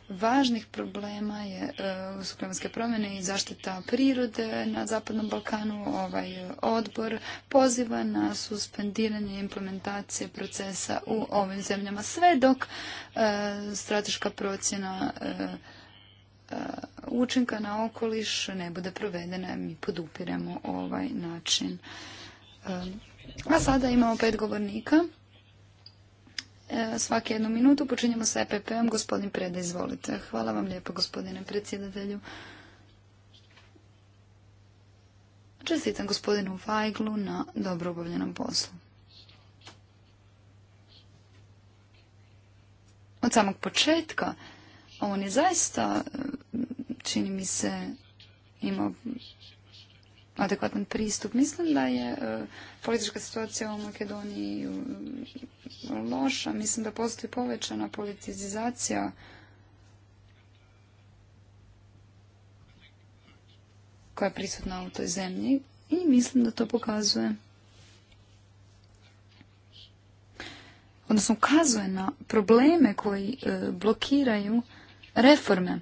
važnih problema je, e, su klimatske promjene i zaštita prirode na Zapadnom Balkanu. Ovaj odbor poziva na suspendiranje implementacije procesa u ovim zemljama sve dok e, strateška procjena e, učinka na okoliš ne bude provedena. Mi podupiremo ovaj način. A sada imamo pet govornika E, svaki jednu minutu počinjemo sa EPP-om. Gospodin Preda, izvolite. Hvala vam lijepo, gospodine predsjedatelju. Čestitam gospodinu Vajglu na dobro obavljenom poslu. Od samog početka on je zaista, e, čini mi se, imao adekvatan pristup. Mislim da je e, politička situacija u Makedoniji e, loša. Mislim da postoji povećana politizacija koja je prisutna u toj zemlji i mislim da to pokazuje odnosno ukazuje na probleme koji e, blokiraju reforme.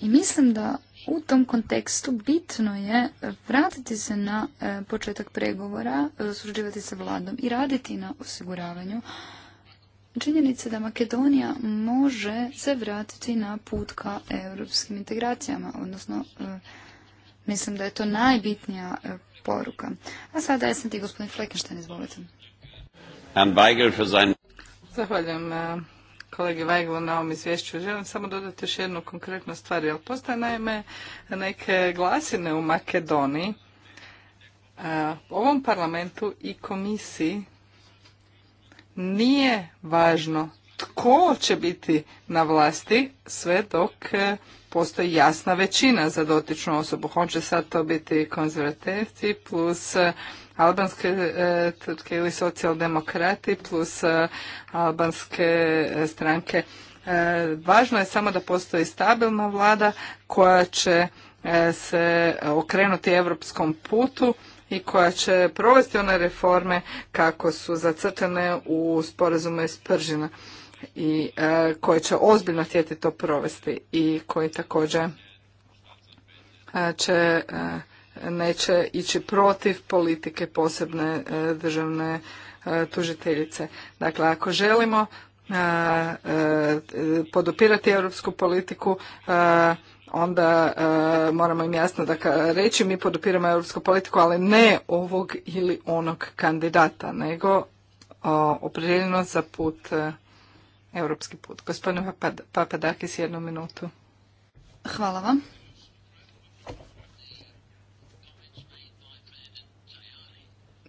I mislim da u tom kontekstu bitno je vratiti se na e, početak pregovora, e, surađivati sa vladom i raditi na osiguravanju činjenice da Makedonija može se vratiti na put ka europskim integracijama, odnosno e, mislim da je to najbitnija poruka. A sada je sam ti gospodin Fleckenstein, izvolite. Zahvaljujem kolegi Vajglu na ovom izvješću. Želim samo dodati još jednu konkretnu stvar, jer postoje naime neke glasine u Makedoniji, e, ovom parlamentu i komisiji nije važno tko će biti na vlasti sve dok e, postoji jasna većina za dotičnu osobu. Hoće sad to biti konzervativci plus albanske e, tvrtke ili socijaldemokrati plus e, albanske e, stranke. E, važno je samo da postoji stabilna vlada koja će se okrenuti europskom putu i koja će provesti one reforme kako su zacrtane u sporazumu iz Pržina i koja koje će ozbiljno htjeti to provesti i koji također će neće ići protiv politike posebne e, državne e, tužiteljice. Dakle, ako želimo e, podupirati europsku politiku, onda moramo im jasno da reći mi podupiramo europsku politiku, ali ne ovog ili onog kandidata, nego opredeljeno za put, europski put. Gospodine Papadakis, jednu minutu. Hvala vam.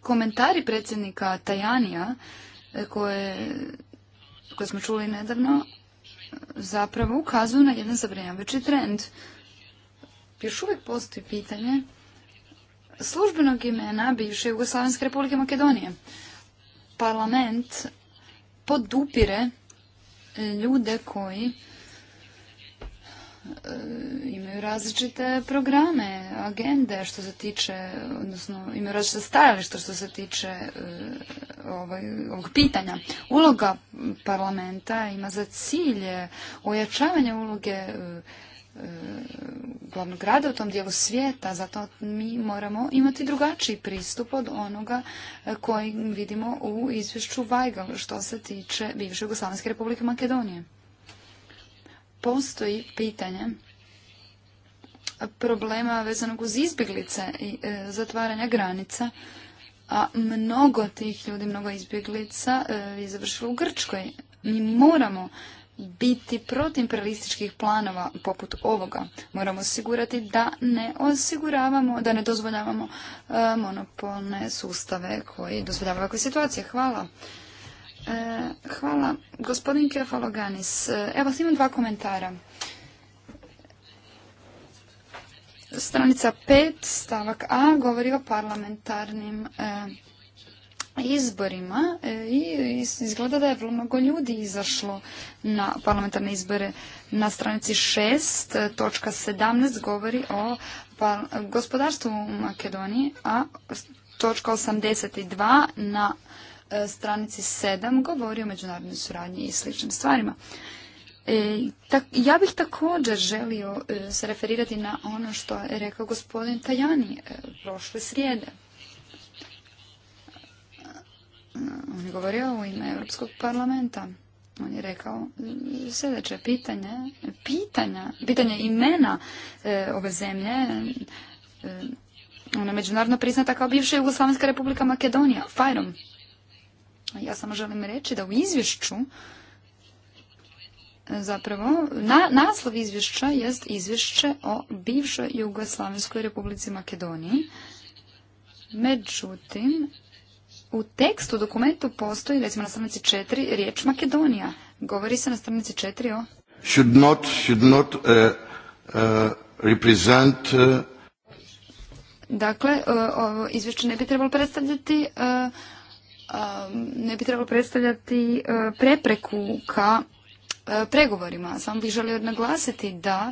komentari predsjednika Tajanija e, koje, koje smo čuli nedavno e, zapravo ukazuju na jedan zabrinjavajući trend. Još uvijek postoji pitanje službenog imena bivše Jugoslavenske republike Makedonije. Parlament podupire ljude koji E, imaju različite programe, agende što se tiče, odnosno imaju različite stajališta što se tiče e, ovaj, ovog pitanja. Uloga parlamenta ima za cilj ojačavanje uloge e, glavnog grada u tom dijelu svijeta, zato mi moramo imati drugačiji pristup od onoga koji vidimo u izvješću Vajgal što se tiče bivše Jugoslavenske republike Makedonije postoji pitanje problema vezanog uz izbjeglice i e, zatvaranja granica, a mnogo tih ljudi, mnogo izbjeglica e, je završilo u Grčkoj. Mi moramo biti protiv imperialističkih planova poput ovoga. Moramo osigurati da ne osiguravamo, da ne dozvoljavamo e, monopolne sustave koji dozvoljavaju ovakve situacije. Hvala. E, hvala. Gospodin Kefaloganis, e, evo imam dva komentara. Stranica 5, stavak A, govori o parlamentarnim e, izborima i izgleda da je vrlo mnogo ljudi izašlo na parlamentarne izbore. Na stranici 6, točka 17, govori o gospodarstvu u Makedoniji, a točka 82 na E, stranici 7 govori o međunarodnoj suradnji i sličnim stvarima. E, ja bih također želio e, se referirati na ono što je rekao gospodin Tajani e, prošle srijede. On je govorio u ime Europskog parlamenta. On je rekao e, sljedeće pitanje, pitanja, pitanje imena ove zemlje, ona međunarodno priznata kao bivša Jugoslavenska republika Makedonija, Fajrom. Ja samo želim reći da u izvješću e, zapravo na, naslov izvješća jest izvješće o bivšoj Jugoslavenskoj republici Makedoniji. Međutim, u tekstu, dokumentu postoji, recimo na stranici 4, riječ Makedonija. Govori se na stranici 4 o... Should not, should not uh, uh, represent... Uh, dakle, e, ovo izvješće ne bi trebalo predstavljati e, Um, ne bi trebalo predstavljati uh, prepreku ka uh, pregovorima. Samo bih želio naglasiti da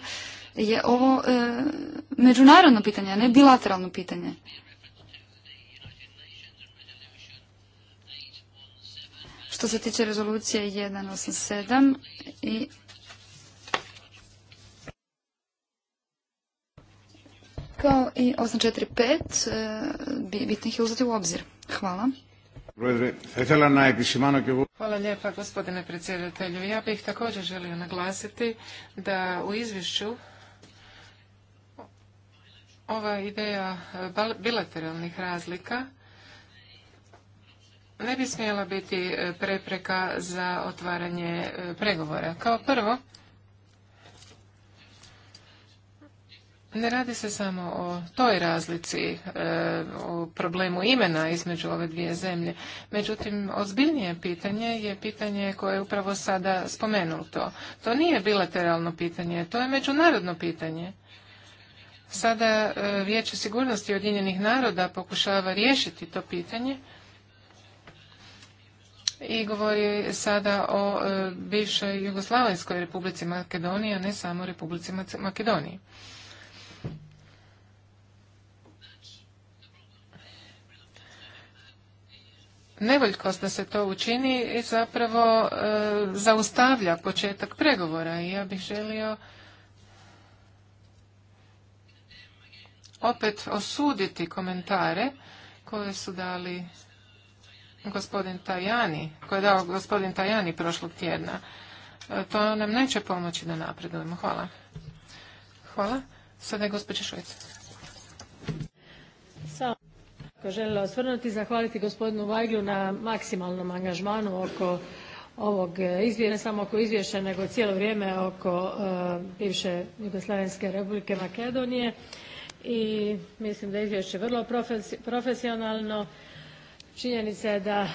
je ovo uh, međunarodno pitanje, a ne bilateralno pitanje. Što se tiče rezolucije 187 i kao i 845 bitnih je uzeti u obzir. Hvala. Hvala lijepa gospodine predsjedatelju. Ja bih također želio naglasiti da u izvješću ova ideja bilateralnih razlika ne bi smjela biti prepreka za otvaranje e, pregovora. Kao prvo, Ne radi se samo o toj razlici, e, o problemu imena između ove dvije zemlje. Međutim, ozbiljnije pitanje je pitanje koje je upravo sada spomenuto. To nije bilateralno pitanje, to je međunarodno pitanje. Sada e, Vijeće sigurnosti Ujedinjenih naroda pokušava riješiti to pitanje i govori sada o e, bivšoj Jugoslavenskoj republici Makedoniji, a ne samo Republici Makedoniji. nevoljkost da se to učini zapravo e, zaustavlja početak pregovora i ja bih želio opet osuditi komentare koje su dali gospodin Tajani, koje je dao gospodin Tajani prošlog tjedna. E, to nam neće pomoći da napredujemo. Hvala. Hvala. Sada je gospođa željela osvrnuti i zahvaliti gospodinu vajglu na maksimalnom angažmanu oko ovog e, izvješća ne samo oko izvješća nego cijelo vrijeme oko e, bivše jugoslavenske republike makedonije i mislim da je izvješće vrlo profesionalno. činjenica je da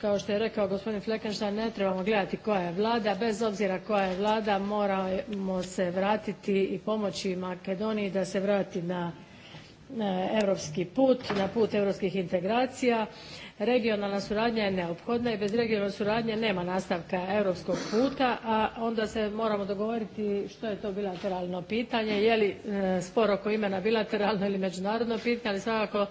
kao što je rekao gospodin fleckenstein ne trebamo gledati koja je vlada bez obzira koja je vlada moramo se vratiti i pomoći makedoniji da se vrati na europski put, na put europskih integracija. Regionalna suradnja je neophodna i bez regionalne suradnje nema nastavka europskog puta, a onda se moramo dogovoriti što je to bilateralno pitanje, je li e, spor oko imena bilateralno ili međunarodno pitanje, ali svakako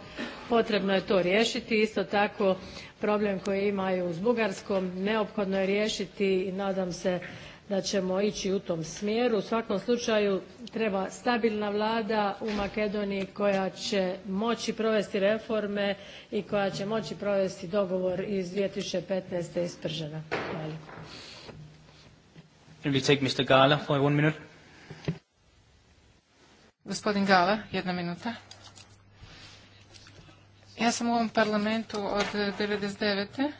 potrebno je to riješiti. Isto tako problem koji imaju s Bugarskom neophodno je riješiti i nadam se da ćemo ići u tom smjeru. U svakom slučaju treba stabilna Vlada u Makedoniji koja će moći provesti reforme i koja će moći provesti dogovor iz 2015. iz Pržena. Hvala. Gospodin Gala, jedna minuta. Ja sam u ovom parlamentu od 99.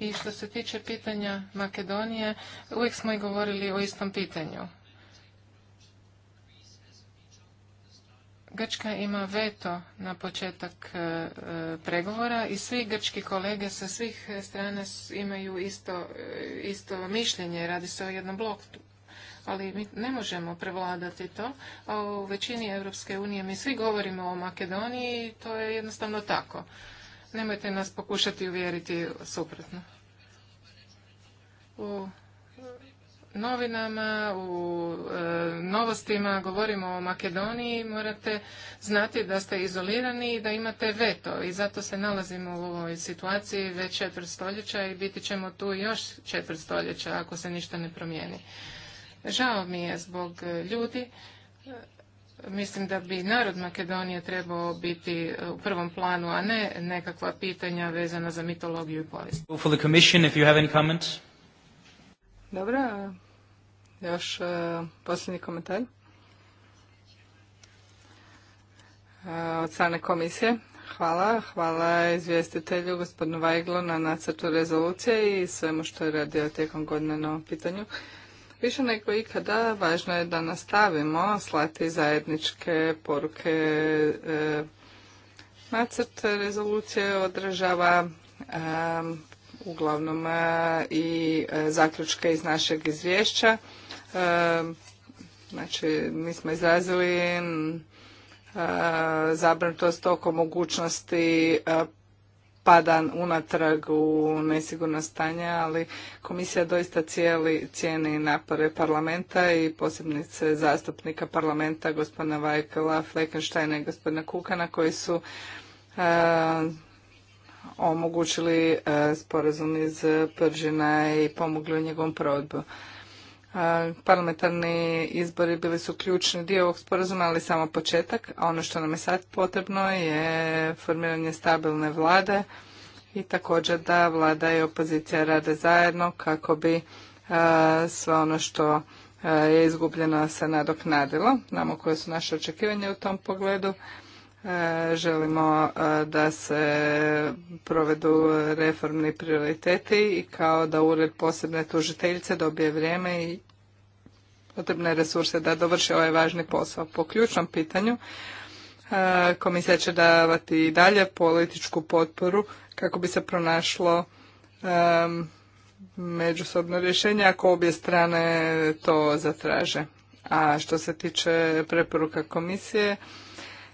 I što se tiče pitanja Makedonije, uvijek smo i govorili o istom pitanju. Grčka ima veto na početak e, e, pregovora i svi grčki kolege sa svih strana imaju isto, e, isto mišljenje, radi se o jednom bloku. Ali mi ne možemo prevladati to, a u većini Europske unije mi svi govorimo o Makedoniji i to je jednostavno tako. Nemojte nas pokušati uvjeriti suprotno. U novinama, u e, novostima govorimo o Makedoniji, morate znati da ste izolirani i da imate veto i zato se nalazimo u ovoj situaciji već četvrt stoljeća i biti ćemo tu još četvrt stoljeća ako se ništa ne promijeni. Žao mi je zbog ljudi Mislim da bi narod Makedonije trebao biti e, u prvom planu, a ne nekakva pitanja vezana za mitologiju i povijest. Dobro, e, još e, posljednji komentar. Od strane komisije. Hvala. Hvala izvjestitelju gospodinu Vajglu na nacrtu rezolucije i svemu što je radio tijekom godine na ovom pitanju. Više nego ikada važno je da nastavimo slati zajedničke poruke. E, nacrt rezolucije održava e, uglavnom e, i zaključke iz našeg izvješća. Znači, mi smo izrazili zabrinutost oko mogućnosti pada unatrag u nesigurno stanje, ali komisija doista cijeli cijeni napore parlamenta i posebnice zastupnika parlamenta gospodina Vajkela, Fleckensteina i gospodina Kukana koji su e, omogućili e, sporazum iz Pržina i pomogli u njegovom provedbu. Parlamentarni izbori bili su ključni dio ovog sporazuma, ali samo početak. A ono što nam je sad potrebno je formiranje stabilne vlade i također da vlada i opozicija rade zajedno kako bi sve ono što je izgubljeno se nadoknadilo. Znamo koje su naše očekivanje u tom pogledu. E, želimo e, da se provedu reformni prioriteti i kao da ured posebne tužiteljice dobije vrijeme i potrebne resurse da dovrši ovaj važni posao. Po ključnom pitanju e, komisija će davati i dalje političku potporu kako bi se pronašlo međusobno rješenje ako obje strane to zatraže. A što se tiče preporuka komisije,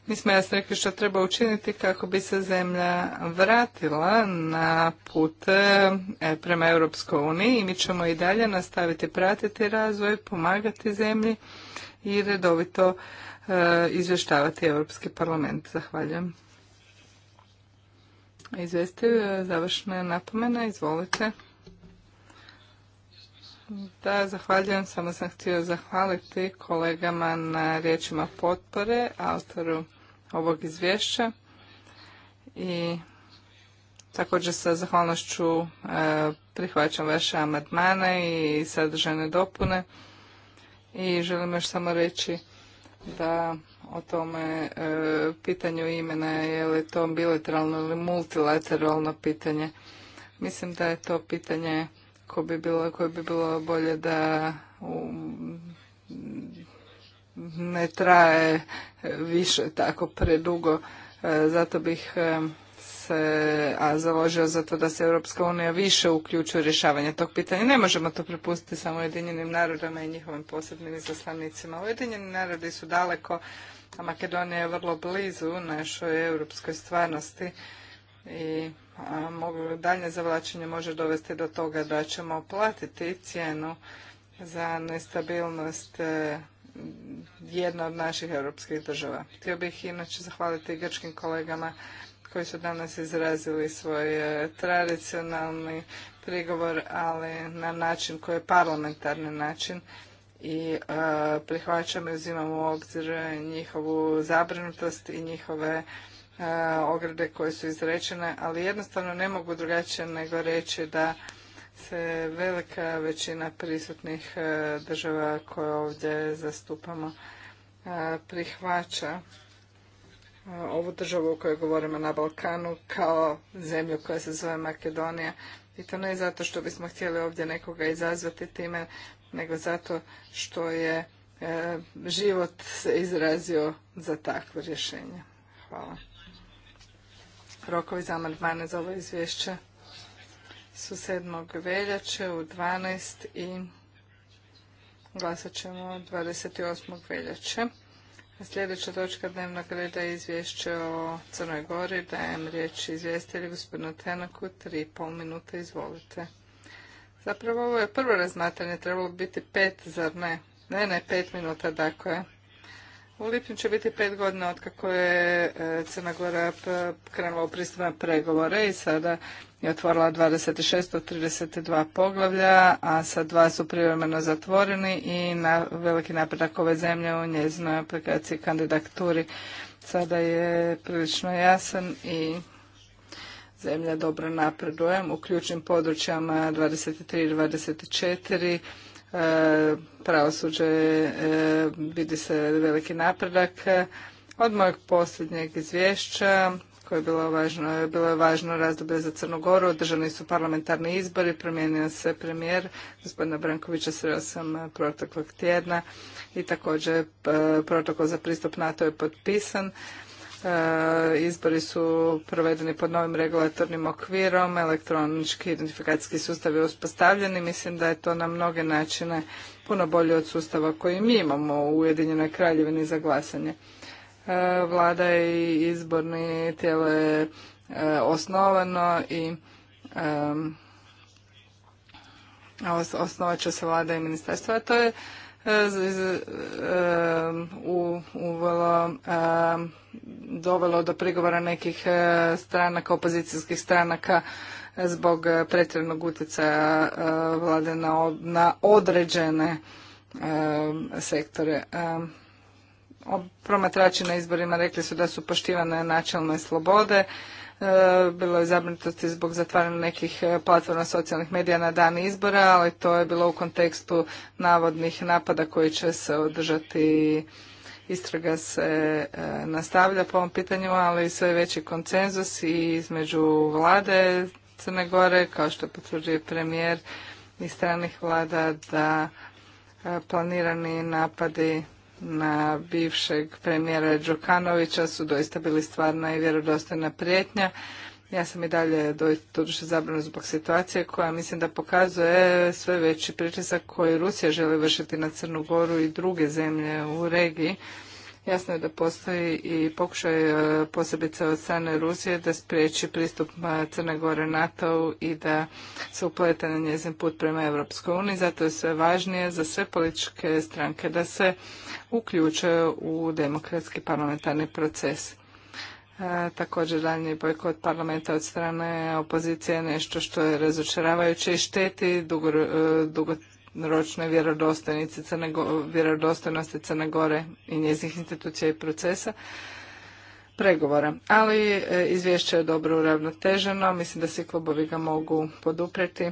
mi smo jasno rekli što treba učiniti kako bi se zemlja vratila na put e, prema Europskoj uniji i mi ćemo i dalje nastaviti pratiti razvoj, pomagati zemlji i redovito e, izvještavati Europski parlament. Zahvaljujem. Izvesti e, završne napomena, izvolite. Da, zahvaljujem. Samo sam htio zahvaliti kolegama na riječima potpore, autoru ovog izvješća i također sa zahvalnošću e, prihvaćam vaše amandmane i sadržajne dopune i želim još samo reći da o tome e, pitanju imena je li to bilateralno ili multilateralno pitanje. Mislim da je to pitanje koje bi bilo, bolje da ne traje više tako predugo. E, zato bih e, se a založio za to da se Europska unija više uključuje u rješavanje tog pitanja. Ne možemo to prepustiti samo Ujedinjenim narodama i njihovim posebnim izaslanicima. Ujedinjeni narodi su daleko, a Makedonija je vrlo blizu našoj europskoj stvarnosti i dalje zavlačenje može dovesti do toga da ćemo platiti cijenu za nestabilnost e, jedna od naših europskih država. Htio bih inače zahvaliti grčkim kolegama koji su danas izrazili svoj e, tradicionalni prigovor, ali na način koji je parlamentarni način i e, prihvaćam i uzimamo u obzir njihovu zabrinutost i njihove e, ograde koje su izrečene, ali jednostavno ne mogu drugačije nego reći da se velika većina prisutnih e, država koje ovdje zastupamo e, prihvaća e, ovu državu o kojoj govorimo na Balkanu kao zemlju koja se zove Makedonija. I to ne zato što bismo htjeli ovdje nekoga izazvati time, nego zato što je život se izrazio za takvo rješenje. Hvala. Rokovi za amandmane za ovo izvješće su 7. veljače u 12 i glasat ćemo 28. veljače. Sljedeća točka dnevnog reda je izvješće o Crnoj Gori. Dajem riječ izvjestitelju gospodinu Tenaku, 3,5 minuta, minute, izvolite. Zapravo ovo je prvo razmatranje, trebalo biti pet, zar ne? Ne, ne, pet minuta, dakle. U lipnju će biti pet godina od kako je e, Crna Gora krenula u pristupne pregovore i sada je otvorila 26 od 32 poglavlja, a sa dva su privremeno zatvoreni i na veliki napredak ove zemlje u njezinoj aplikaciji kandidaturi sada je prilično jasan i zemlja dobro napreduje u ključnim područjama 23 i 24 pravosuđe e, vidi se veliki napredak. Od mojeg posljednjeg izvješća koje je bilo važno, bilo je važno razdoblje za Crnu Goru, održani su parlamentarni izbori, promijenio se premijer, gospodina Brankovića sreo sam protoklog tjedna i također e, protokol za pristup NATO je potpisan. E, izbori su provedeni pod novim regulatornim okvirom, elektronički identifikacijski sustav je uspostavljen i mislim da je to na mnoge načine puno bolje od sustava koji mi imamo u Ujedinjenoj kraljevini za glasanje. E, vlada i izborni tijelo je e, osnovano i osnovat će se vlada i ministarstva. To je Eh, uvelo, eh, dovelo do prigovora nekih eh, stranaka, opozicijskih stranaka zbog pretrednog utjecaja vlade na određene sektore. Promatrači na izborima rekli su da su poštivane načelne slobode, E, bilo je zabrinutosti zbog zatvaranja nekih e, platforma socijalnih medija na dan izbora, ali to je bilo u kontekstu navodnih napada koji će se održati istraga se e, nastavlja po ovom pitanju, ali sve veći konsenzus i između vlade Crne Gore, kao što potvrđuje premijer i stranih vlada, da planirani napadi na bivšeg premijera Đokanovića su doista bili stvarna i vjerodostojna prijetnja. Ja sam i dalje doduše zabrana zbog situacije koja mislim da pokazuje sve veći pritisak koji Rusija želi vršiti na Crnu Goru i druge zemlje u regiji Jasno je da postoji i pokušaj e, posebice od strane Rusije da spriječi pristup e, Crne Gore NATO-u i da se uplete na njezin put prema EU, uniji. Zato je sve važnije za sve političke stranke da se uključe u demokratski parlamentarni proces. E, također daljnji bojkot parlamenta od strane opozicije je nešto što je razočaravajuće i šteti dugo, dugo, ročne vjerodostojnosti Crne, Gore i njezinih institucija i procesa pregovora. Ali e, izvješće je dobro uravnoteženo, mislim da svi klubovi ga mogu poduprijeti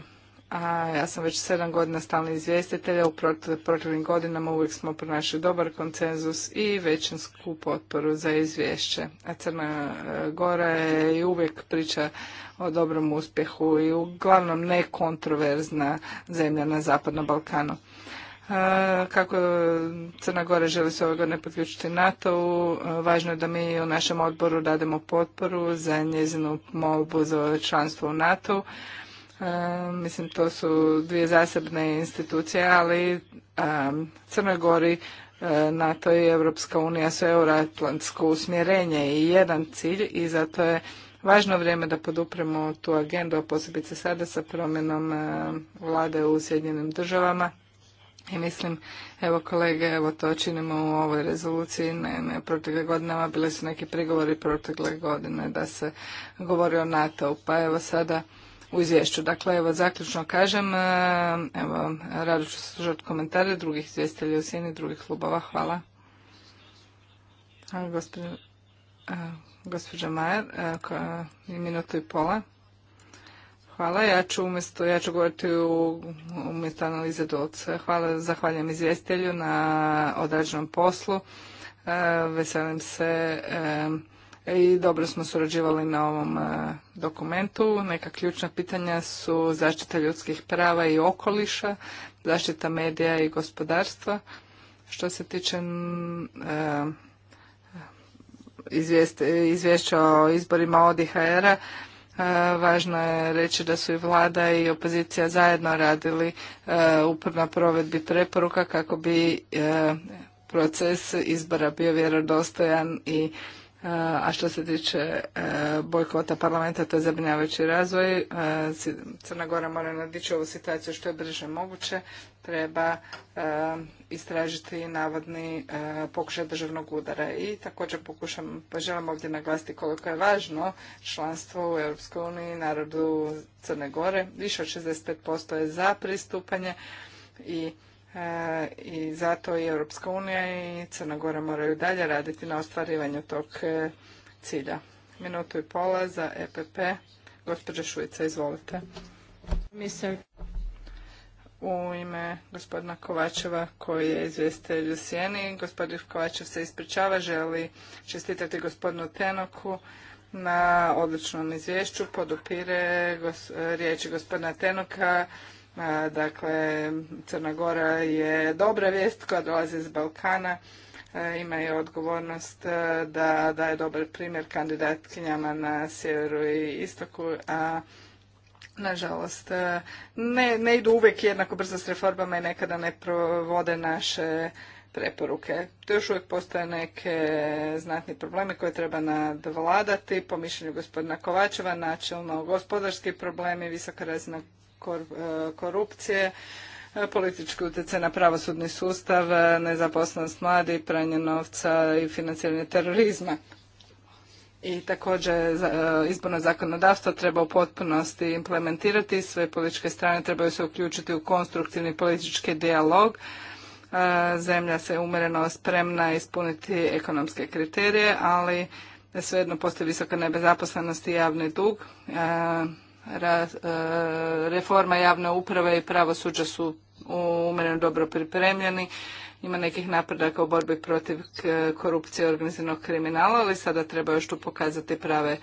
a ja sam već sedam godina stalni izvjestitelj, u proteklim godinama uvijek smo pronašli dobar konsenzus i većinsku potporu za izvješće. A Crna e, Gora je i uvijek priča o dobrom uspjehu i uglavnom nekontroverzna zemlja na Zapadnom Balkanu. E, kako Crna Gora želi se ove godine podključiti nato e, važno je da mi u našem odboru dademo potporu za njezinu molbu za članstvo u NATO-u E, mislim to su dvije zasebne institucije, ali e, Crnoj Gori e, NATO i Europska unija su euroatlantsko usmjerenje i jedan cilj i zato je važno vrijeme da podupremo tu agendu, a posebice sada sa promjenom vlade u Sjedinjenim državama. I mislim, evo kolege, evo to činimo u ovoj rezoluciji. Ne, ne, protekle godinama bili su neki prigovori protekle godine da se govori o NATO. Pa evo sada u izvješću. Dakle, evo, zaključno kažem, e, evo, rado ću služati komentare drugih izvjestelja u sjeni, drugih klubova. Hvala. Gospodin, e, gospođa Majer, e, minuto i pola. Hvala. Ja ću umjesto, ja ću govoriti u, umjesto analize doce. Hvala, zahvaljujem izvjestelju na odrađenom poslu. veselim se i dobro smo surađivali na ovom e, dokumentu. Neka ključna pitanja su zaštita ljudskih prava i okoliša, zaštita medija i gospodarstva. Što se tiče e, izvješća o izborima ODIHR-a, e, Važno je reći da su i vlada i opozicija zajedno radili na provedbi preporuka kako bi proces izbora bio vjerodostojan i a što se tiče e, bojkota parlamenta, to je zabrinjavajući razvoj. E, Crna Gora mora nadići ovu situaciju što je brže moguće. Treba e, istražiti navodni pokušaj državnog udara. I također pokušam, pa želim ovdje naglasiti koliko je važno članstvo u EU narodu Crne Gore. Više od 65% je za pristupanje i i zato i Europska unija i Crna Gora moraju dalje raditi na ostvarivanju tog e, cilja. Minutu i pola za EPP. Gospođa Šuica, izvolite. U ime gospodina Kovačeva koji je izvjestitelj u Sjeni, gospodin Kovačev se ispričava, želi čestitati gospodinu Tenoku na odličnom izvješću, podupire riječi gospodina Tenoka Dakle, Crna Gora je dobra vijest koja dolazi iz Balkana. E, ima i odgovornost e, da daje dobar primjer kandidatkinjama na sjeveru i istoku, a nažalost e, ne, ne idu uvijek jednako brzo s reformama i nekada ne provode naše preporuke. Tu još uvijek postoje neke znatni problemi koje treba nadvladati. Po mišljenju gospodina Kovačeva, načelno gospodarski problemi, visoka razina E, korupcije, e, politički utjecaj na pravosudni sustav, e, nezaposlenost mladi, pranje novca i financiranje terorizma. I također izborno zakonodavstvo treba u potpunosti implementirati, sve političke strane trebaju se uključiti u konstruktivni politički dijalog, zemlja se umjereno spremna ispuniti ekonomske kriterije, ali svejedno postoji visoka nebezaposlenost i javni dug. E, reforma javne uprave i pravosuđa su umjereno dobro pripremljeni. Ima nekih napredaka u borbi protiv korupcije i organiziranog kriminala, ali sada treba još tu pokazati prave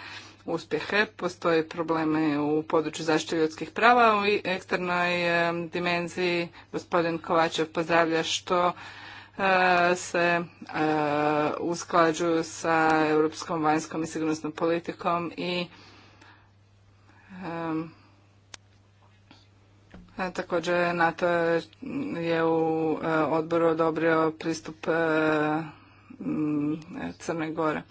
uspjehe. Postoje probleme u području zaštite ljudskih prava u eksternoj e, dimenziji. Gospodin Kovačev pozdravlja što e, se usklađuju sa europskom vanjskom i sigurnosnom politikom i E, također NATO je u e, odboru odobrio pristup e, Crne Gore.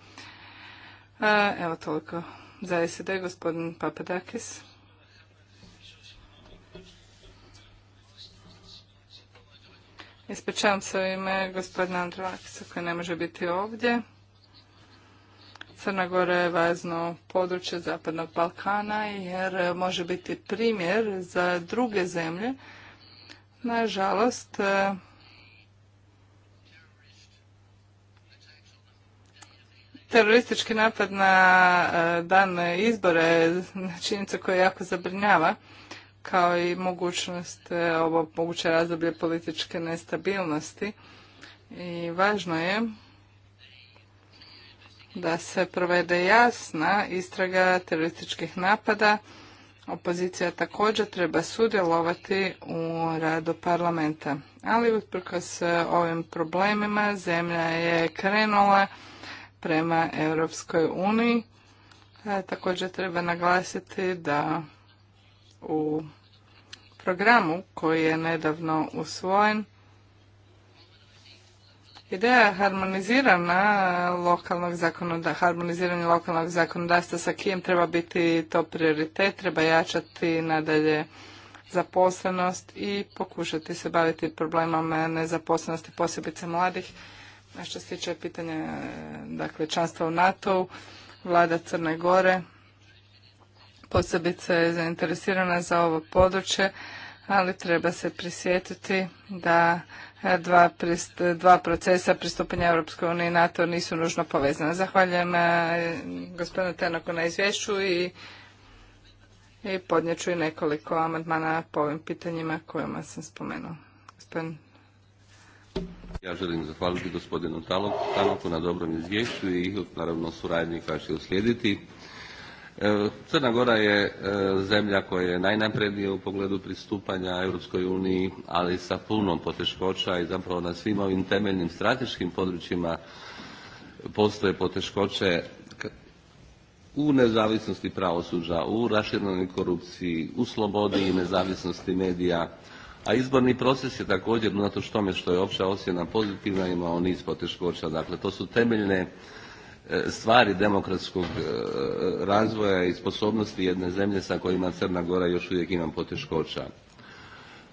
Evo toliko. Za SED gospodin Papadakis. Ispričavam se u ime gospodina Androvakisa koji ne može biti ovdje. Crna Gora je važno područje Zapadnog Balkana jer može biti primjer za druge zemlje. Nažalost, teroristički napad na e, dan izbora je činjenica koja jako zabrinjava kao i mogućnost, e, ovo moguće razdoblje političke nestabilnosti. I važno je da se provede jasna istraga terorističkih napada. Opozicija također treba sudjelovati u radu parlamenta. Ali uprkos ovim problemima zemlja je krenula prema Europskoj uniji. također treba naglasiti da u programu koji je nedavno usvojen Ideja harmonizirana lokalnog zakonoda, harmoniziranje lokalnog zakonodavstva sa KIM treba biti to prioritet, treba jačati nadalje zaposlenost i pokušati se baviti problemom nezaposlenosti, posebice mladih. A što se tiče pitanja dakle, članstva u NATO-u, vlada Crne Gore posebice je zainteresirana za ovo područje, ali treba se prisjetiti da dva, procesa pristupanja Europske unije i NATO nisu nužno povezana. Zahvaljujem eh, gospodinu Tenoku na izvješću i, i podnjeću i nekoliko amandmana po ovim pitanjima kojima sam spomenuo. ja želim zahvaliti gospodinu Tanoku na dobrom izvješću i naravno suradnji koja će uslijediti. E, Crna Gora je e, zemlja koja je najnaprednija u pogledu pristupanja Europskoj uniji, ali sa punom poteškoća i zapravo na svim ovim temeljnim strateškim područjima postoje poteškoće u nezavisnosti pravosuđa, u raširnoj korupciji, u slobodi i nezavisnosti medija, a izborni proces je također unatoč tome što je opća ocjena pozitivna imao niz poteškoća. Dakle, to su temeljne stvari demokratskog e, razvoja i sposobnosti jedne zemlje sa kojima Crna Gora još uvijek ima poteškoća.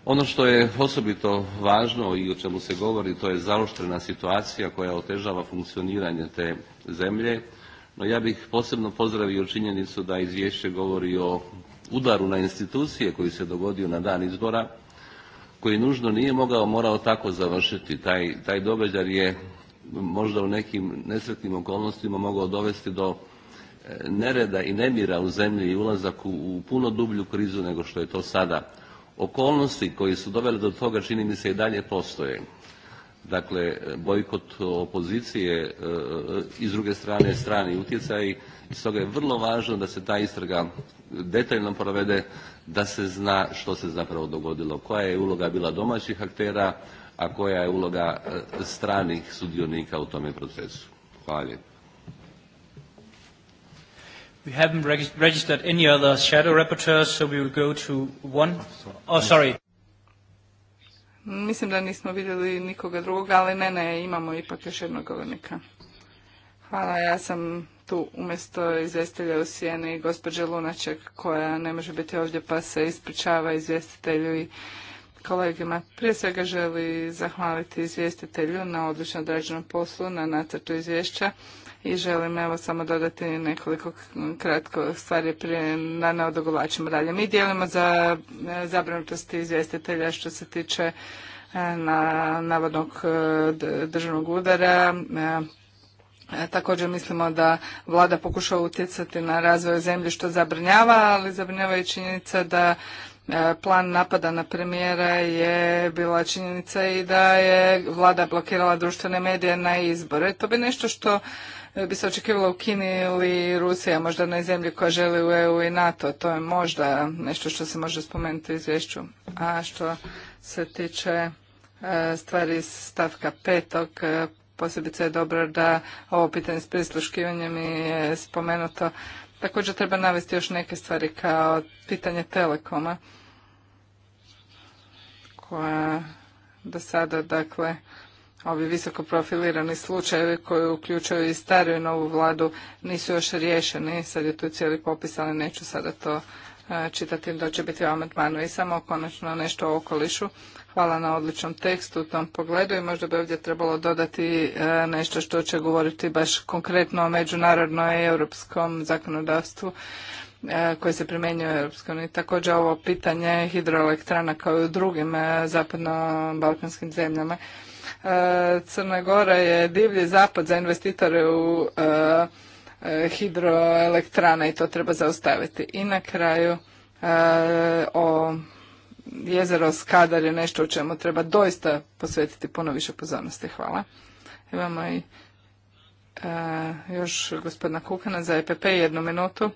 Ono što je osobito važno i o čemu se govori to je zaoštrena situacija koja otežava funkcioniranje te zemlje, no ja bih posebno pozdravio činjenicu da izvješće govori o udaru na institucije koji se dogodio na dan izbora, koji nužno nije mogao, morao tako završiti. Taj, taj je možda u nekim nesretnim okolnostima mogao dovesti do e, nereda i nemira u zemlji i ulazak u, puno dublju krizu nego što je to sada. Okolnosti koji su doveli do toga čini mi se i dalje postoje. Dakle, bojkot opozicije e, i druge strane strani utjecaj, i Stoga je vrlo važno da se ta istraga detaljno provede, da se zna što se zapravo dogodilo, koja je uloga bila domaćih aktera, a koja je uloga e, stranih sudionika u tome procesu. Hvala We haven't registered any other shadow rapporteurs, so we will go to one. Oh, sorry. Oh, Mislim da nismo vidjeli nikoga drugoga, ali ne, ne, imamo ipak još jednog govornika. Hvala, ja sam tu umjesto izvjestitelja u Sijeni, gospođe Lunaček, koja ne može biti ovdje, pa se ispričava izvjestitelju i kolegima. Prije svega želi zahvaliti izvjestitelju na odlično odrađenom poslu, na nacrtu izvješća i želim evo samo dodati nekoliko kratko stvari prije na ne dalje. Mi dijelimo za e, zabrinutosti izvjestitelja što se tiče e, na navodnog e, državnog udara. Također mislimo da vlada pokušava utjecati na razvoj zemlje što zabrinjava, ali zabrinjava i činjenica da E, plan napada na premijera je bila činjenica i da je vlada blokirala društvene medije na izbore. To bi nešto što e, bi se očekivalo u Kini ili Rusija, možda na zemlji koja želi u EU i NATO. To je možda nešto što se može spomenuti u izvješću. A što se tiče e, stvari stavka petog, posebice je dobro da ovo pitanje s prisluškivanjem je spomenuto Također treba navesti još neke stvari kao pitanje Telekoma koja do sada, dakle, ovi visoko profilirani slučajevi koji uključuju i staru i novu vladu nisu još riješeni. Sad je tu cijeli popis, ali neću sada to e, čitati, da će biti u amandmanu i samo konačno nešto o okolišu. Hvala na odličnom tekstu u tom pogledu i možda bi ovdje trebalo dodati e, nešto što će govoriti baš konkretno o međunarodnoj i europskom zakonodavstvu e, koje se primjenjuje u Europskoj uniji. Također ovo pitanje hidroelektrana kao i u drugim e, zapadno-balkanskim zemljama. Crna Gora je divlji zapad za investitore u hidroelektrana i to treba zaustaviti. I na kraju o jezero Skadar je nešto u čemu treba doista posvetiti puno više pozornosti. Hvala. Imamo i e, još gospodina Kukana za EPP jednu minutu.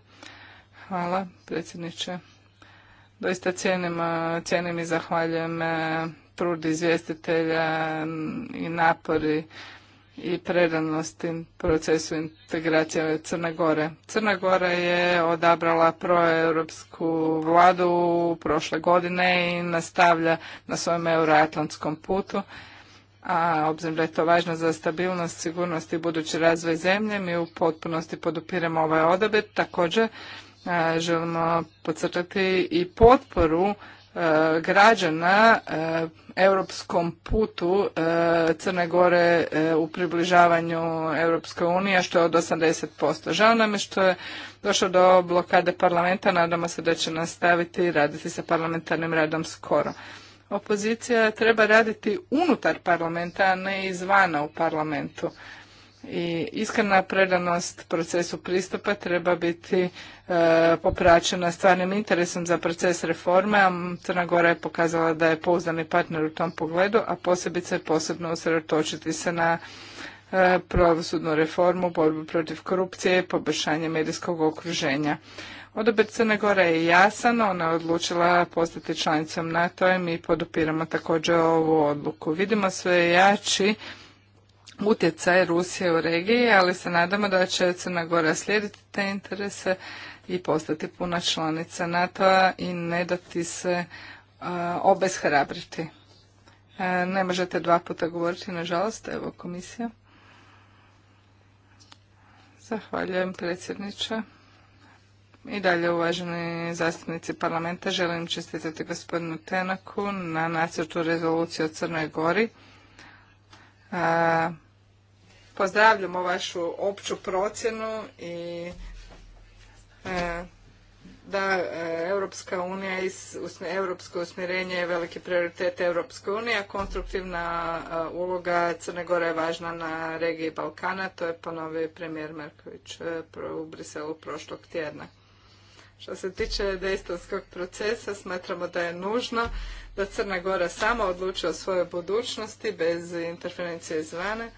Hvala predsjedniče. Doista cijenim, e, cijenim i zahvaljujem e, trud izvjestitelja i napori i predanosti procesu integracije Crne Gore. Crna Gora je odabrala proeuropsku vladu prošle godine i nastavlja na svojem euroatlantskom putu. A obzirom da je to važno za stabilnost, sigurnost i budući razvoj zemlje, mi u potpunosti podupiramo ovaj odabir. Također želimo podcrtati i potporu E, građana e, europskom putu e, Crne Gore u približavanju Europske unije, što je od 80%. Žao nam je što je došlo do blokade parlamenta, nadamo se da će nastaviti raditi sa parlamentarnim radom skoro. Opozicija treba raditi unutar parlamenta, a ne izvana u parlamentu. I iskrena predanost procesu pristupa treba biti e, popraćena stvarnim interesom za proces reforme, a Crna Gora je pokazala da je pouzdani partner u tom pogledu, a posebice posebno usredotočiti se na e, pravosudnu reformu, borbu protiv korupcije i poboljšanje medijskog okruženja. Odabir Crne Gora je jasan, ona je odlučila postati članicom NATO-a i mi podupiramo također ovu odluku. Vidimo sve jači utjecaj Rusije u regiji, ali se nadamo da će Crna Gora slijediti te interese i postati puna članica NATO-a i ne dati se obeshrabriti. E, ne možete dva puta govoriti, nažalost, evo komisija. Zahvaljujem predsjedniče. I dalje uvaženi zastupnici parlamenta želim čestitati gospodinu Tenaku na nacrtu rezolucije o Crnoj Gori. E, Pozdravljamo vašu opću procjenu i e, da e, Europska unija i europsko usmjerenje je veliki prioritet Europske unije, a konstruktivna e, uloga Crne Gore je važna na regiji Balkana, to je ponovio premijer Marković u Briselu prošlog tjedna. Što se tiče dejstavskog procesa, smatramo da je nužno da Crna Gora sama odluči o svojoj budućnosti bez interferencije izvana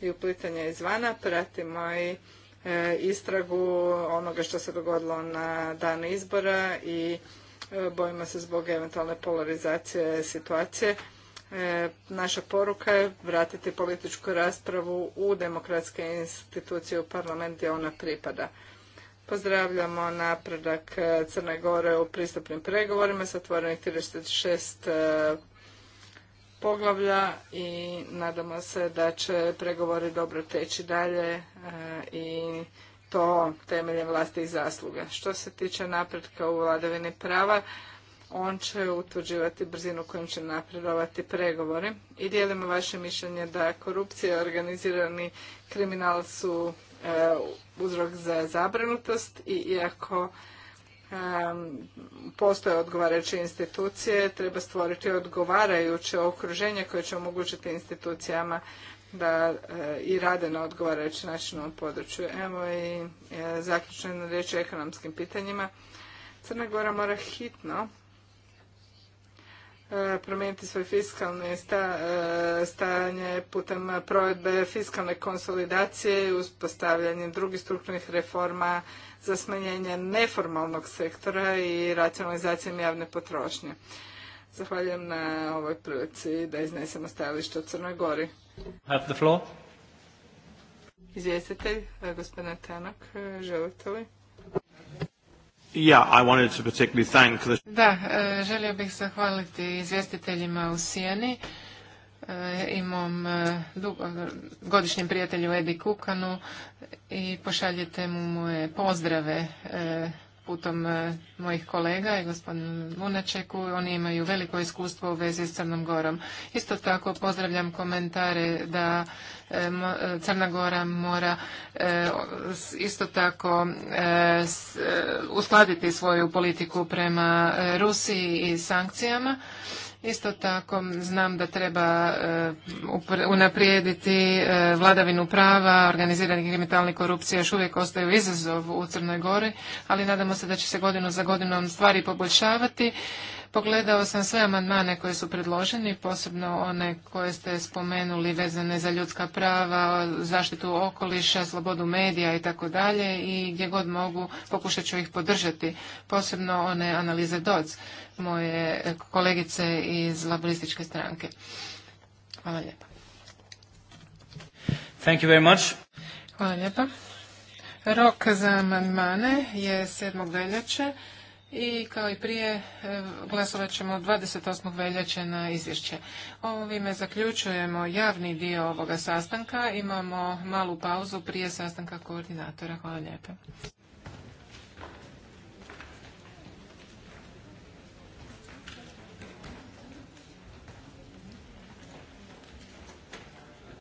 i uplitanja izvana. Pratimo i e, istragu onoga što se dogodilo na dan izbora i e, bojimo se zbog eventualne polarizacije situacije. E, naša poruka je vratiti političku raspravu u demokratske institucije u parlament gdje ona pripada. Pozdravljamo napredak Crne Gore u pristupnim pregovorima sa otvorenih 36 poglavlja i nadamo se da će pregovori dobro teći dalje e, i to temeljem vlastitih zasluga. Što se tiče napretka u vladavini prava, on će utvrđivati brzinu kojom će napredovati pregovori. I dijelimo vaše mišljenje da korupcija i organizirani kriminal su e, uzrok za zabrinutost i iako postoje odgovarajuće institucije, treba stvoriti odgovarajuće okruženje koje će omogućiti institucijama da eh, i rade na odgovarajući način u ovom području. Evo i eh, zaključno riječ o ekonomskim pitanjima. Crna Gora mora hitno eh, promijeniti svoje fiskalne stanje putem provedbe fiskalne konsolidacije i uspostavljanje drugih strukturnih reforma za smanjenje neformalnog sektora i racionalizacijom javne potrošnje. Zahvaljujem na ovoj prilici da iznesemo stajalište o Crnoj Gori. Have the floor. Izvjestitelj, eh, gospodine Tanak, eh, želite li? Da, eh, želio bih zahvaliti izvjestiteljima u Sijeni Eh, mom eh, eh, godišnjem prijatelju Edi Kukanu i pošaljite mu moje pozdrave putom mojih kolega i gospodinu Lunačeku. Oni imaju veliko iskustvo u vezi s Crnom Gorom. Isto tako pozdravljam komentare da Crna Gora mora isto tako uskladiti svoju politiku prema Rusiji i sankcijama. Isto tako znam da treba e, unaprijediti e, vladavinu prava, organizirani kriminalni korupcije još uvijek ostaju izazov u Crnoj Gori, ali nadamo se da će se godinu za godinom stvari poboljšavati Pogledao sam sve amandmane koje su predloženi, posebno one koje ste spomenuli vezane za ljudska prava, zaštitu okoliša, slobodu medija i tako dalje i gdje god mogu pokušat ću ih podržati, posebno one analize DOC, moje kolegice iz laborističke stranke. Hvala lijepa. Thank you very much. Hvala lijepa. Rok za amandmane je 7. veljače i kao i prije e, glasovat ćemo 28. veljače na izvješće. Ovime zaključujemo javni dio ovoga sastanka. Imamo malu pauzu prije sastanka koordinatora. Hvala lijepo.